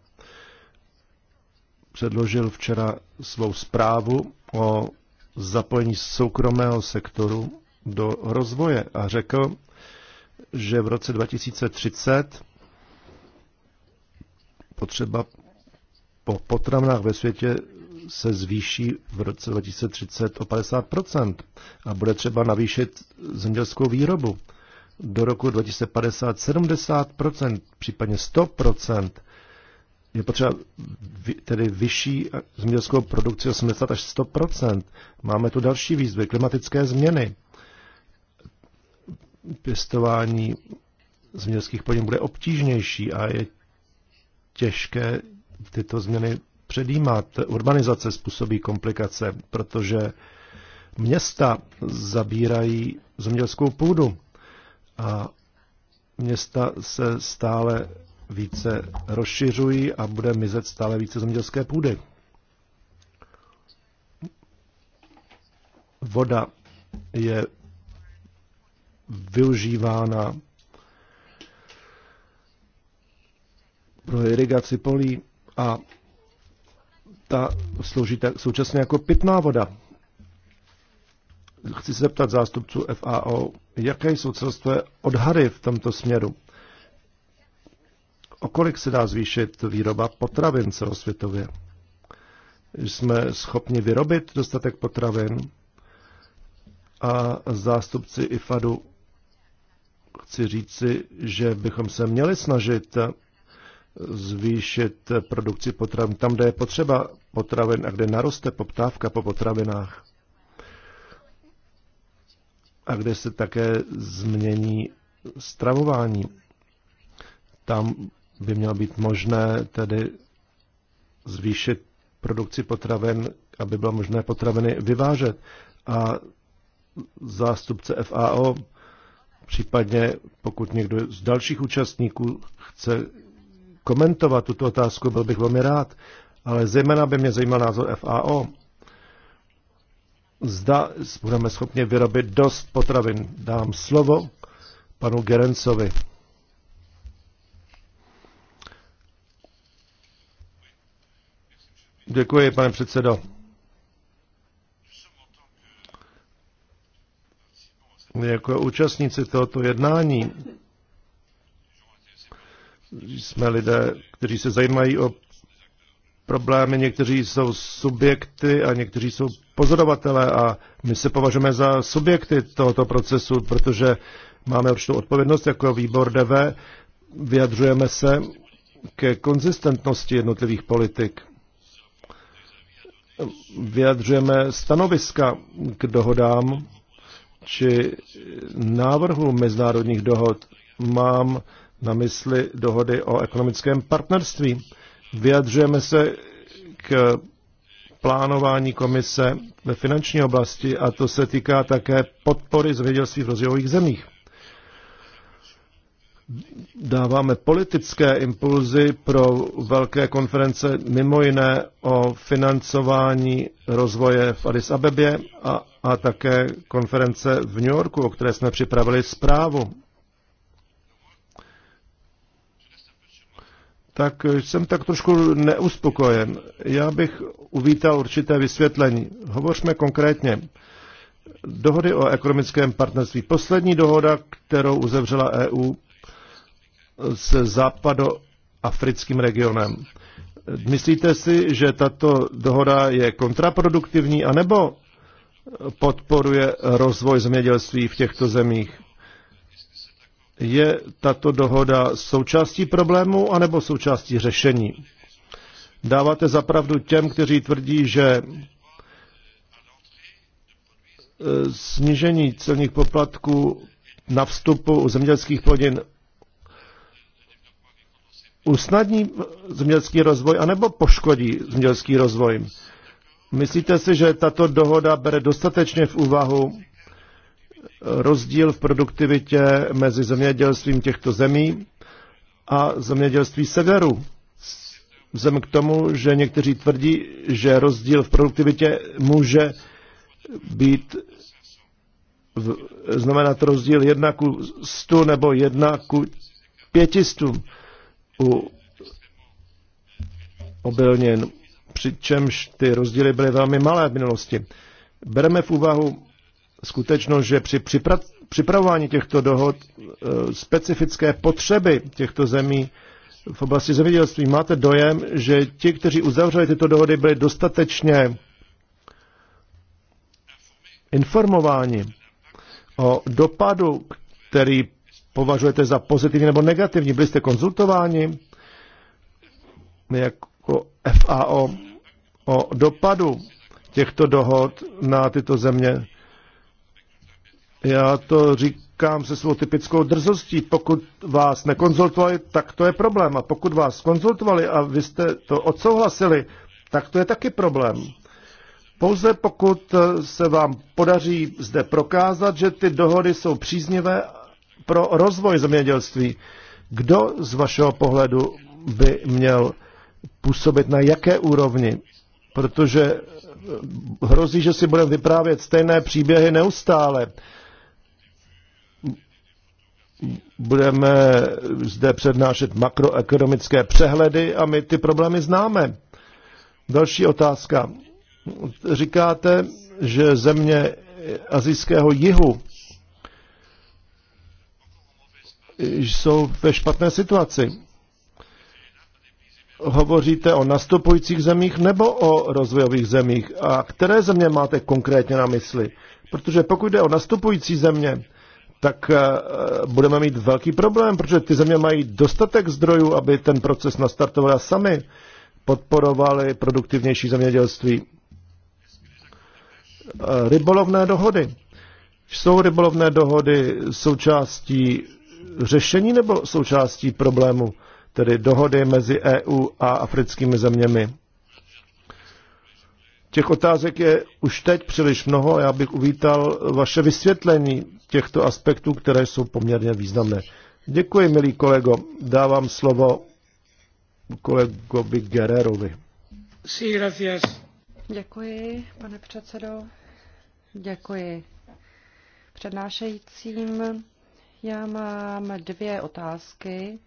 předložil včera svou zprávu o zapojení soukromého sektoru do rozvoje a řekl, že v roce 2030 potřeba po potravinách ve světě se zvýší v roce 2030 o 50% a bude třeba navýšit zemědělskou výrobu. Do roku 2050 70%, případně 100%. Je potřeba tedy vyšší zemědělskou produkci 80 až 100%. Máme tu další výzvy, klimatické změny. Pěstování zemědělských podnik bude obtížnější a je těžké tyto změny předjímat. Urbanizace způsobí komplikace, protože města zabírají zemědělskou půdu a města se stále více rozšiřují a bude mizet stále více zemědělské půdy. Voda je využívána pro irigaci polí a ta slouží tak současně jako pitná voda. Chci se zeptat zástupců FAO, jaké jsou celostové odhady v tomto směru? O kolik se dá zvýšit výroba potravin celosvětově? Jsme schopni vyrobit dostatek potravin? A zástupci IFADu chci říci, že bychom se měli snažit zvýšit produkci potravin tam, kde je potřeba potravin a kde naroste poptávka po potravinách. A kde se také změní stravování. Tam by mělo být možné tedy zvýšit produkci potravin, aby bylo možné potraviny vyvážet. A zástupce FAO, případně pokud někdo z dalších účastníků chce komentovat tuto otázku, byl bych velmi rád, ale zejména by mě zajímal názor FAO. Zda budeme schopni vyrobit dost potravin. Dám slovo panu Gerencovi. Děkuji, pane předsedo. Jako účastníci tohoto jednání jsme lidé, kteří se zajímají o problémy, někteří jsou subjekty a někteří jsou pozorovatelé a my se považujeme za subjekty tohoto procesu, protože máme určitou odpovědnost jako výbor DV, vyjadřujeme se ke konzistentnosti jednotlivých politik. Vyjadřujeme stanoviska k dohodám či návrhu mezinárodních dohod. Mám na mysli dohody o ekonomickém partnerství. Vyjadřujeme se k plánování komise ve finanční oblasti a to se týká také podpory zemědělství v rozvojových zemích. Dáváme politické impulzy pro velké konference, mimo jiné o financování rozvoje v Addis Abebě a, a také konference v New Yorku, o které jsme připravili zprávu tak jsem tak trošku neuspokojen. Já bych uvítal určité vysvětlení. Hovořme konkrétně. Dohody o ekonomickém partnerství. Poslední dohoda, kterou uzavřela EU se západoafrickým regionem. Myslíte si, že tato dohoda je kontraproduktivní, anebo podporuje rozvoj zemědělství v těchto zemích? je tato dohoda součástí problému anebo součástí řešení? Dáváte zapravdu těm, kteří tvrdí, že e, snížení celních poplatků na vstupu u zemědělských plodin usnadní zemědělský rozvoj anebo poškodí zemědělský rozvoj? Myslíte si, že tato dohoda bere dostatečně v úvahu rozdíl v produktivitě mezi zemědělstvím těchto zemí a zemědělství severu. Vzhledem k tomu, že někteří tvrdí, že rozdíl v produktivitě může být v, znamenat rozdíl 1 ku 100 nebo 1 ku 500 u obilnin, přičemž ty rozdíly byly velmi malé v minulosti. Bereme v úvahu skutečnost, že při připravování těchto dohod e, specifické potřeby těchto zemí v oblasti zemědělství máte dojem, že ti, kteří uzavřeli tyto dohody, byli dostatečně informováni o dopadu, který považujete za pozitivní nebo negativní? Byli jste konzultováni jako FAO o dopadu těchto dohod na tyto země? Já to říkám se svou typickou drzostí. Pokud vás nekonzultovali, tak to je problém. A pokud vás konzultovali a vy jste to odsouhlasili, tak to je taky problém. Pouze pokud se vám podaří zde prokázat, že ty dohody jsou příznivé pro rozvoj zemědělství, kdo z vašeho pohledu by měl působit na jaké úrovni? Protože hrozí, že si budeme vyprávět stejné příběhy neustále budeme zde přednášet makroekonomické přehledy a my ty problémy známe. Další otázka. Říkáte, že země azijského jihu jsou ve špatné situaci. Hovoříte o nastupujících zemích nebo o rozvojových zemích? A které země máte konkrétně na mysli? Protože pokud jde o nastupující země, tak eh, budeme mít velký problém, protože ty země mají dostatek zdrojů, aby ten proces nastartovali a sami podporovali produktivnější zemědělství. Eh, rybolovné dohody. Jsou rybolovné dohody součástí řešení nebo součástí problému, tedy dohody mezi EU a africkými zeměmi? Těch otázek je už teď příliš mnoho a já bych uvítal vaše vysvětlení těchto aspektů, které jsou poměrně významné. Děkuji, milý kolego. Dávám slovo kolegovi Gererovi. Děkuji, pane předsedo. Děkuji přednášejícím. Já mám dvě otázky.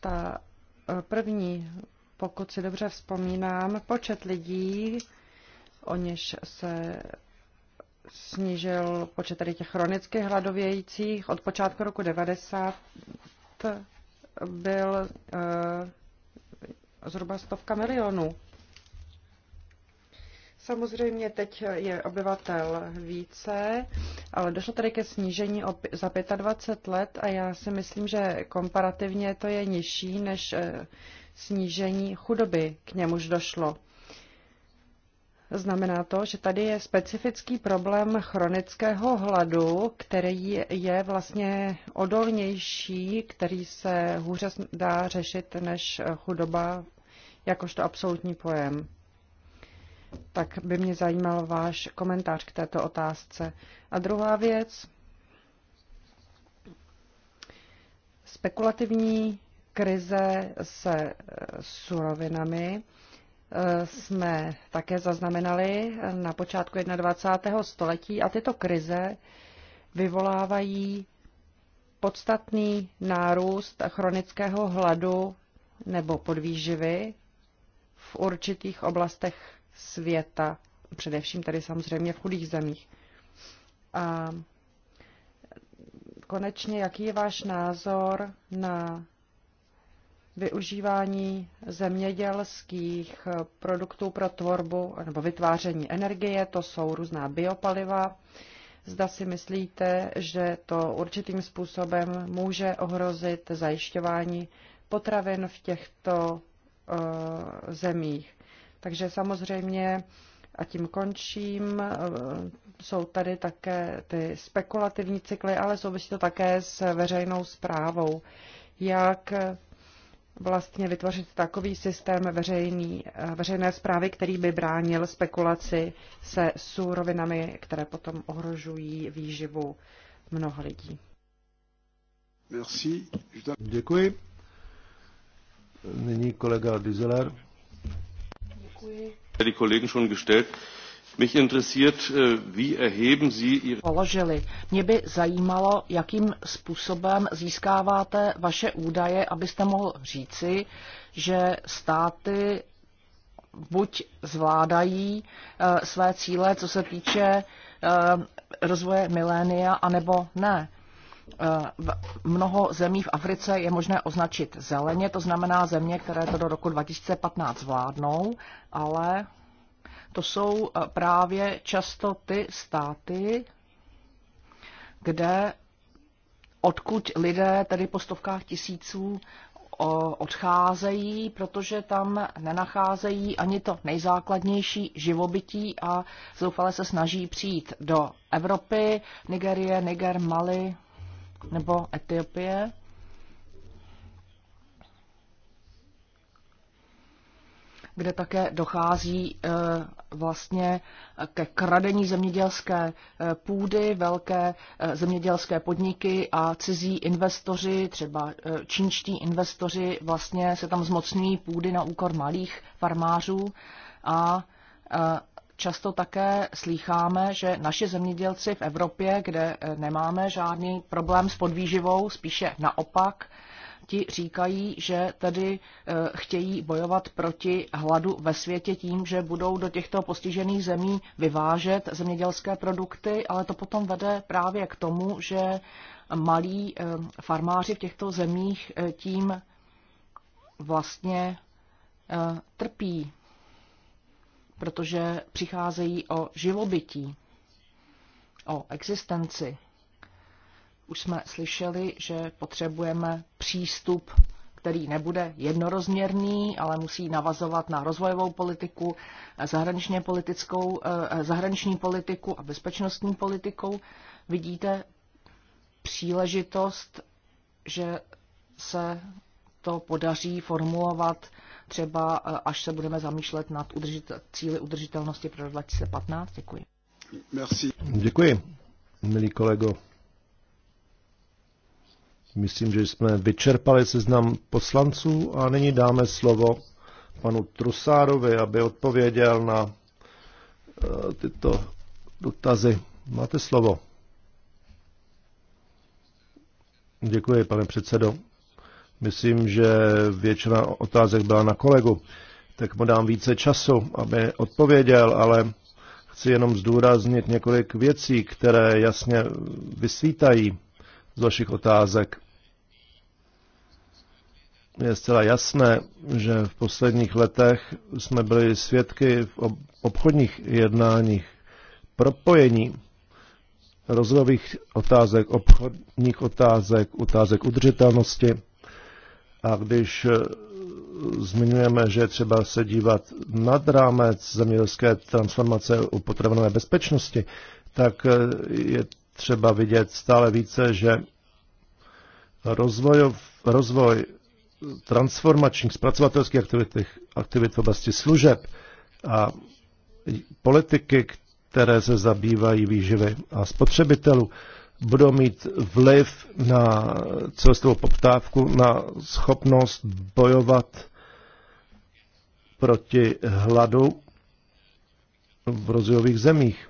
Ta první, pokud si dobře vzpomínám, počet lidí, o něž se snížil počet tady těch chronicky hladovějících. Od počátku roku 90 byl eh, zhruba stovka milionů. Samozřejmě teď je obyvatel více, ale došlo tady ke snížení za 25 let a já si myslím, že komparativně to je nižší než eh, snížení chudoby, k němuž došlo. Znamená to, že tady je specifický problém chronického hladu, který je vlastně odolnější, který se hůře dá řešit než chudoba jakožto absolutní pojem. Tak by mě zajímal váš komentář k této otázce. A druhá věc, spekulativní krize se eh, surovinami jsme také zaznamenali na počátku 21. století a tyto krize vyvolávají podstatný nárůst chronického hladu nebo podvýživy v určitých oblastech světa, především tady samozřejmě v chudých zemích. A konečně, jaký je váš názor na využívání zemědělských produktů pro tvorbu nebo vytváření energie, to jsou různá biopaliva. Zda si myslíte, že to určitým způsobem může ohrozit zajišťování potravin v těchto uh, zemích. Takže samozřejmě, a tím končím, uh, jsou tady také ty spekulativní cykly, ale souvisí to také s veřejnou zprávou. Jak vlastně vytvořit takový systém veřejný, eh, veřejné zprávy, který by bránil spekulaci se surovinami, které potom ohrožují výživu mnoha lidí. Děkuji. Nyní kolega Dizeler. Děkuji. Die Kollegen schon gestellt. Mich interessiert, äh, wie erheben Sie Ihre... Položili. Mě by zajímalo, jakým způsobem získáváte vaše údaje, abyste mohl říci, že státy buď zvládají e, své cíle, co se týče e, rozvoje milénia, anebo ne. E, mnoho zemí v Africe je možné označit zeleně, to znamená země, které to do roku 2015 vládnou, ale to jsou eh, právě často ty státy, kde odkud lidé tedy po stovkách tisíců odcházejí, protože tam nenacházejí ani to nejzákladnější živobytí a zoufale se snaží přijít do Evropy, Nigerie, Niger, Mali nebo Etiopie. kde také dochází eh, vlastně ke kradení zemědělské eh, půdy, velké eh, zemědělské podniky a cizí investoři, třeba čínští investoři, vlastně se tam zmocňují půdy na úkor malých farmářů a často také slýcháme, že naši zemědělci v Evropě, kde nemáme žádný problém s podvýživou, spíše naopak, ti říkají, že tedy eh, chtějí bojovat proti hladu ve světě tím, že budou do těchto postižených zemí vyvážet zemědělské produkty, ale to potom vede právě k tomu, že malí eh, farmáři v těchto zemích eh, tím vlastně trpí, protože přicházejí o živobytí, o existenci. Už jsme slyšeli, že potřebujeme přístup, který nebude jednorozměrný, ale musí navazovat na rozvojovou politiku, zahraničně politickou, eh, zahraniční politiku a bezpečnostní politikou. Vidíte příležitost, že se to podaří formulovat třeba, eh, až se budeme zamýšlet nad udržit, cíly udržitelnosti pro 2015. Děkuji. Merci. Děkuji, milý kolego. Myslím, že jsme vyčerpali seznam poslanců a nyní dáme slovo panu Trusárovi, aby odpověděl na eh, tyto dotazy. Máte slovo. Děkuji, pane předsedo. Myslím, že většina otázek byla na kolegu, tak mu dám více času, aby odpověděl, ale chci jenom zdůraznit několik věcí, které jasně vysvítají z vašich otázek. Je zcela jasné, že v posledních letech jsme byli svědky v obchodních jednáních propojení rozvojových otázek, obchodních otázek, otázek udržitelnosti. A když eh, zmiňujeme, že třeba se dívat nad rámec zemědělské transformace u potravinové bezpečnosti, tak eh, je třeba vidět stále více, že rozvoj, rozvoj transformačních zpracovatelských aktivit, aktivit v oblasti služeb a politiky, které se zabývají výživy a spotřebitelů, budou mít vliv na celostovou poptávku, na schopnost bojovat proti hladu v rozvojových zemích.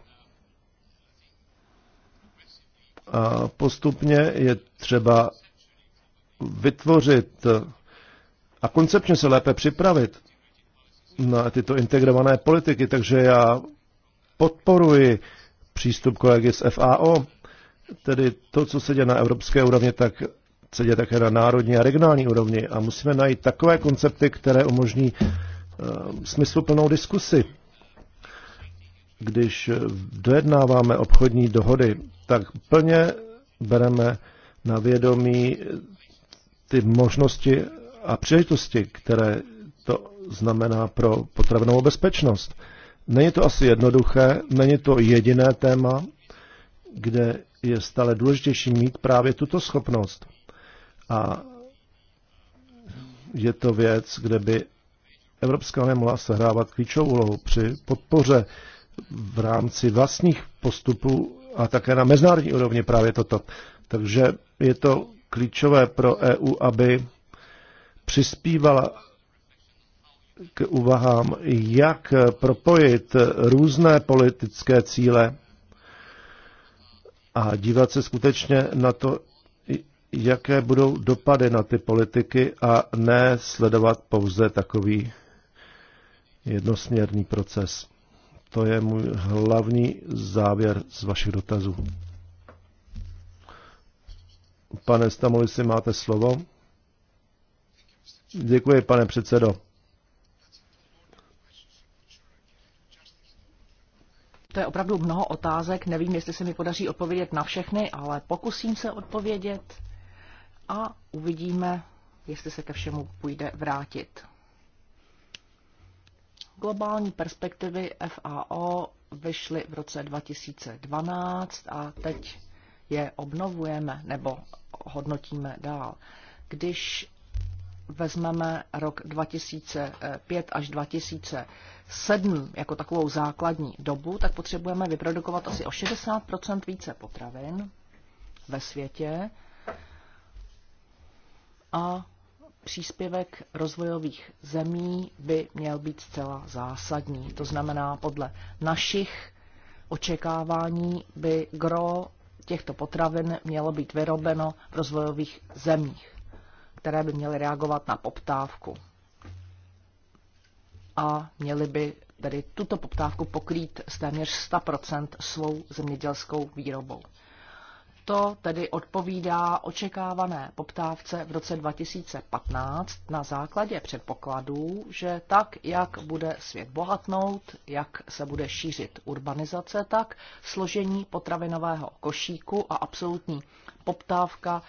A postupně je třeba vytvořit a koncepčně se lépe připravit na tyto integrované politiky. Takže já podporuji přístup kolegy z FAO, tedy to, co se děje na evropské úrovni, tak se děje také na národní a regionální úrovni. A musíme najít takové koncepty, které umožní uh, smysluplnou diskusi když dojednáváme obchodní dohody, tak plně bereme na vědomí ty možnosti a příležitosti, které to znamená pro potravinovou bezpečnost. Není to asi jednoduché, není to jediné téma, kde je stále důležitější mít právě tuto schopnost. A je to věc, kde by Evropská unie mohla sehrávat klíčovou úlohu při podpoře v rámci vlastních postupů a také na mezinárodní úrovni právě toto. Takže je to klíčové pro EU, aby přispívala k úvahám, jak propojit různé politické cíle a dívat se skutečně na to, jaké budou dopady na ty politiky a ne sledovat pouze takový jednosměrný proces to je můj hlavní závěr z vašich dotazů. Pane si máte slovo? Děkuji, pane předsedo. To je opravdu mnoho otázek, nevím, jestli se mi podaří odpovědět na všechny, ale pokusím se odpovědět a uvidíme, jestli se ke všemu půjde vrátit. Globální perspektivy FAO vyšly v roce 2012 a teď je obnovujeme nebo hodnotíme dál. Když vezmeme rok 2005 až 2007 jako takovou základní dobu, tak potřebujeme vyprodukovat asi o 60 více potravin ve světě a příspěvek rozvojových zemí by měl být zcela zásadní. To znamená, podle našich očekávání by gro těchto potravin mělo být vyrobeno v rozvojových zemích, které by měly reagovat na poptávku. A měly by tedy tuto poptávku pokrýt z téměř 100 svou zemědělskou výrobou. To tedy odpovídá očekávané poptávce v roce 2015 na základě předpokladů, že tak, jak bude svět bohatnout, jak se bude šířit urbanizace, tak složení potravinového košíku a absolutní poptávka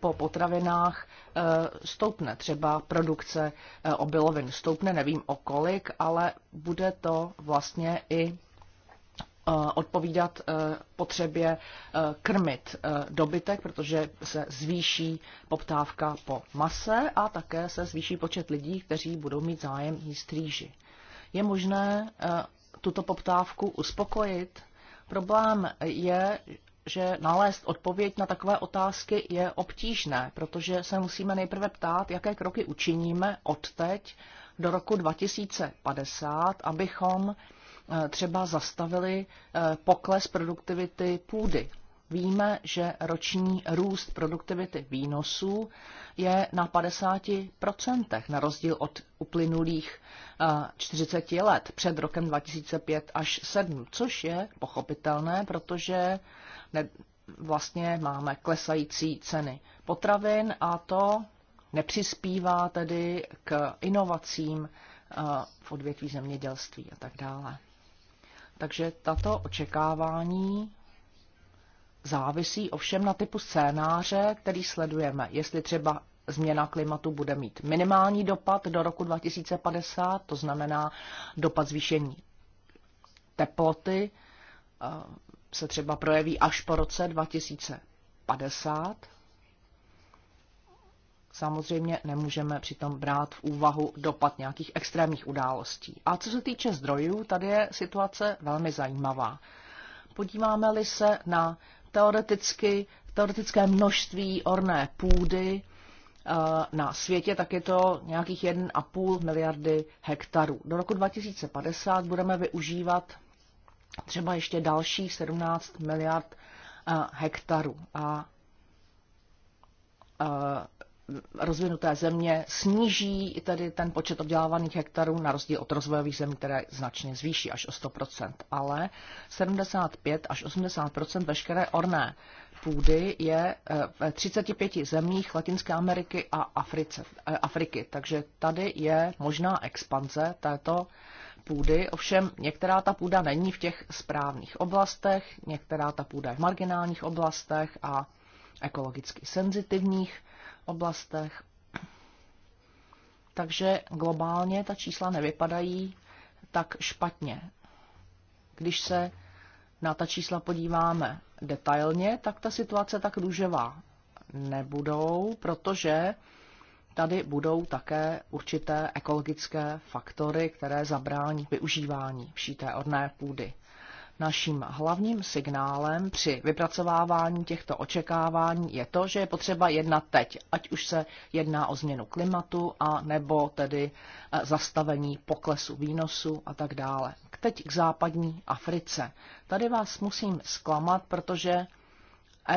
po potravinách e, stoupne. Třeba produkce e, obilovin stoupne, nevím o kolik, ale bude to vlastně i Eh, odpovídat eh, potřebě eh, krmit dobytek, protože se zvýší poptávka po mase a také se zvýší počet lidí, kteří budou mít zájem jíst rýži. Je možné tuto poptávku uspokojit? Problém je, že nalézt odpověď na takové otázky je obtížné, protože se musíme nejprve ptát, jaké kroky učiníme odteď do roku 2050, abychom Eh, třeba zastavili eh, pokles produktivity půdy. Víme, že roční růst produktivity výnosů je na 50%, na rozdíl od uplynulých 40 eh, let před rokem 2005 až 2007, což je pochopitelné, protože vlastně máme klesající ceny potravin a to nepřispívá tedy k inovacím v odvětví zemědělství a tak dále. Takže tato očekávání závisí ovšem na typu scénáře, který sledujeme. Jestli třeba změna klimatu bude mít minimální dopad do roku 2050, to znamená dopad zvýšení teploty, eh, se třeba projeví až po roce 2050, Samozřejmě nemůžeme přitom brát v úvahu dopad nějakých extrémních událostí. A co se týče zdrojů, tady je situace velmi zajímavá. Podíváme-li se na teoreticky, teoretické množství orné půdy eh, na světě, tak je to nějakých 1,5 miliardy hektarů. Do roku 2050 budeme využívat třeba ještě dalších 17 miliard eh, hektarů. A eh, rozvinuté země sníží tedy ten počet obdělávaných hektarů na rozdíl od rozvojových zemí, které značně zvýší až o 100%, ale 75 až 80% veškeré orné půdy je eh, v 35 zemích Latinské Ameriky a Africe, eh, Afriky. Takže tady je možná expanze této půdy, ovšem některá ta půda není v těch správných oblastech, některá ta půda je v marginálních oblastech a ekologicky senzitivních oblastech. Takže globálně ta čísla nevypadají tak špatně. Když se na ta čísla podíváme detailně, tak ta situace tak růžová nebudou, protože tady budou také určité ekologické faktory, které zabrání využívání všité orné půdy. Naším hlavním signálem při vypracovávání těchto očekávání je to, že je potřeba jednat teď, ať už se jedná o změnu klimatu a nebo tedy eh, zastavení poklesu výnosu a tak dále. Teď k západní Africe. Tady vás musím zklamat, protože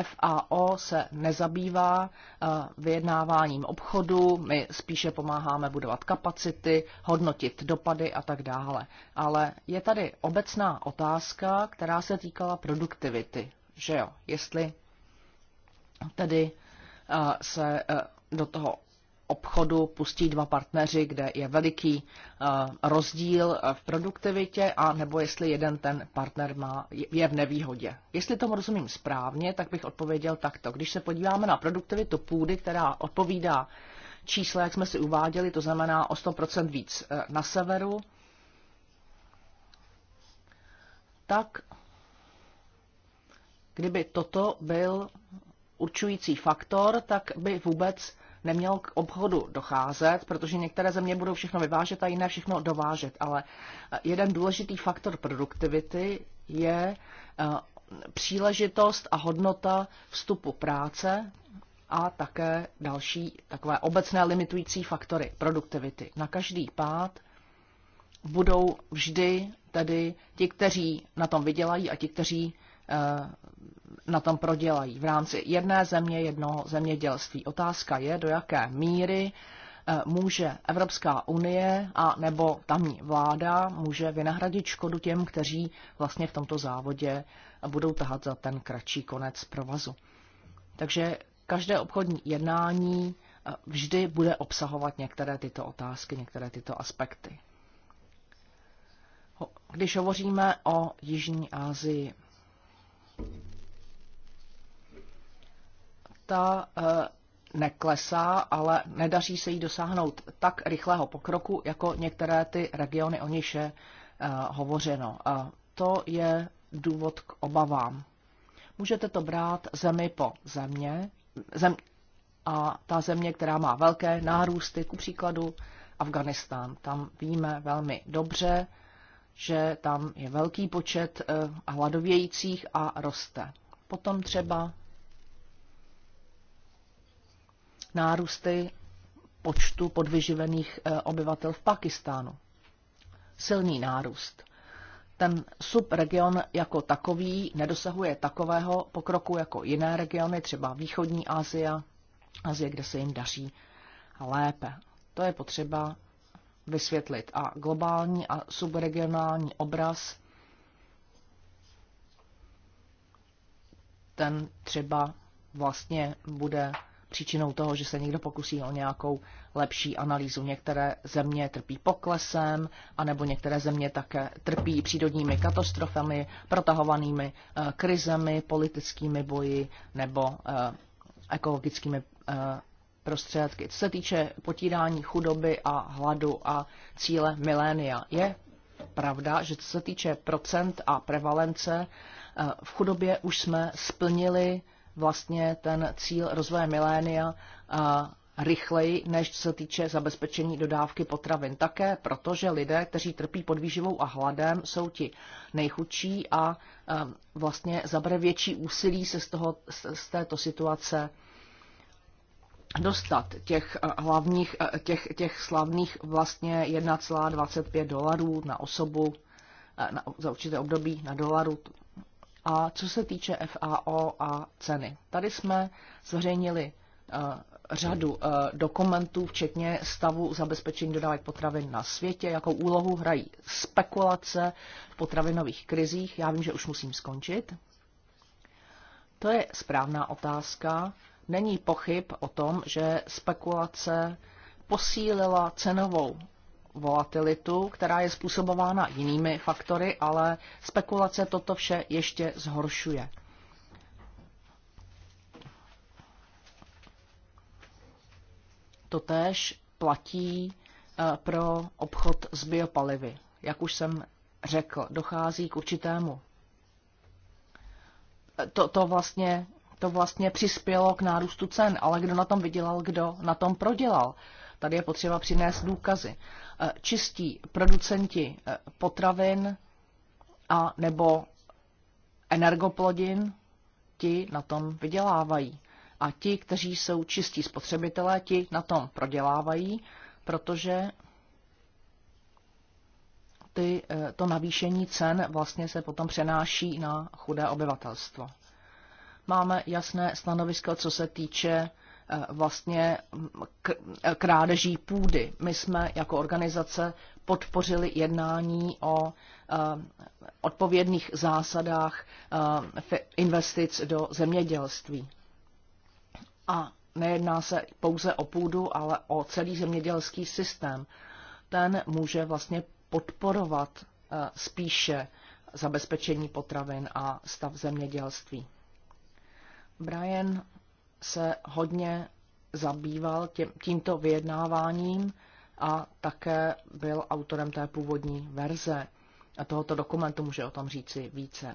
FAO se nezabývá eh, vyjednáváním obchodu, my spíše pomáháme budovat kapacity, hodnotit dopady a tak dále. Ale je tady obecná otázka, která se týkala produktivity, že jo, jestli tedy eh, se eh, do toho obchodu pustí dva partneři, kde je veliký eh, rozdíl eh, v produktivitě, a nebo jestli jeden ten partner má, je v nevýhodě. Jestli tomu rozumím správně, tak bych odpověděl takto. Když se podíváme na produktivitu půdy, která odpovídá čísle, jak jsme si uváděli, to znamená o 100% víc eh, na severu, tak kdyby toto byl určující faktor, tak by vůbec nemělo k obchodu docházet, protože některé země budou všechno vyvážet a jiné všechno dovážet. Ale eh, jeden důležitý faktor produktivity je eh, příležitost a hodnota vstupu práce a také další takové obecné limitující faktory produktivity. Na každý pád budou vždy tedy ti, kteří na tom vydělají a ti, kteří eh, na tom prodělají v rámci jedné země, jednoho zemědělství. Otázka je, do jaké míry eh, může Evropská unie a nebo tamní vláda může vynahradit škodu těm, kteří vlastně v tomto závodě budou tahat za ten kratší konec provazu. Takže každé obchodní jednání eh, vždy bude obsahovat některé tyto otázky, některé tyto aspekty. Když hovoříme o Jižní Asii, ta eh, neklesá, ale nedaří se jí dosáhnout tak rychlého pokroku, jako některé ty regiony, o níž je eh, hovořeno. A to je důvod k obavám. Můžete to brát zemi po země, zem, a ta země, která má velké nárůsty, ku příkladu Afganistán. Tam víme velmi dobře, že tam je velký počet eh, hladovějících a roste. Potom třeba nárůsty počtu podvyživených eh, obyvatel v Pakistánu. Silný nárůst. Ten subregion jako takový nedosahuje takového pokroku jako jiné regiony, třeba východní Asia, Asie, kde se jim daří lépe. To je potřeba vysvětlit. A globální a subregionální obraz, ten třeba vlastně bude příčinou toho, že se někdo pokusí o nějakou lepší analýzu. Některé země trpí poklesem, anebo některé země také trpí přírodními katastrofami, protahovanými eh, krizemi, politickými boji nebo eh, ekologickými eh, prostředky. Co se týče potírání chudoby a hladu a cíle milénia, je pravda, že co se týče procent a prevalence, v chudobě už jsme splnili vlastně ten cíl rozvoje milénia rychleji, než se týče zabezpečení dodávky potravin. Také protože lidé, kteří trpí podvýživou a hladem, jsou ti nejchudší a vlastně zabere větší úsilí se z, toho, z této situace dostat těch hlavních, těch, těch slavných vlastně 1,25 dolarů na osobu na, za určité období na dolaru, a co se týče FAO a ceny, tady jsme zveřejnili eh, řadu eh, dokumentů, včetně stavu zabezpečení dodávek potravin na světě, jakou úlohu hrají spekulace v potravinových krizích. Já vím, že už musím skončit. To je správná otázka. Není pochyb o tom, že spekulace posílila cenovou volatilitu, která je způsobována jinými faktory, ale spekulace toto vše ještě zhoršuje. Totéž platí eh, pro obchod s biopalivy. Jak už jsem řekl, dochází k určitému. Eh, to, to, vlastně, to vlastně přispělo k nárůstu cen, ale kdo na tom vydělal, kdo na tom prodělal. Tady je potřeba přinést důkazy. Eh, čistí producenti eh, potravin a nebo energoplodin, ti na tom vydělávají. A ti, kteří jsou čistí spotřebitelé, ti na tom prodělávají, protože ty, eh, to navýšení cen vlastně se potom přenáší na chudé obyvatelstvo. Máme jasné stanovisko, co se týče Eh, vlastně mm, eh, krádeží půdy. My jsme jako organizace podpořili jednání o eh, odpovědných zásadách investic do zemědělství. A nejedná se pouze o půdu, ale o celý zemědělský systém. Ten může vlastně podporovat spíše zabezpečení potravin a stav zemědělství. Brian se hodně zabýval tím, tímto vyjednáváním a také byl autorem té původní verze a tohoto dokumentu. Může o tom říci více.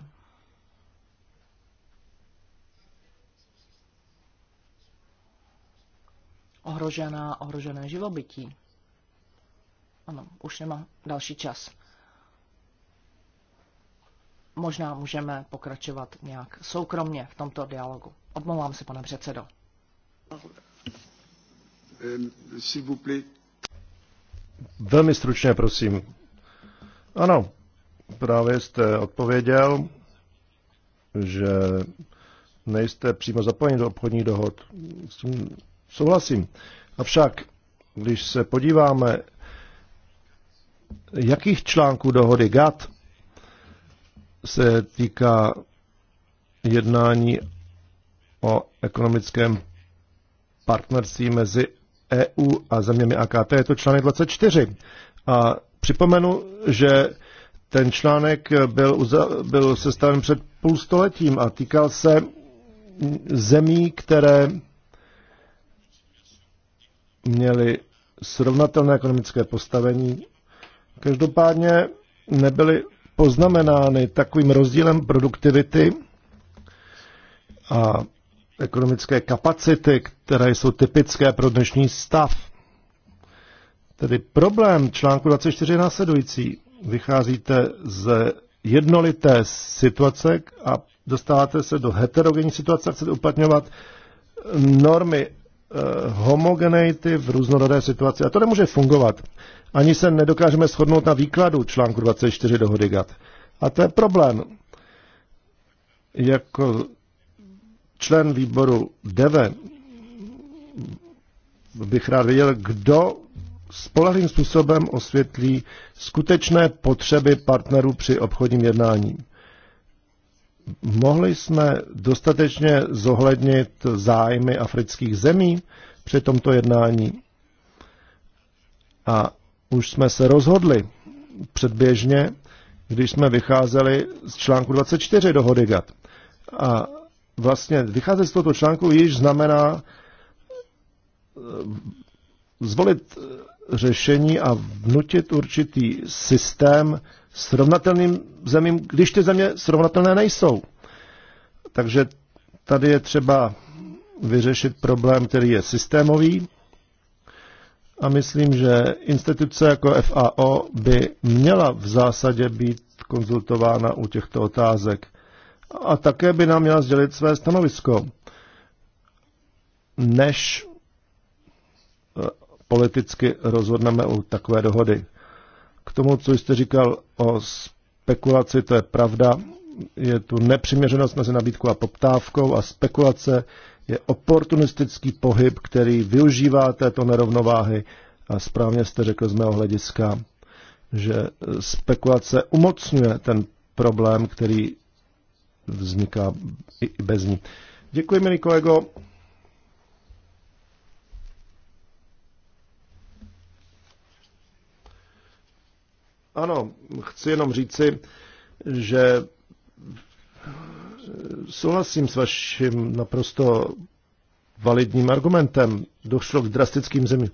Ohrožená, ohrožené živobytí. Ano, už nemá další čas možná můžeme pokračovat nějak soukromně v tomto dialogu. Odmlouvám se, pane předsedo. Velmi stručně, prosím. Ano, právě jste odpověděl, že nejste přímo zapojen do obchodních dohod. Souhlasím. Avšak, když se podíváme, jakých článků dohody GATT se týká jednání o ekonomickém partnerství mezi EU a zeměmi AKT. Je to článek 24. A připomenu, že ten článek byl, byl sestaven před půl stoletím a týkal se zemí, které měly srovnatelné ekonomické postavení. Každopádně nebyly poznamenány takovým rozdílem produktivity a ekonomické kapacity, které jsou typické pro dnešní stav. Tedy problém článku 24 je následující. Vycházíte z jednolité situace a dostáváte se do heterogenní situace a chcete uplatňovat normy Eh, homogeneity v různorodé situaci. A to nemůže fungovat. Ani se nedokážeme shodnout na výkladu článku 24 dohody GATT. A to je problém. Jako člen výboru DEVE bych rád věděl, kdo spolehlivým způsobem osvětlí skutečné potřeby partnerů při obchodním jednání mohli jsme dostatečně zohlednit zájmy afrických zemí při tomto jednání. A už jsme se rozhodli předběžně, když jsme vycházeli z článku 24 dohody GATT. A vlastně vycházet z tohoto článku již znamená eh, zvolit řešení a vnutit určitý systém srovnatelným zemím, když ty země srovnatelné nejsou. Takže tady je třeba vyřešit problém, který je systémový a myslím, že instituce jako FAO by měla v zásadě být konzultována u těchto otázek a také by nám měla sdělit své stanovisko, než politicky rozhodneme u takové dohody. K tomu, co jste říkal o spekulaci, to je pravda. Je tu nepřiměřenost mezi nabídkou a poptávkou a spekulace je oportunistický pohyb, který využívá této nerovnováhy a správně jste řekl z mého hlediska, že spekulace umocňuje ten problém, který vzniká i bez ní. Děkuji, milí kolego. Ano, chci jenom říci, že souhlasím s vaším naprosto validním argumentem. Došlo k drastickým zemím.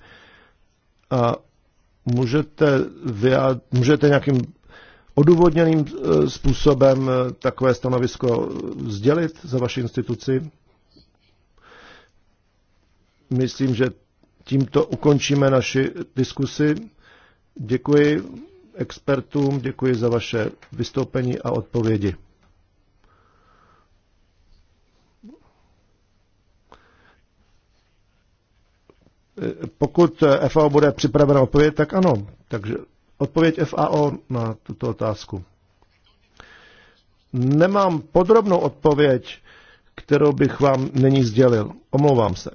A můžete, vyjad, můžete nějakým odůvodněným e, způsobem e, takové stanovisko sdělit za vaši instituci? Myslím, že tímto ukončíme naši diskusi. Děkuji expertům, děkuji za vaše vystoupení a odpovědi. Pokud FAO bude připravena odpověď, tak ano. Takže odpověď FAO na tuto otázku. Nemám podrobnou odpověď, kterou bych vám nyní sdělil. Omlouvám se.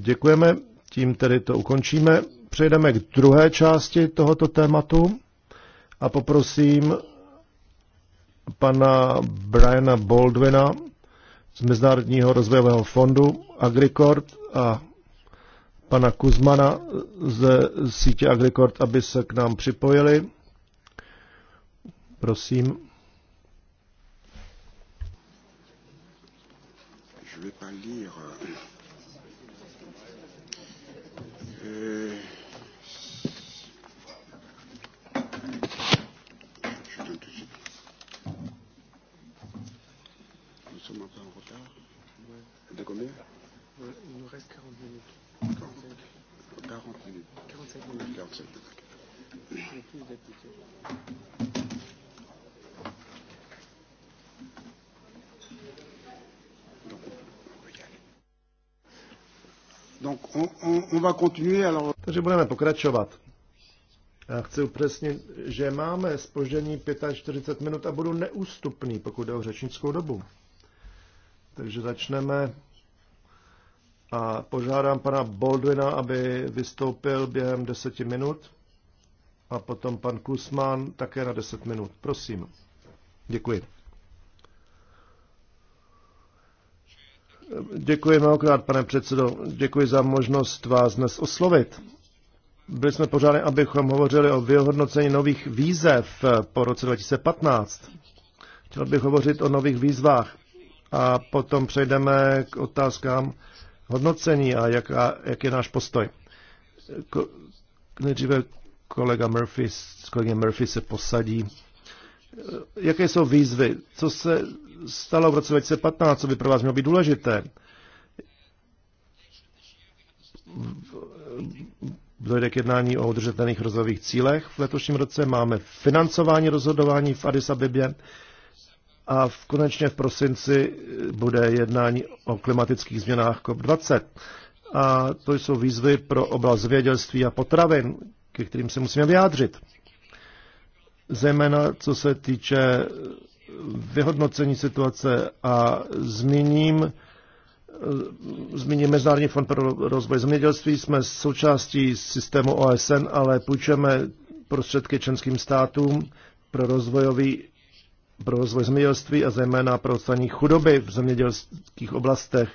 Děkujeme, tím tedy to ukončíme. Přejdeme k druhé části tohoto tématu a poprosím pana Briana Baldwina z Mezinárodního rozvojového fondu Agricord a pana Kuzmana ze sítě Agricord, aby se k nám připojili. Prosím. Je vais pas lire. Euh, de combien Il nous reste 40 minutes. 40 minutes. 47 minutes. 47 minutes. Donc on, on, on va continuer, alors... Takže budeme pokračovat. Já chci upřesnit, že máme spoždění 45 minut a budu neústupný, pokud jde o řečnickou dobu. Takže začneme a požádám pana Boldwina, aby vystoupil během deseti minut a potom pan Kusman také na deset minut. Prosím. Děkuji. Děkuji mnohokrát, pane předsedo. Děkuji za možnost vás dnes oslovit. Byli jsme pořádně, abychom hovořili o vyhodnocení nových výzev po roce 2015. Chtěl bych hovořit o nových výzvách a potom přejdeme k otázkám, hodnocení a jak, a jak je náš postoj. Ko, nejdříve kolega Murphy, kolega Murphy se posadí. Jaké jsou výzvy? Co se stalo v roce 2015? Co by pro vás mělo být důležité? Dojde k jednání o udržitelných rozvojových cílech. V letošním roce máme financování rozhodování v Addis Abebě a v, konečně v prosinci eh, bude jednání o klimatických změnách COP20. A to jsou výzvy pro oblast vědělství a potravin, ke kterým se musíme vyjádřit. Zejména co se týče eh, vyhodnocení situace a zmíním, eh, zmíním Mezinárodní fond pro rozvoj zemědělství. Jsme součástí systému OSN, ale půjčeme prostředky členským státům pro rozvojový pro rozvoj zemědělství a zejména pro odstranění chudoby v zemědělských oblastech.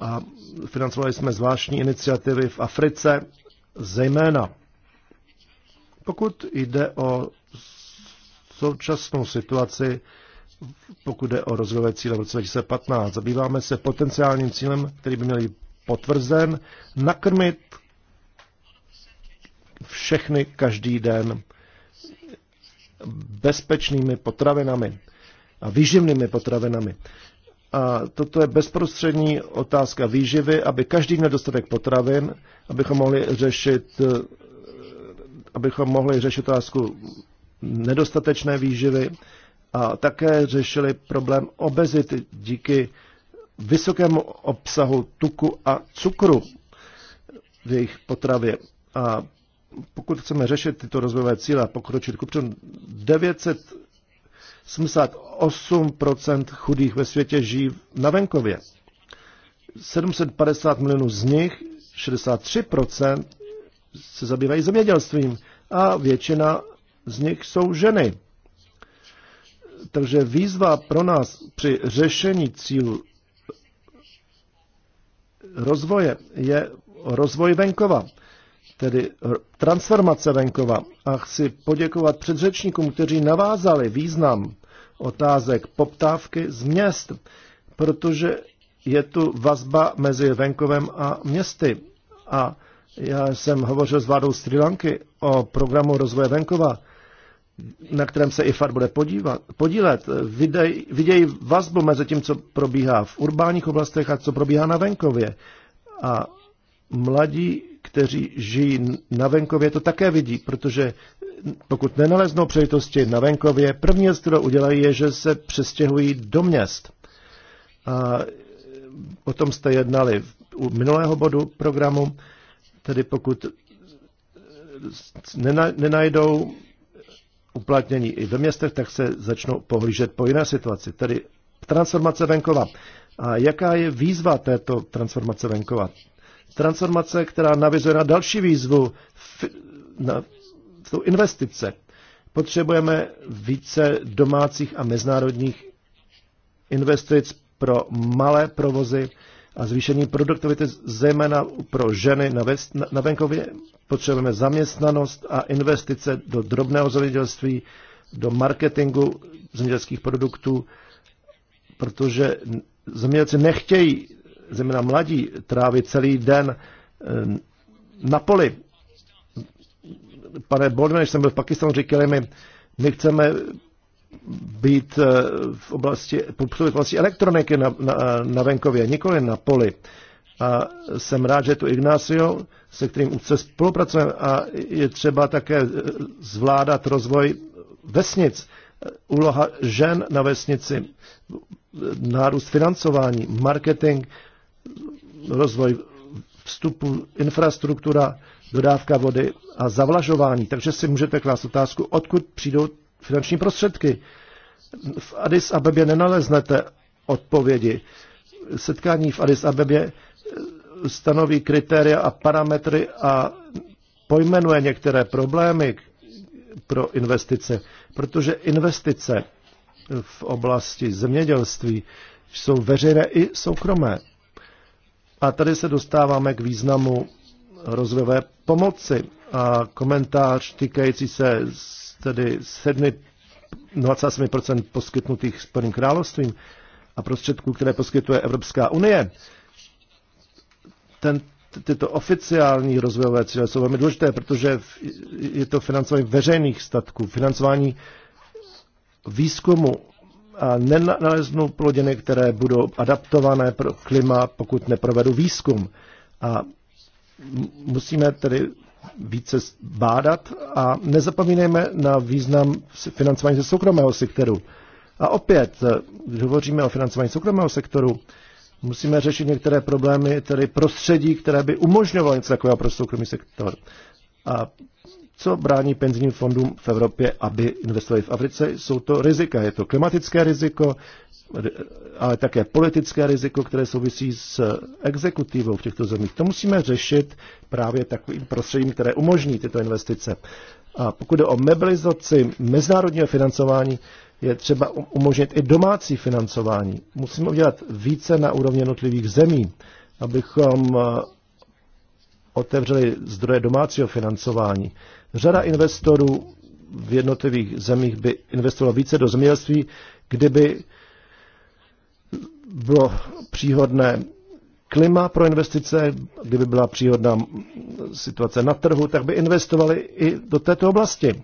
A financovali jsme zvláštní iniciativy v Africe, zejména pokud jde o současnou situaci, pokud jde o rozvojové cíle v roce 2015. Zabýváme se potenciálním cílem, který by měl být potvrzen, nakrmit všechny každý den bezpečnými potravinami a výživnými potravinami. A toto je bezprostřední otázka výživy, aby každý měl dostatek potravin, abychom mohli řešit, eh, abychom mohli řešit otázku nedostatečné výživy a také řešili problém obezity díky vysokému obsahu tuku a cukru v jejich potravě. A pokud chceme řešit tyto rozvojové cíle a pokročit kupředu, 978% chudých ve světě žijí na venkově. 750 milionů z nich, 63% se zabývají zemědělstvím a většina z nich jsou ženy. Takže výzva pro nás při řešení cílu rozvoje je rozvoj venkova tedy transformace venkova. A chci poděkovat předřečníkům, kteří navázali význam otázek poptávky z měst, protože je tu vazba mezi venkovem a městy. A já jsem hovořil s vládou Sri Lanky o programu rozvoje venkova, na kterém se IFAR bude podívat, podílet. Videj, vidějí vazbu mezi tím, co probíhá v urbánních oblastech a co probíhá na venkově. A mladí kteří žijí na venkově, to také vidí, protože pokud nenaleznou přejitosti na venkově, první věc, kterou udělají, je, že se přestěhují do měst. A o tom jste jednali u minulého bodu programu, tedy pokud nenajdou uplatnění i ve městech, tak se začnou pohlížet po jiné situaci, tedy transformace venkova. A jaká je výzva této transformace venkova? transformace, která navizuje na další výzvu, na tu investice. Potřebujeme více domácích a mezinárodních investic pro malé provozy a zvýšení produktivity, zejména pro ženy na, na, na venkově. Potřebujeme zaměstnanost a investice do drobného zemědělství, do marketingu zemědělských produktů, protože zemědělci nechtějí zejména mladí, tráví celý den eh, na poli. Pane Bordene, když jsem byl v Pakistanu, říkali mi, my chceme být eh, v oblasti, v oblasti elektroniky na, na, na venkově, nikoli na poli. A jsem rád, že je tu Ignacio, se kterým se spolupracujeme a je třeba také eh, zvládat rozvoj vesnic. Úloha žen na vesnici, nárůst financování, marketing rozvoj vstupu, infrastruktura, dodávka vody a zavlažování. Takže si můžete klást otázku, odkud přijdou finanční prostředky. V Addis Abebě nenaleznete odpovědi. Setkání v Addis Abebě eh, stanoví kritéria a parametry a pojmenuje některé problémy pro investice, protože investice v oblasti zemědělství jsou veřejné i soukromé. A tady se dostáváme k významu rozvojové pomoci a komentář týkající se tedy 7, 27% poskytnutých Spojeným královstvím a prostředků, které poskytuje Evropská unie. Ten, tyto oficiální rozvojové cíle jsou velmi důležité, protože je to financování veřejných statků, financování výzkumu a nenaleznu plodiny, které budou adaptované pro klima, pokud neprovedu výzkum. A musíme tedy více bádat a nezapomínejme na význam financování ze soukromého sektoru. A opět, když hovoříme o financování soukromého sektoru, musíme řešit některé problémy, tedy prostředí, které by umožňovalo něco takového pro soukromý sektor. A co brání penzijním fondům v Evropě, aby investovali v Africe. Jsou to rizika. Je to klimatické riziko, ale také politické riziko, které souvisí s exekutivou v těchto zemích. To musíme řešit právě takovým prostředím, které umožní tyto investice. A pokud jde o mobilizaci mezinárodního financování, je třeba um- umožnit i domácí financování. Musíme udělat více na úrovni jednotlivých zemí, abychom eh, otevřeli zdroje domácího financování. Řada investorů v jednotlivých zemích by investovala více do zemědělství, kdyby bylo příhodné klima pro investice, kdyby byla příhodná situace na trhu, tak by investovali i do této oblasti.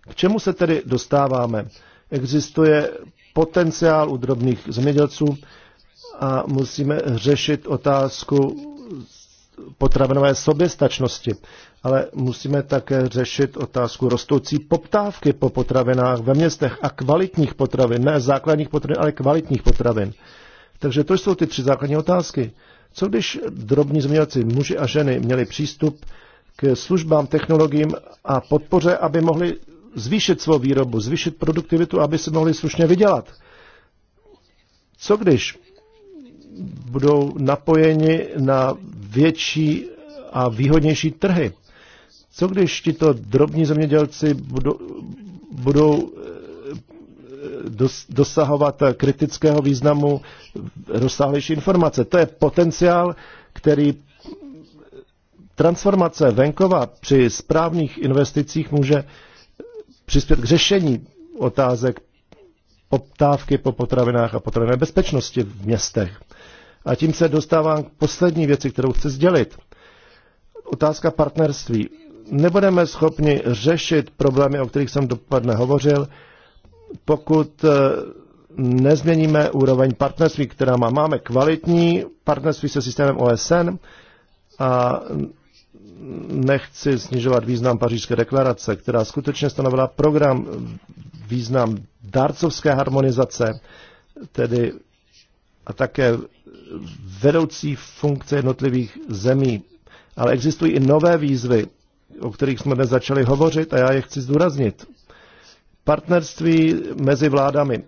K čemu se tedy dostáváme? Existuje potenciál u drobných zemědělců a musíme řešit otázku potravinové soběstačnosti, ale musíme také řešit otázku rostoucí poptávky po potravinách ve městech a kvalitních potravin, ne základních potravin, ale kvalitních potravin. Takže to jsou ty tři základní otázky. Co když drobní zemědělci, muži a ženy, měli přístup k službám, technologiím a podpoře, aby mohli zvýšit svou výrobu, zvýšit produktivitu, aby si mohli slušně vydělat? Co když budou napojeni na větší a výhodnější trhy. Co když tito drobní zemědělci budou, budou eh, dosahovat kritického významu rozsáhlejší informace? To je potenciál, který transformace venkova při správných investicích může přispět k řešení otázek poptávky po potravinách a potravinové bezpečnosti v městech. A tím se dostávám k poslední věci, kterou chci sdělit. Otázka partnerství. Nebudeme schopni řešit problémy, o kterých jsem dopadne hovořil, pokud eh, nezměníme úroveň partnerství, která má. Máme kvalitní partnerství se systémem OSN a nechci snižovat význam pařížské deklarace, která skutečně stanovila program význam dárcovské harmonizace, tedy a také vedoucí funkce jednotlivých zemí. Ale existují i nové výzvy, o kterých jsme dnes začali hovořit a já je chci zdůraznit. Partnerství mezi vládami.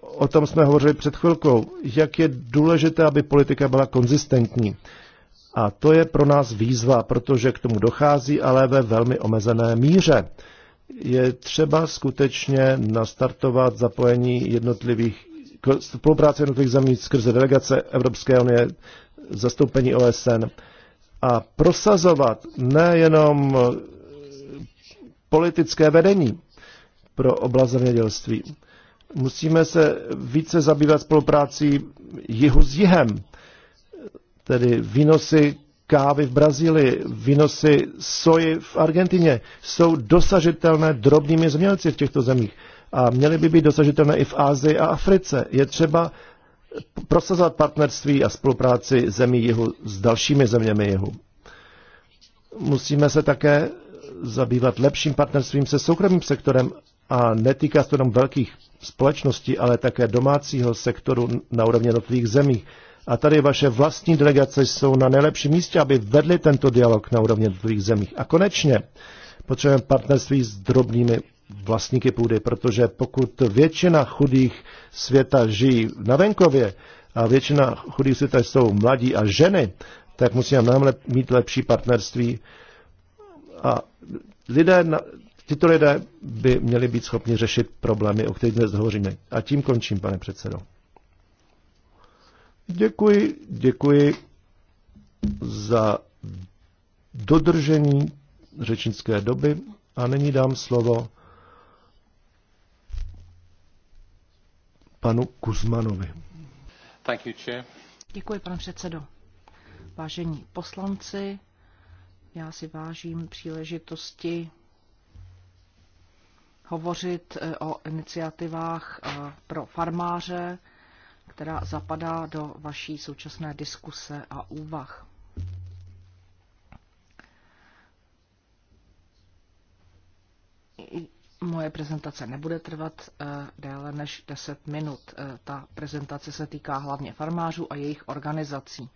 O tom jsme hovořili před chvilkou. Jak je důležité, aby politika byla konzistentní. A to je pro nás výzva, protože k tomu dochází, ale ve velmi omezené míře. Je třeba skutečně nastartovat zapojení jednotlivých spolupráce jednotlivých zemí skrze delegace Evropské unie, zastoupení OSN a prosazovat nejenom eh, politické vedení pro oblast zemědělství. Musíme se více zabývat spoluprácí jihu s jihem, tedy výnosy kávy v Brazílii, výnosy soji v Argentině jsou dosažitelné drobnými zemědělci v těchto zemích a měly by být dosažitelné i v Ázii a Africe. Je třeba prosazovat partnerství a spolupráci zemí jihu s dalšími zeměmi jihu. Musíme se také zabývat lepším partnerstvím se soukromým sektorem a netýká se jenom velkých společností, ale také domácího sektoru na úrovni jednotlivých zemí. A tady vaše vlastní delegace jsou na nejlepším místě, aby vedli tento dialog na úrovni jednotlivých zemí. A konečně potřebujeme partnerství s drobnými vlastníky půdy, protože pokud většina chudých světa žijí na venkově a většina chudých světa jsou mladí a ženy, tak musíme mnohem lep, mít lepší partnerství a lidé, tyto lidé by měli být schopni řešit problémy, o kterých dnes hovoříme. A tím končím, pane předsedo. Děkuji, děkuji za dodržení řečnické doby a nyní dám slovo panu Kuzmanovi. Thank you, chair. Děkuji, pane předsedo. Vážení poslanci, já si vážím příležitosti hovořit eh, o iniciativách eh, pro farmáře, která zapadá do vaší současné diskuse a úvah. Moje prezentace nebude trvat eh, déle než 10 minut. Eh, ta prezentace se týká hlavně farmářů a jejich organizací.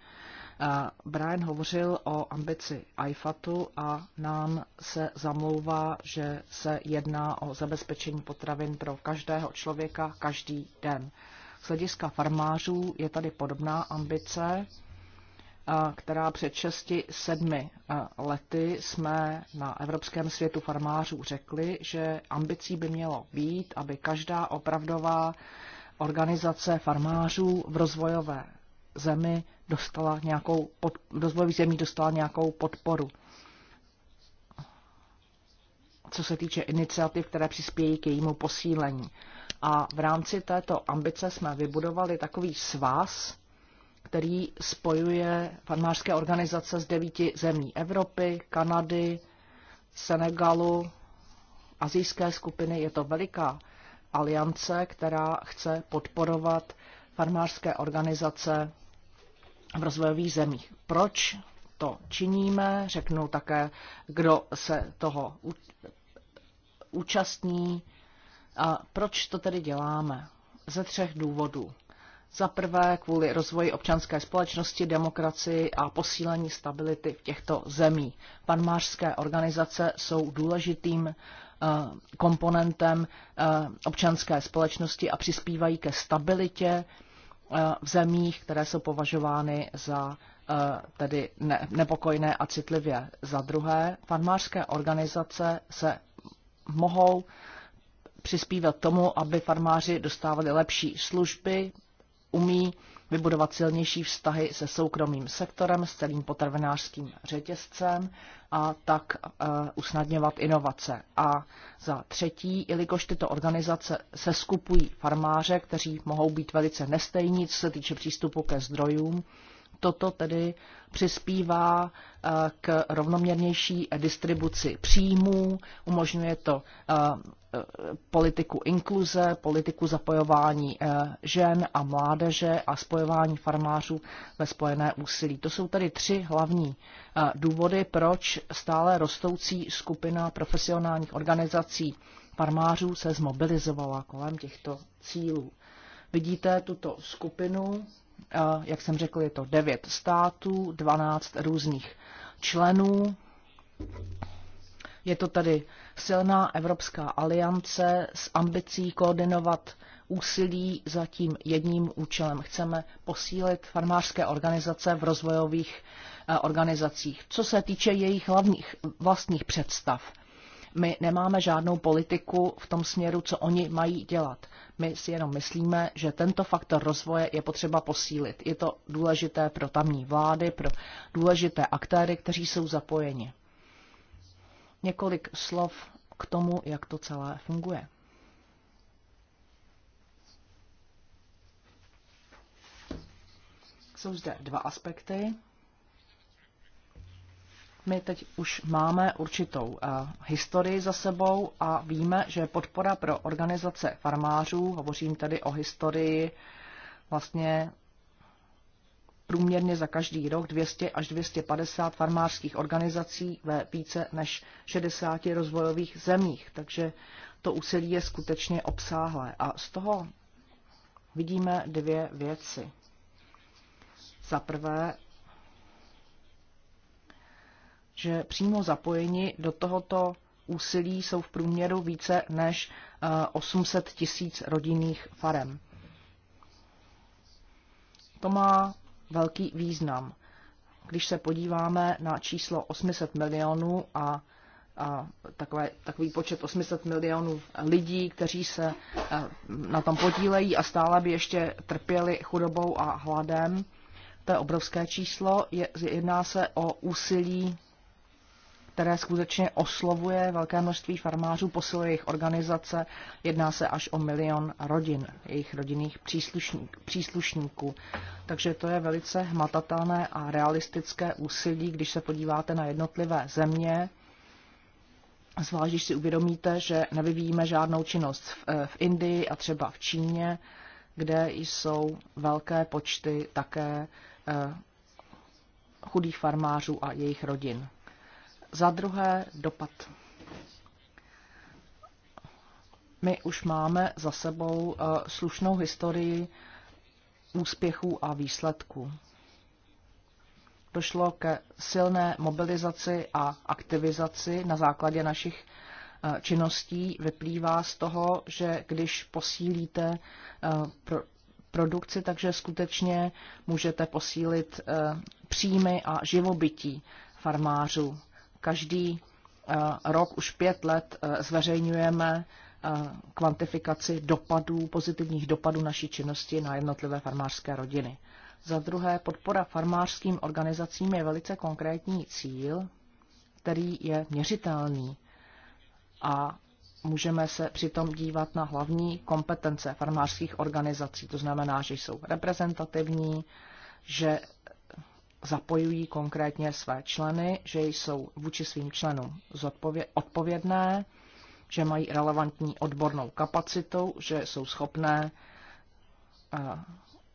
Eh, Brian hovořil o ambici IFATu a nám se zamlouvá, že se jedná o zabezpečení potravin pro každého člověka každý den. Z hlediska farmářů je tady podobná ambice která před 6 sedmi eh, lety jsme na Evropském světu farmářů řekli, že ambicí by mělo být, aby každá opravdová organizace farmářů v rozvojové zemi dostala nějakou, pod, rozvojových zemí dostala nějakou podporu. Co se týče iniciativ, které přispějí k jejímu posílení. A v rámci této ambice jsme vybudovali takový svaz, který spojuje farmářské organizace z devíti zemí Evropy, Kanady, Senegalu, azijské skupiny. Je to veliká aliance, která chce podporovat farmářské organizace v rozvojových zemích. Proč to činíme? Řeknu také, kdo se toho účastní. A proč to tedy děláme? Ze třech důvodů. Za prvé kvůli rozvoji občanské společnosti, demokracii a posílení stability v těchto zemí. Panmářské organizace jsou důležitým eh, komponentem eh, občanské společnosti a přispívají ke stabilitě eh, v zemích, které jsou považovány za tedy ne, nepokojné a citlivě. Za druhé, farmářské organizace se mohou přispívat tomu, aby farmáři dostávali lepší služby, umí vybudovat silnější vztahy se soukromým sektorem, s celým potravinářským řetězcem a tak eh, usnadňovat inovace. A za třetí, jelikož tyto organizace se skupují farmáře, kteří mohou být velice nestejní, co se týče přístupu ke zdrojům, toto tedy přispívá eh, k rovnoměrnější distribuci příjmů, umožňuje to eh, eh, politiku inkluze, politiku zapojování žen a mládeže a spojování farmářů ve spojené úsilí. To jsou tedy tři hlavní důvody, proč stále rostoucí skupina profesionálních organizací farmářů se zmobilizovala kolem těchto cílů. Vidíte tuto skupinu jak jsem řekl, je to 9 států, 12 různých členů. Je to tady silná Evropská aliance s ambicí koordinovat úsilí za tím jedním účelem. Chceme posílit farmářské organizace v rozvojových eh, organizacích. Co se týče jejich hlavních vlastních představ, my nemáme žádnou politiku v tom směru, co oni mají dělat. My si jenom myslíme, že tento faktor rozvoje je potřeba posílit. Je to důležité pro tamní vlády, pro důležité aktéry, kteří jsou zapojeni. Několik slov k tomu, jak to celé funguje. Jsou zde dva aspekty. My teď už máme určitou uh, historii za sebou a víme, že podpora pro organizace farmářů, hovořím tedy o historii vlastně průměrně za každý rok 200 až 250 farmářských organizací ve více než 60 rozvojových zemích. Takže to úsilí je skutečně obsáhlé. A z toho vidíme dvě věci. Za prvé, že přímo zapojeni do tohoto úsilí jsou v průměru více než 800 eh, tisíc rodinných farem. To má velký význam. Když se podíváme na číslo 800 milionů a, a takové, takový počet 800 milionů lidí, kteří se eh, na tom podílejí a stále by ještě trpěli chudobou a hladem, to je obrovské číslo. Je, jedná se o úsilí které skutečně oslovuje velké množství farmářů, posiluje jejich organizace, jedná se až o milion rodin, jejich rodinných příslušník, příslušníků. Takže to je velice hmatatelné a realistické úsilí, když se podíváte na jednotlivé země, zvlášť když si uvědomíte, že nevyvíjíme žádnou činnost v, eh, v Indii a třeba v Číně, kde jsou velké počty také eh, chudých farmářů a jejich rodin. Za druhé dopad. My už máme za sebou eh, slušnou historii úspěchů a výsledků. Došlo ke silné mobilizaci a aktivizaci na základě našich eh, činností. Vyplývá z toho, že když posílíte eh, produkci, takže skutečně můžete posílit příjmy a živobytí farmářů. Každý eh, rok už pět let eh, zveřejňujeme eh, kvantifikaci dopadů, pozitivních dopadů naší činnosti na jednotlivé farmářské rodiny. Za druhé, podpora farmářským organizacím je velice konkrétní cíl, který je měřitelný a můžeme se přitom dívat na hlavní kompetence farmářských organizací. To znamená, že jsou reprezentativní, že zapojují konkrétně své členy, že jsou vůči svým členům odpovědné, že mají relevantní odbornou kapacitu, že jsou schopné eh,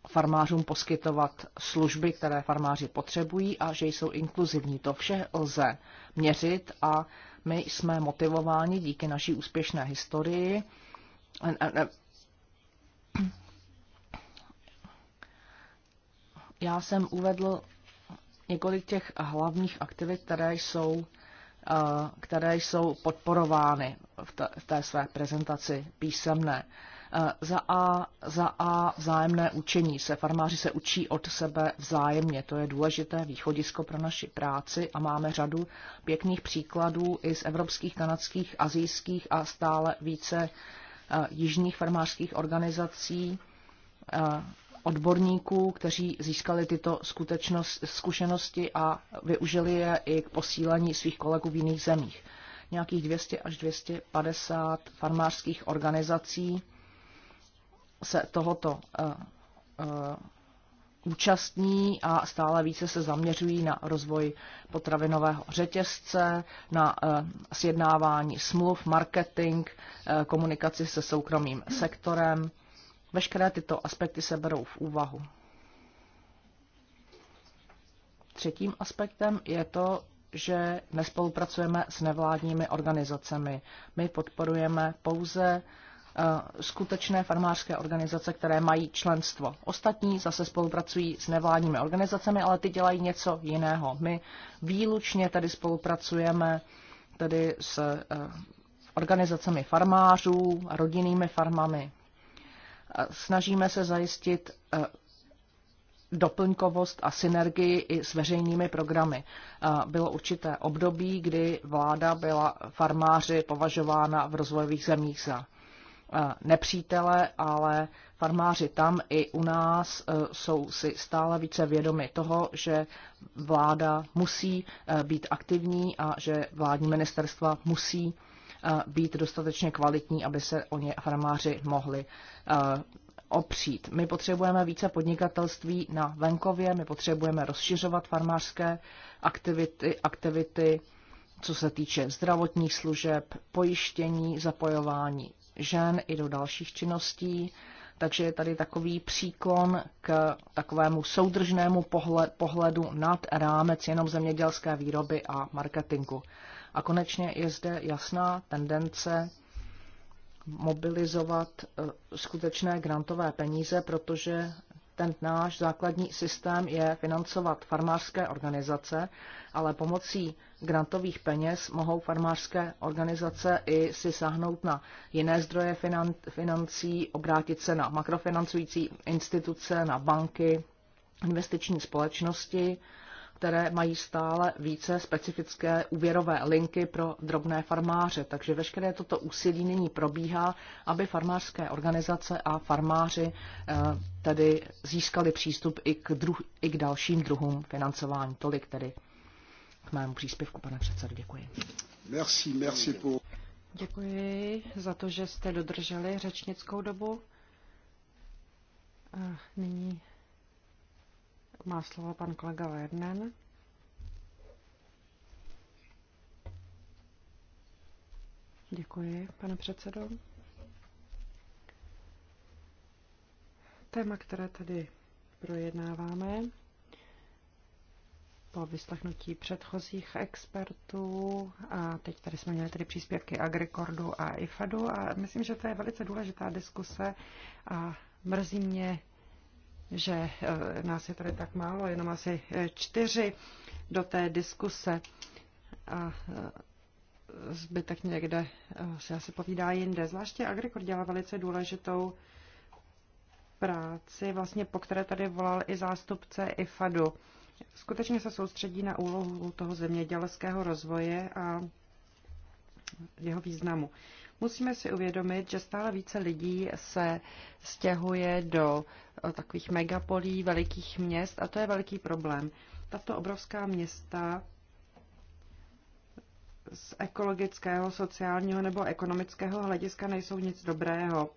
farmářům poskytovat služby, které farmáři potřebují a že jsou inkluzivní. To vše lze měřit a my jsme motivováni díky naší úspěšné historii já jsem uvedl několik těch hlavních aktivit, které jsou, eh, které jsou podporovány v té své prezentaci písemné. Eh, za A, za A vzájemné učení se. Farmáři se učí od sebe vzájemně. To je důležité východisko pro naši práci a máme řadu pěkných příkladů i z evropských, kanadských, azijských a stále více eh, jižních farmářských organizací, odborníků, kteří získali tyto zkušenosti a využili je i k posílení svých kolegů v jiných zemích. Nějakých 200 až 250 farmářských organizací se tohoto uh, uh, účastní a stále více se zaměřují na rozvoj potravinového řetězce, na eh, sjednávání smluv, marketing, komunikaci se soukromým sektorem Veškeré tyto aspekty se berou v úvahu. Třetím aspektem je to, že nespolupracujeme s nevládními organizacemi. My podporujeme pouze eh, skutečné farmářské organizace, které mají členstvo. Ostatní zase spolupracují s nevládními organizacemi, ale ty dělají něco jiného. My výlučně tedy spolupracujeme tedy s eh, organizacemi farmářů, rodinnými farmami. Snažíme se zajistit eh, doplňkovost a synergii i s veřejnými programy. Bylo určité období, kdy vláda byla farmáři považována v rozvojových zemích za eh, nepřítele, ale farmáři tam i u nás eh, jsou si stále více vědomi toho, že vláda musí být aktivní a že vládní ministerstva musí být dostatečně kvalitní, aby se o ně farmáři mohli eh, opřít. My potřebujeme více podnikatelství na venkově, my potřebujeme rozšiřovat farmářské aktivity, aktivity co se týče zdravotních služeb, pojištění, zapojování žen i do dalších činností. Takže je tady takový příklon k takovému soudržnému pohledu nad rámec jenom zemědělské výroby a marketingu. A konečně je zde jasná tendence mobilizovat e, skutečné grantové peníze, protože ten náš základní systém je financovat farmářské organizace, ale pomocí grantových peněz mohou farmářské organizace i si sahnout na jiné zdroje financí, obrátit se na makrofinancující instituce, na banky, investiční společnosti které mají stále více specifické úvěrové linky pro drobné farmáře. Takže veškeré toto úsilí nyní probíhá, aby farmářské organizace a farmáři eh, tedy získali přístup i k, druh- i k dalším druhům financování. Tolik tedy k mému příspěvku, pane předsedo. Děkuji. Merci, merci pour... Děkuji za to, že jste dodrželi řečnickou dobu. A nyní má slovo pan kolega Vernen. Děkuji, pane předsedo. Téma, které tady projednáváme, po vyslechnutí předchozích expertů a teď tady jsme měli tedy příspěvky Agrikordu a IFADu a myslím, že to je velice důležitá diskuse a mrzí mě, že e, nás je tady tak málo, jenom asi e, čtyři do té diskuse a e, zbytek někde se asi povídá jinde. Zvláště Agrikor dělá velice důležitou práci, vlastně po které tady volal i zástupce IFADu. Skutečně se soustředí na úlohu toho zemědělského rozvoje a jeho významu. Musíme si uvědomit, že stále více lidí se stěhuje do takových megapolí, velikých měst a to je velký problém. Tato obrovská města z ekologického, sociálního nebo ekonomického hlediska nejsou nic dobrého.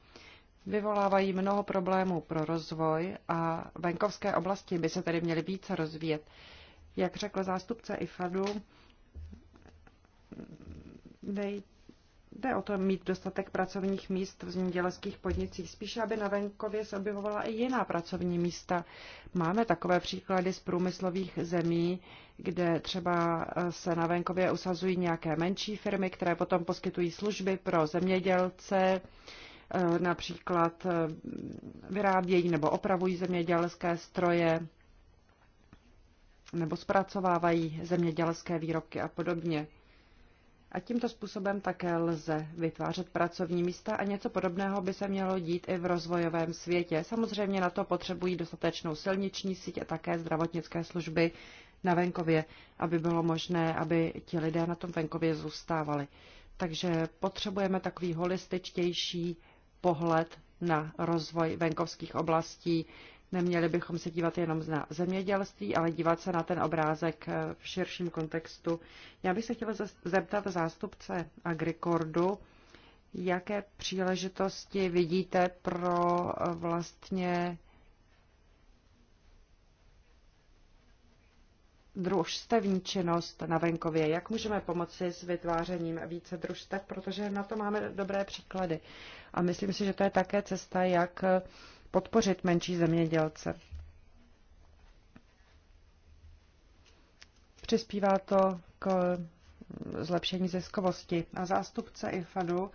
Vyvolávají mnoho problémů pro rozvoj a venkovské oblasti by se tedy měly více rozvíjet. Jak řekl zástupce IFADu, nej jde o to mít dostatek pracovních míst v zemědělských podnicích, spíše aby na venkově se objevovala i jiná pracovní místa. Máme takové příklady z průmyslových zemí, kde třeba eh, se na venkově usazují nějaké menší firmy, které potom poskytují služby pro zemědělce, eh, například eh, vyrábějí nebo opravují zemědělské stroje nebo zpracovávají zemědělské výrobky a podobně. A tímto způsobem také lze vytvářet pracovní místa a něco podobného by se mělo dít i v rozvojovém světě. Samozřejmě na to potřebují dostatečnou silniční síť a také zdravotnické služby na venkově, aby bylo možné, aby ti lidé na tom venkově zůstávali. Takže potřebujeme takový holističtější pohled na rozvoj venkovských oblastí, Neměli bychom se dívat jenom na zemědělství, ale dívat se na ten obrázek eh, v širším kontextu. Já bych se chtěla zeptat zástupce Agrikordu, jaké příležitosti vidíte pro eh, vlastně družstevní činnost na venkově. Jak můžeme pomoci s vytvářením více družstev, protože na to máme dobré příklady. A myslím si, že to je také cesta, jak eh, podpořit menší zemědělce. Přispívá to k zlepšení ziskovosti. A zástupce IFADu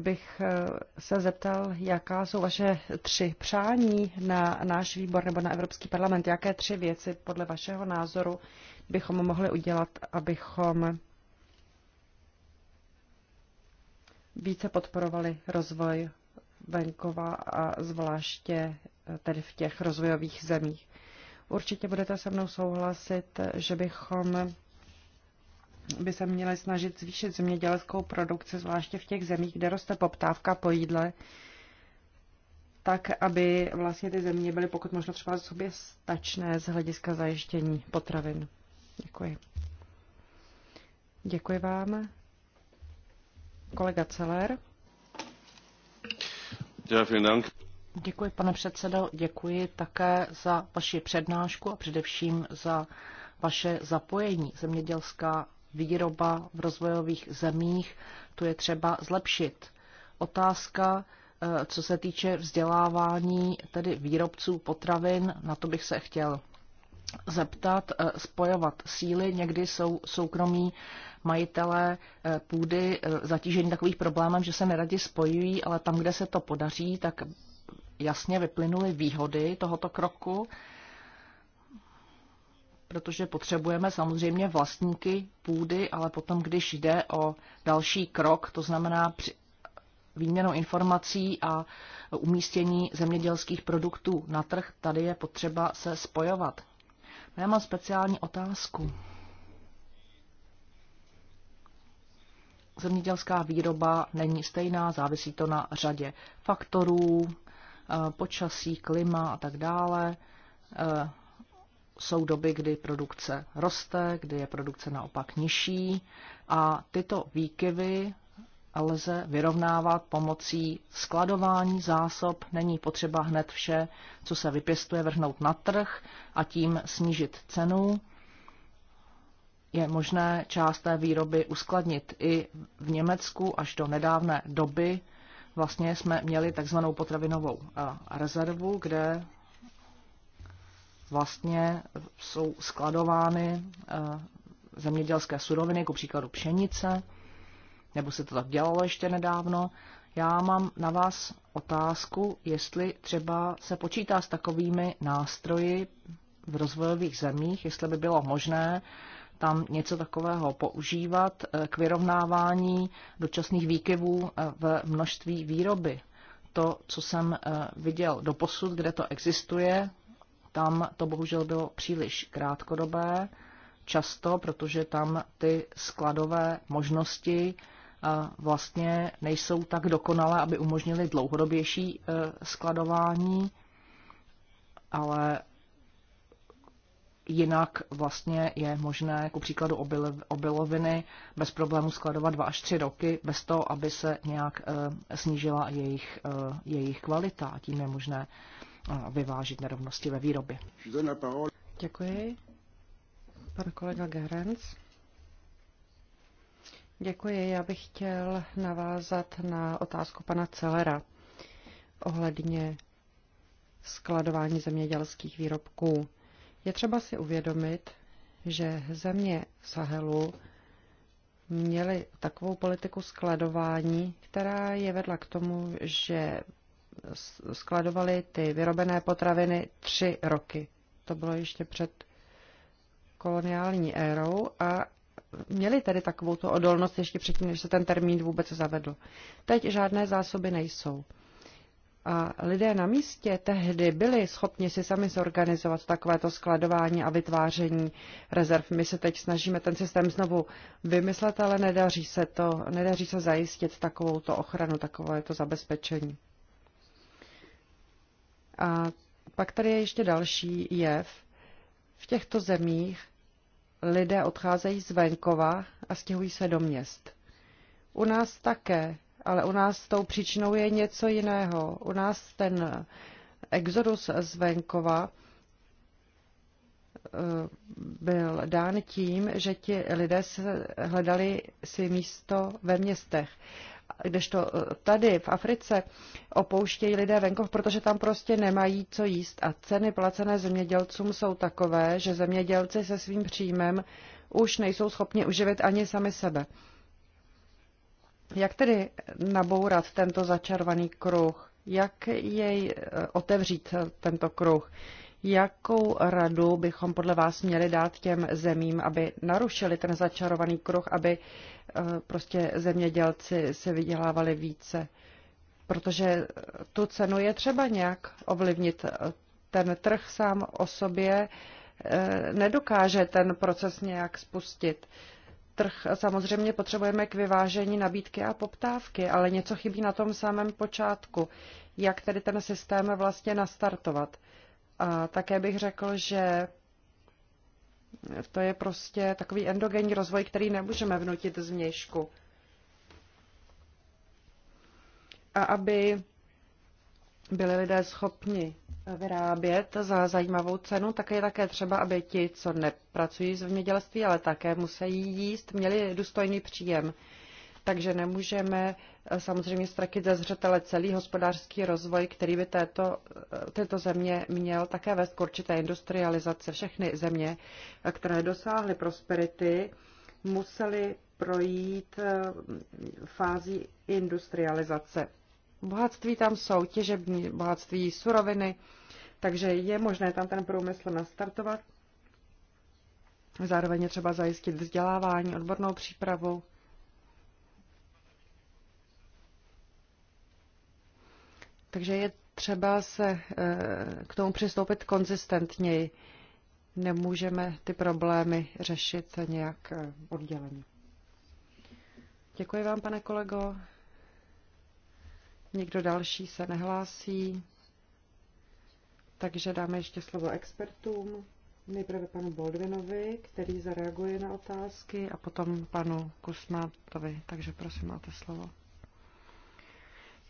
bych eh, se zeptal, jaká jsou vaše tři přání na náš výbor nebo na Evropský parlament. Jaké tři věci podle vašeho názoru bychom mohli udělat, abychom více podporovali rozvoj venkova a zvláště eh, tedy v těch rozvojových zemích. Určitě budete se mnou souhlasit, že bychom by se měli snažit zvýšit zemědělskou produkci, zvláště v těch zemích, kde roste poptávka po jídle, tak, aby vlastně ty země byly pokud možno třeba sobě stačné z hlediska zajištění potravin. Děkuji. Děkuji vám. Kolega Celer. Děkuji, pane předsedo. Děkuji také za vaši přednášku a především za vaše zapojení. Zemědělská výroba v rozvojových zemích, tu je třeba zlepšit. Otázka, eh, co se týče vzdělávání tedy výrobců potravin, na to bych se chtěl zeptat, eh, spojovat síly. Někdy jsou soukromí majitelé eh, půdy eh, zatížení takových problémem, že se neradi spojují, ale tam, kde se to podaří, tak jasně vyplynuly výhody tohoto kroku, protože potřebujeme samozřejmě vlastníky půdy, ale potom, když jde o další krok, to znamená při výměnu informací a umístění zemědělských produktů na trh, tady je potřeba se spojovat. Já mám speciální otázku. Zemědělská výroba není stejná, závisí to na řadě faktorů, eh, počasí, klima a tak dále. Eh, jsou doby, kdy produkce roste, kdy je produkce naopak nižší a tyto výkyvy lze vyrovnávat pomocí skladování zásob. Není potřeba hned vše, co se vypěstuje, vrhnout na trh a tím snížit cenu. Je možné část té výroby uskladnit i v Německu až do nedávné doby. Vlastně jsme měli takzvanou potravinovou eh, rezervu, kde vlastně jsou skladovány eh, zemědělské suroviny, jako příkladu pšenice nebo se to tak dělalo ještě nedávno. Já mám na vás otázku, jestli třeba se počítá s takovými nástroji v rozvojových zemích, jestli by bylo možné tam něco takového používat eh, k vyrovnávání dočasných výkyvů eh, v množství výroby. To, co jsem eh, viděl do posud, kde to existuje, tam to bohužel bylo příliš krátkodobé, často, protože tam ty skladové možnosti vlastně nejsou tak dokonalé, aby umožnili dlouhodobější e, skladování, ale jinak vlastně je možné, jako příkladu obiloviny, bez problému skladovat dva až tři roky, bez toho, aby se nějak e, snížila jejich, e, jejich kvalita a tím je možné vyvážit nerovnosti ve výrobě. Děkuji. Pan kolega Gerenc. Děkuji. Já bych chtěl navázat na otázku pana Celera ohledně skladování zemědělských výrobků. Je třeba si uvědomit, že země Sahelu měly takovou politiku skladování, která je vedla k tomu, že skladovali ty vyrobené potraviny tři roky. To bylo ještě před koloniální érou a měli tedy takovou tu odolnost ještě předtím, než se ten termín vůbec zavedl. Teď žádné zásoby nejsou. A lidé na místě tehdy byli schopni si sami zorganizovat takovéto skladování a vytváření rezerv. My se teď snažíme ten systém znovu vymyslet, ale nedaří se to, nedaří se zajistit takovou to ochranu, takové to zabezpečení. A pak tady je ještě další jev. V těchto zemích lidé odcházejí z venkova a stěhují se do měst. U nás také, ale u nás tou příčinou je něco jiného. U nás ten exodus z venkova eh, byl dán tím, že ti lidé hledali si místo ve městech kdežto eh, tady v Africe opouštějí lidé venkov, protože tam prostě nemají co jíst a ceny placené zemědělcům jsou takové, že zemědělci se svým příjmem už nejsou schopni uživit ani sami sebe. Jak tedy nabourat tento začarovaný kruh? Jak jej eh, otevřít, eh, tento kruh? Jakou radu bychom podle vás měli dát těm zemím, aby narušili ten začarovaný kruh, aby Eh, prostě zemědělci si vydělávali více. Protože tu cenu je třeba nějak ovlivnit. Ten trh sám o sobě eh, nedokáže ten proces nějak spustit. Trh samozřejmě potřebujeme k vyvážení nabídky a poptávky, ale něco chybí na tom samém počátku. Jak tedy ten systém vlastně nastartovat? A také bych řekl, že to je prostě takový endogenní rozvoj, který nemůžeme vnutit zvnějšku. A aby byli lidé schopni vyrábět za zajímavou cenu, tak je také třeba, aby ti, co nepracují z zemědělství, ale také musí jíst, měli důstojný příjem takže nemůžeme eh, samozřejmě ztratit ze zřetele celý hospodářský rozvoj, který by této, eh, této země měl také vést k určité industrializace. Všechny země, eh, které dosáhly prosperity, musely projít fází industrializace. Bohatství tam jsou, těžební bohatství, suroviny, takže je možné tam ten průmysl nastartovat. Zároveň je třeba zajistit vzdělávání, odbornou přípravu Takže je třeba se eh, k tomu přistoupit konzistentněji. Nemůžeme ty problémy řešit nějak eh, odděleně. Děkuji vám, pane kolego. Nikdo další se nehlásí, takže dáme ještě slovo expertům. Nejprve panu Boldvinovi, který zareaguje na otázky, a potom panu Kusnátovi. Takže prosím, máte slovo.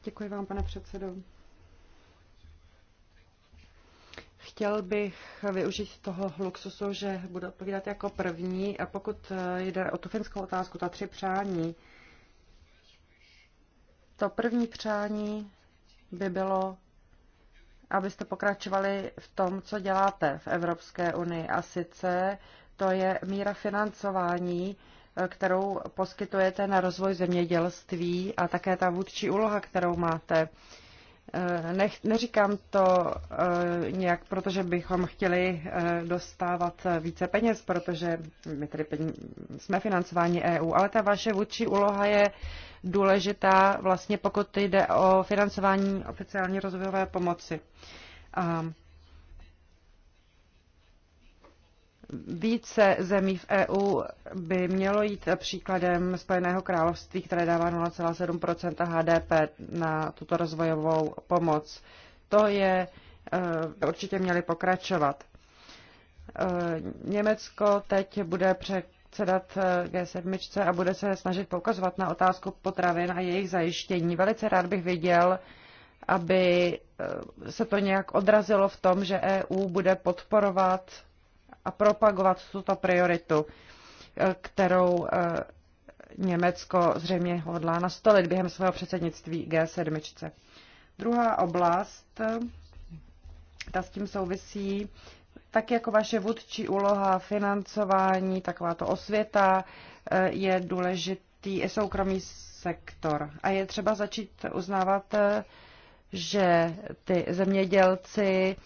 Děkuji vám, pane předsedo. Chtěl bych využít toho luxusu, že budu odpovídat jako první. A pokud jde o tu finskou otázku, ta tři přání, to první přání by bylo, abyste pokračovali v tom, co děláte v Evropské unii. A sice to je míra financování, kterou poskytujete na rozvoj zemědělství a také ta vůdčí úloha, kterou máte. Eh, nech, neříkám to eh, nějak, protože bychom chtěli eh, dostávat více peněz, protože my tedy jsme financování EU, ale ta vaše vůdčí úloha je důležitá vlastně pokud jde o financování oficiální rozvojové pomoci. Uh, Více zemí v EU by mělo jít příkladem Spojeného království, které dává 0,7 HDP na tuto rozvojovou pomoc. To je, eh, určitě měli pokračovat. Eh, Německo teď bude předsedat eh, G7 a bude se snažit poukazovat na otázku potravin a jejich zajištění. Velice rád bych viděl, aby se to nějak odrazilo v tom, že EU bude podporovat a propagovat tuto prioritu, eh, kterou eh, Německo zřejmě hodlá nastolit během svého předsednictví G7. Druhá oblast, eh, ta s tím souvisí, tak jako vaše vůdčí úloha financování, takováto osvěta, je důležitý i soukromý sektor. A je třeba začít uznávat, že ty zemědělci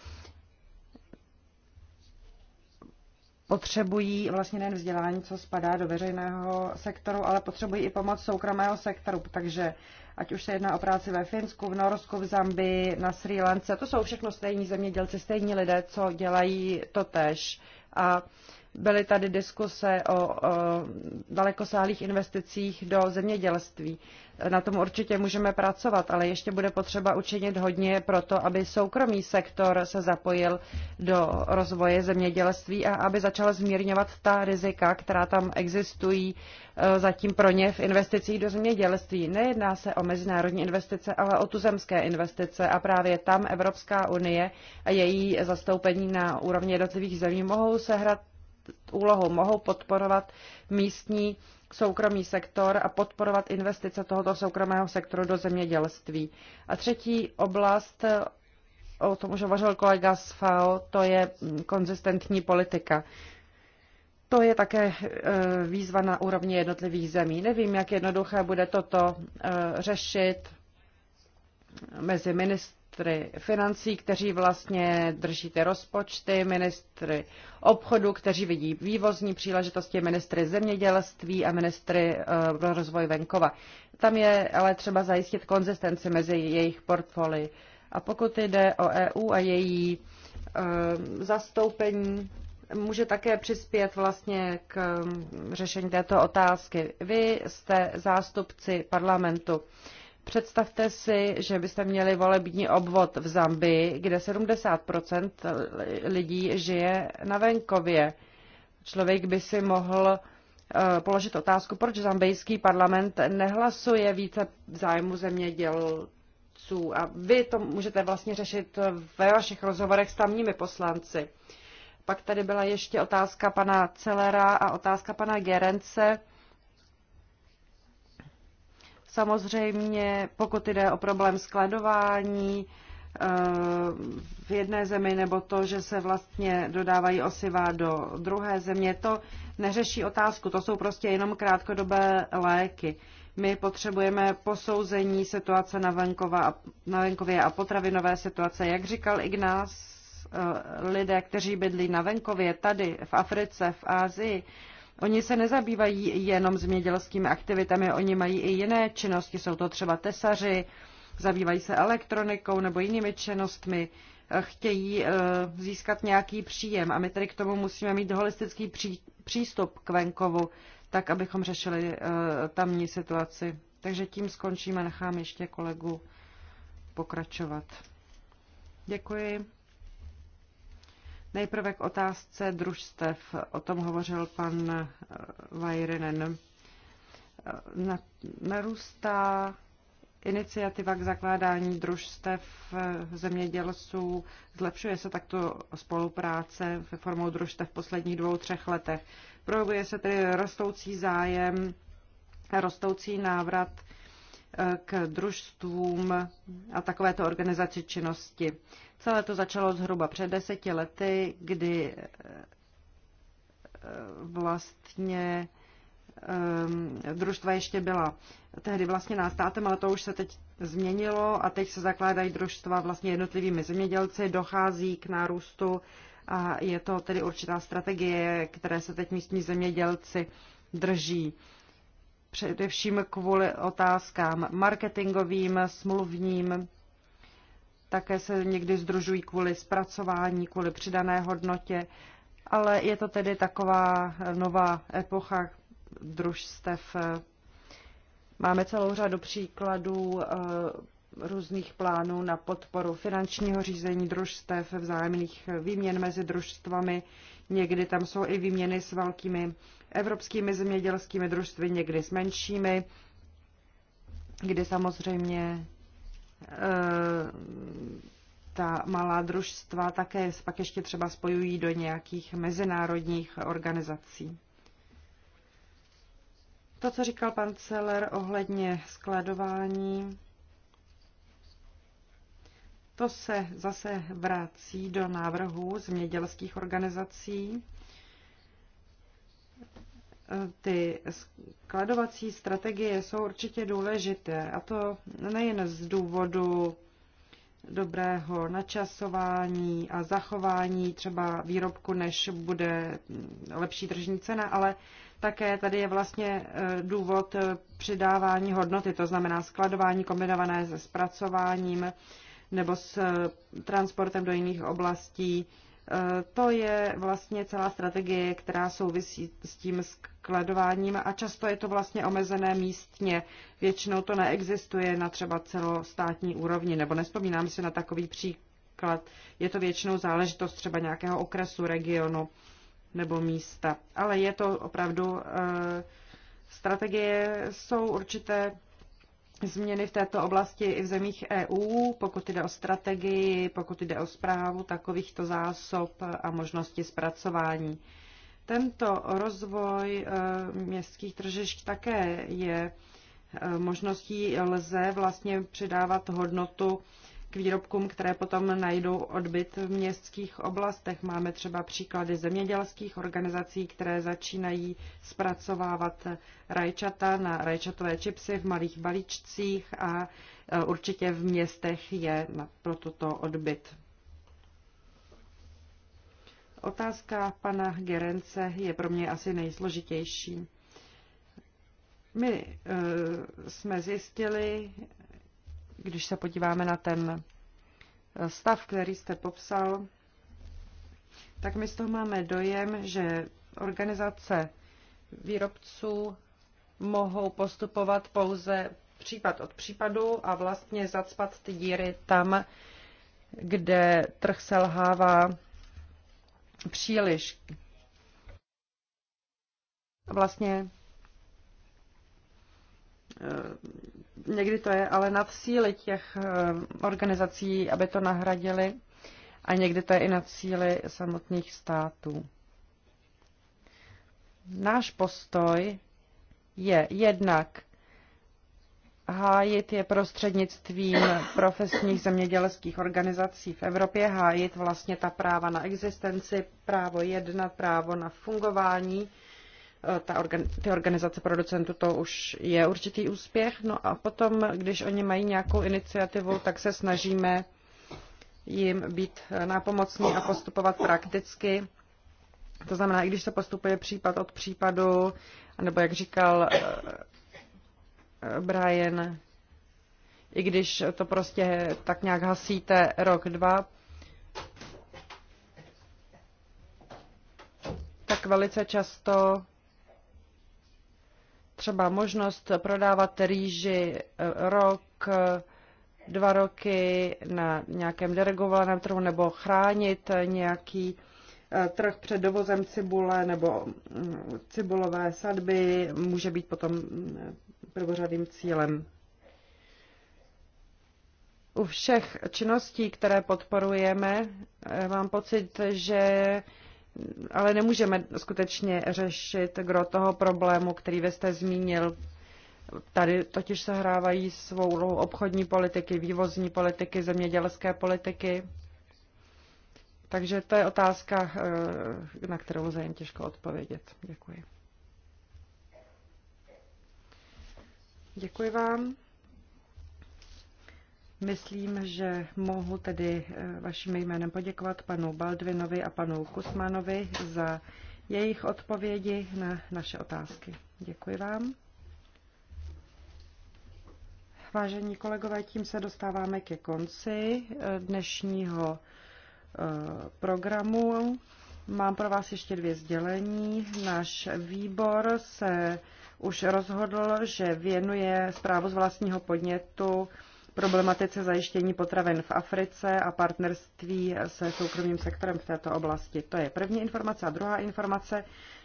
potřebují vlastně nejen vzdělání, co spadá do veřejného sektoru, ale potřebují i pomoc soukromého sektoru. Takže ať už se jedná o práci ve Finsku, v Norsku, v Zambii, na Sri Lance, to jsou všechno stejní zemědělci, stejní lidé, co dělají to tež. A Byly tady diskuse o, o dalekosáhlých investicích do zemědělství. Na tom určitě můžeme pracovat, ale ještě bude potřeba učinit hodně pro to, aby soukromý sektor se zapojil do rozvoje zemědělství a aby začal zmírňovat ta rizika, která tam existují e, zatím pro ně v investicích do zemědělství. Nejedná se o mezinárodní investice, ale o tuzemské investice a právě tam Evropská unie a její zastoupení na úrovni jednotlivých zemí mohou sehrat úlohou. Mohou podporovat místní soukromý sektor a podporovat investice tohoto soukromého sektoru do zemědělství. A třetí oblast, o tom už hovořil kolega z FAO, to je konzistentní politika. To je také e, výzva na úrovni jednotlivých zemí. Nevím, jak jednoduché bude toto e, řešit mezi ministry ministry financí, kteří vlastně drží ty rozpočty, ministry obchodu, kteří vidí vývozní příležitosti, ministry zemědělství a ministry eh, pro rozvoj venkova. Tam je ale třeba zajistit konzistenci mezi jejich portfoli. A pokud jde o EU a její eh, zastoupení, může také přispět vlastně k hm, řešení této otázky. Vy jste zástupci parlamentu. Představte si, že byste měli volební obvod v Zambii, kde 70% lidí žije na venkově. Člověk by si mohl eh, položit otázku, proč zambijský parlament nehlasuje více v zájmu zemědělců. A vy to můžete vlastně řešit ve vašich rozhovorech s tamními poslanci. Pak tady byla ještě otázka pana Celera a otázka pana Gerence Samozřejmě, pokud jde o problém skladování eh, v jedné zemi nebo to, že se vlastně dodávají osiva do druhé země, to neřeší otázku. To jsou prostě jenom krátkodobé léky. My potřebujeme posouzení situace na, venkova, na venkově a potravinové situace. Jak říkal Ignác, eh, lidé, kteří bydlí na venkově, tady, v Africe, v Ázii, Oni se nezabývají jenom zemědělskými aktivitami, oni mají i jiné činnosti, jsou to třeba tesaři, zabývají se elektronikou nebo jinými činnostmi, eh, chtějí eh, získat nějaký příjem a my tedy k tomu musíme mít holistický přístup k venkovu, tak abychom řešili eh, tamní situaci. Takže tím skončíme, nechám ještě kolegu pokračovat. Děkuji. Nejprve k otázce družstev. O tom hovořil pan eh, Vajrinen. Eh, narůstá iniciativa k zakládání družstev eh, zemědělců. Zlepšuje se takto spolupráce ve formou družstev v posledních dvou, třech letech. Projevuje se tedy rostoucí zájem, rostoucí návrat k družstvům a takovéto organizaci činnosti. Celé to začalo zhruba před deseti lety, kdy eh, vlastně ehm, družstva ještě byla tehdy vlastně státem, ale to už se teď změnilo a teď se zakládají družstva vlastně jednotlivými zemědělci, dochází k nárůstu a je to tedy určitá strategie, které se teď místní zemědělci drží především kvůli otázkám marketingovým, smluvním. Také se někdy združují kvůli zpracování, kvůli přidané hodnotě, ale je to tedy taková nová epocha družstev. Máme celou řadu příkladů eh, různých plánů na podporu finančního řízení družstev, vzájemných výměn mezi družstvami. Někdy tam jsou i výměny s velkými evropskými zemědělskými družstvy, někdy s menšími, kdy samozřejmě eh, ta malá družstva také pak ještě třeba spojují do nějakých mezinárodních organizací. To, co říkal pan Celer ohledně skladování, to se zase vrací do návrhu zemědělských organizací ty skladovací strategie jsou určitě důležité, a to nejen z důvodu dobrého načasování a zachování třeba výrobku, než bude lepší tržní cena, ale také tady je vlastně e, důvod přidávání hodnoty, to znamená skladování kombinované se zpracováním nebo s e, transportem do jiných oblastí Eh, to je vlastně celá strategie, která souvisí s tím skladováním a často je to vlastně omezené místně. Většinou to neexistuje na třeba celostátní úrovni, nebo nespomínám si na takový příklad. Je to většinou záležitost třeba nějakého okresu, regionu nebo místa. Ale je to opravdu eh, strategie, jsou určité změny v této oblasti i v zemích EU, pokud jde o strategii, pokud jde o zprávu takovýchto zásob a možnosti zpracování. Tento rozvoj eh, městských tržišť také je eh, možností, lze vlastně přidávat hodnotu k výrobkům, které potom najdou odbyt v městských oblastech. Máme třeba příklady zemědělských organizací, které začínají zpracovávat rajčata na rajčatové čipsy v malých balíčcích a e, určitě v městech je pro toto odbyt. Otázka pana Gerence je pro mě asi nejsložitější. My e, jsme zjistili, když se podíváme na ten stav, který jste popsal, tak my z toho máme dojem, že organizace výrobců mohou postupovat pouze případ od případu a vlastně zacpat ty díry tam, kde trh selhává příliš. Vlastně Někdy to je ale nad síly těch eh, organizací, aby to nahradili a někdy to je i nad síly samotných států. Náš postoj je jednak hájit je prostřednictvím profesních zemědělských organizací v Evropě, hájit vlastně ta práva na existenci, právo jednat, právo na fungování Eh, ta organ, ty organizace producentů, to už je určitý úspěch. No a potom, když oni mají nějakou iniciativu, tak se snažíme jim být eh, nápomocní a postupovat prakticky. To znamená, i když se postupuje případ od případu, nebo jak říkal eh, Brian, i když to prostě tak nějak hasíte rok, dva, tak velice často třeba možnost prodávat rýži eh, rok, eh, dva roky na nějakém deregovaném trhu nebo chránit nějaký eh, trh před dovozem cibule nebo mm, cibulové sadby může být potom mm, prvořadým cílem. U všech činností, které podporujeme, mám pocit, že ale nemůžeme skutečně řešit gro toho problému, který vy jste zmínil. Tady totiž se hrávají svou úlohu obchodní politiky, vývozní politiky, zemědělské politiky. Takže to je otázka, eh, na kterou lze jen těžko odpovědět. Děkuji. Děkuji vám. Myslím, že mohu tedy eh, vaším jménem poděkovat panu Baldvinovi a panu Kusmanovi za jejich odpovědi na naše otázky. Děkuji vám. Vážení kolegové, tím se dostáváme ke konci eh, dnešního eh, programu. Mám pro vás ještě dvě sdělení. Náš výbor se už rozhodl, že věnuje zprávu z vlastního podnětu problematice zajištění potravin v Africe a partnerství se soukromým sektorem v této oblasti. To je první informace. A druhá informace,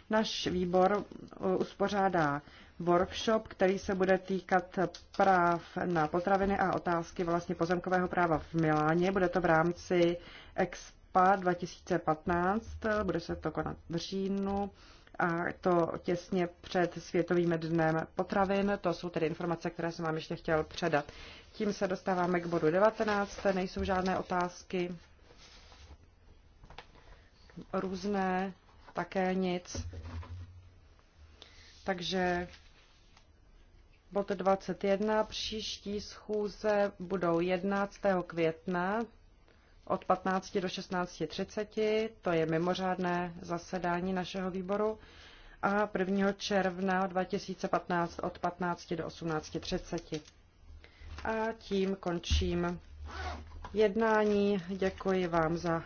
náš výbor uh, uspořádá workshop, který se bude týkat práv na potraviny a otázky vlastně pozemkového práva v Miláně. Bude to v rámci Expa 2015, uh, bude se to konat v říjnu a to těsně před Světovým dnem potravin. To jsou tedy informace, které jsem vám ještě chtěl předat. Tím se dostáváme k bodu 19. Nejsou žádné otázky různé, také nic. Takže bod 21. Příští schůze budou 11. května od 15 do 16.30, to je mimořádné zasedání našeho výboru, a 1. června 2015 od 15 do 18.30. A tím končím jednání. Děkuji vám za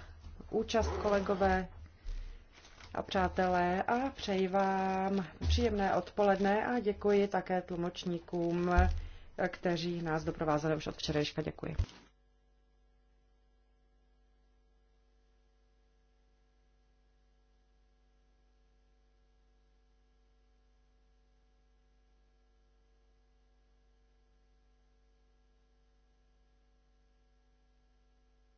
účast, kolegové a přátelé, a přeji vám příjemné odpoledne a děkuji také tlumočníkům, kteří nás doprovázeli už od včerejška. Děkuji.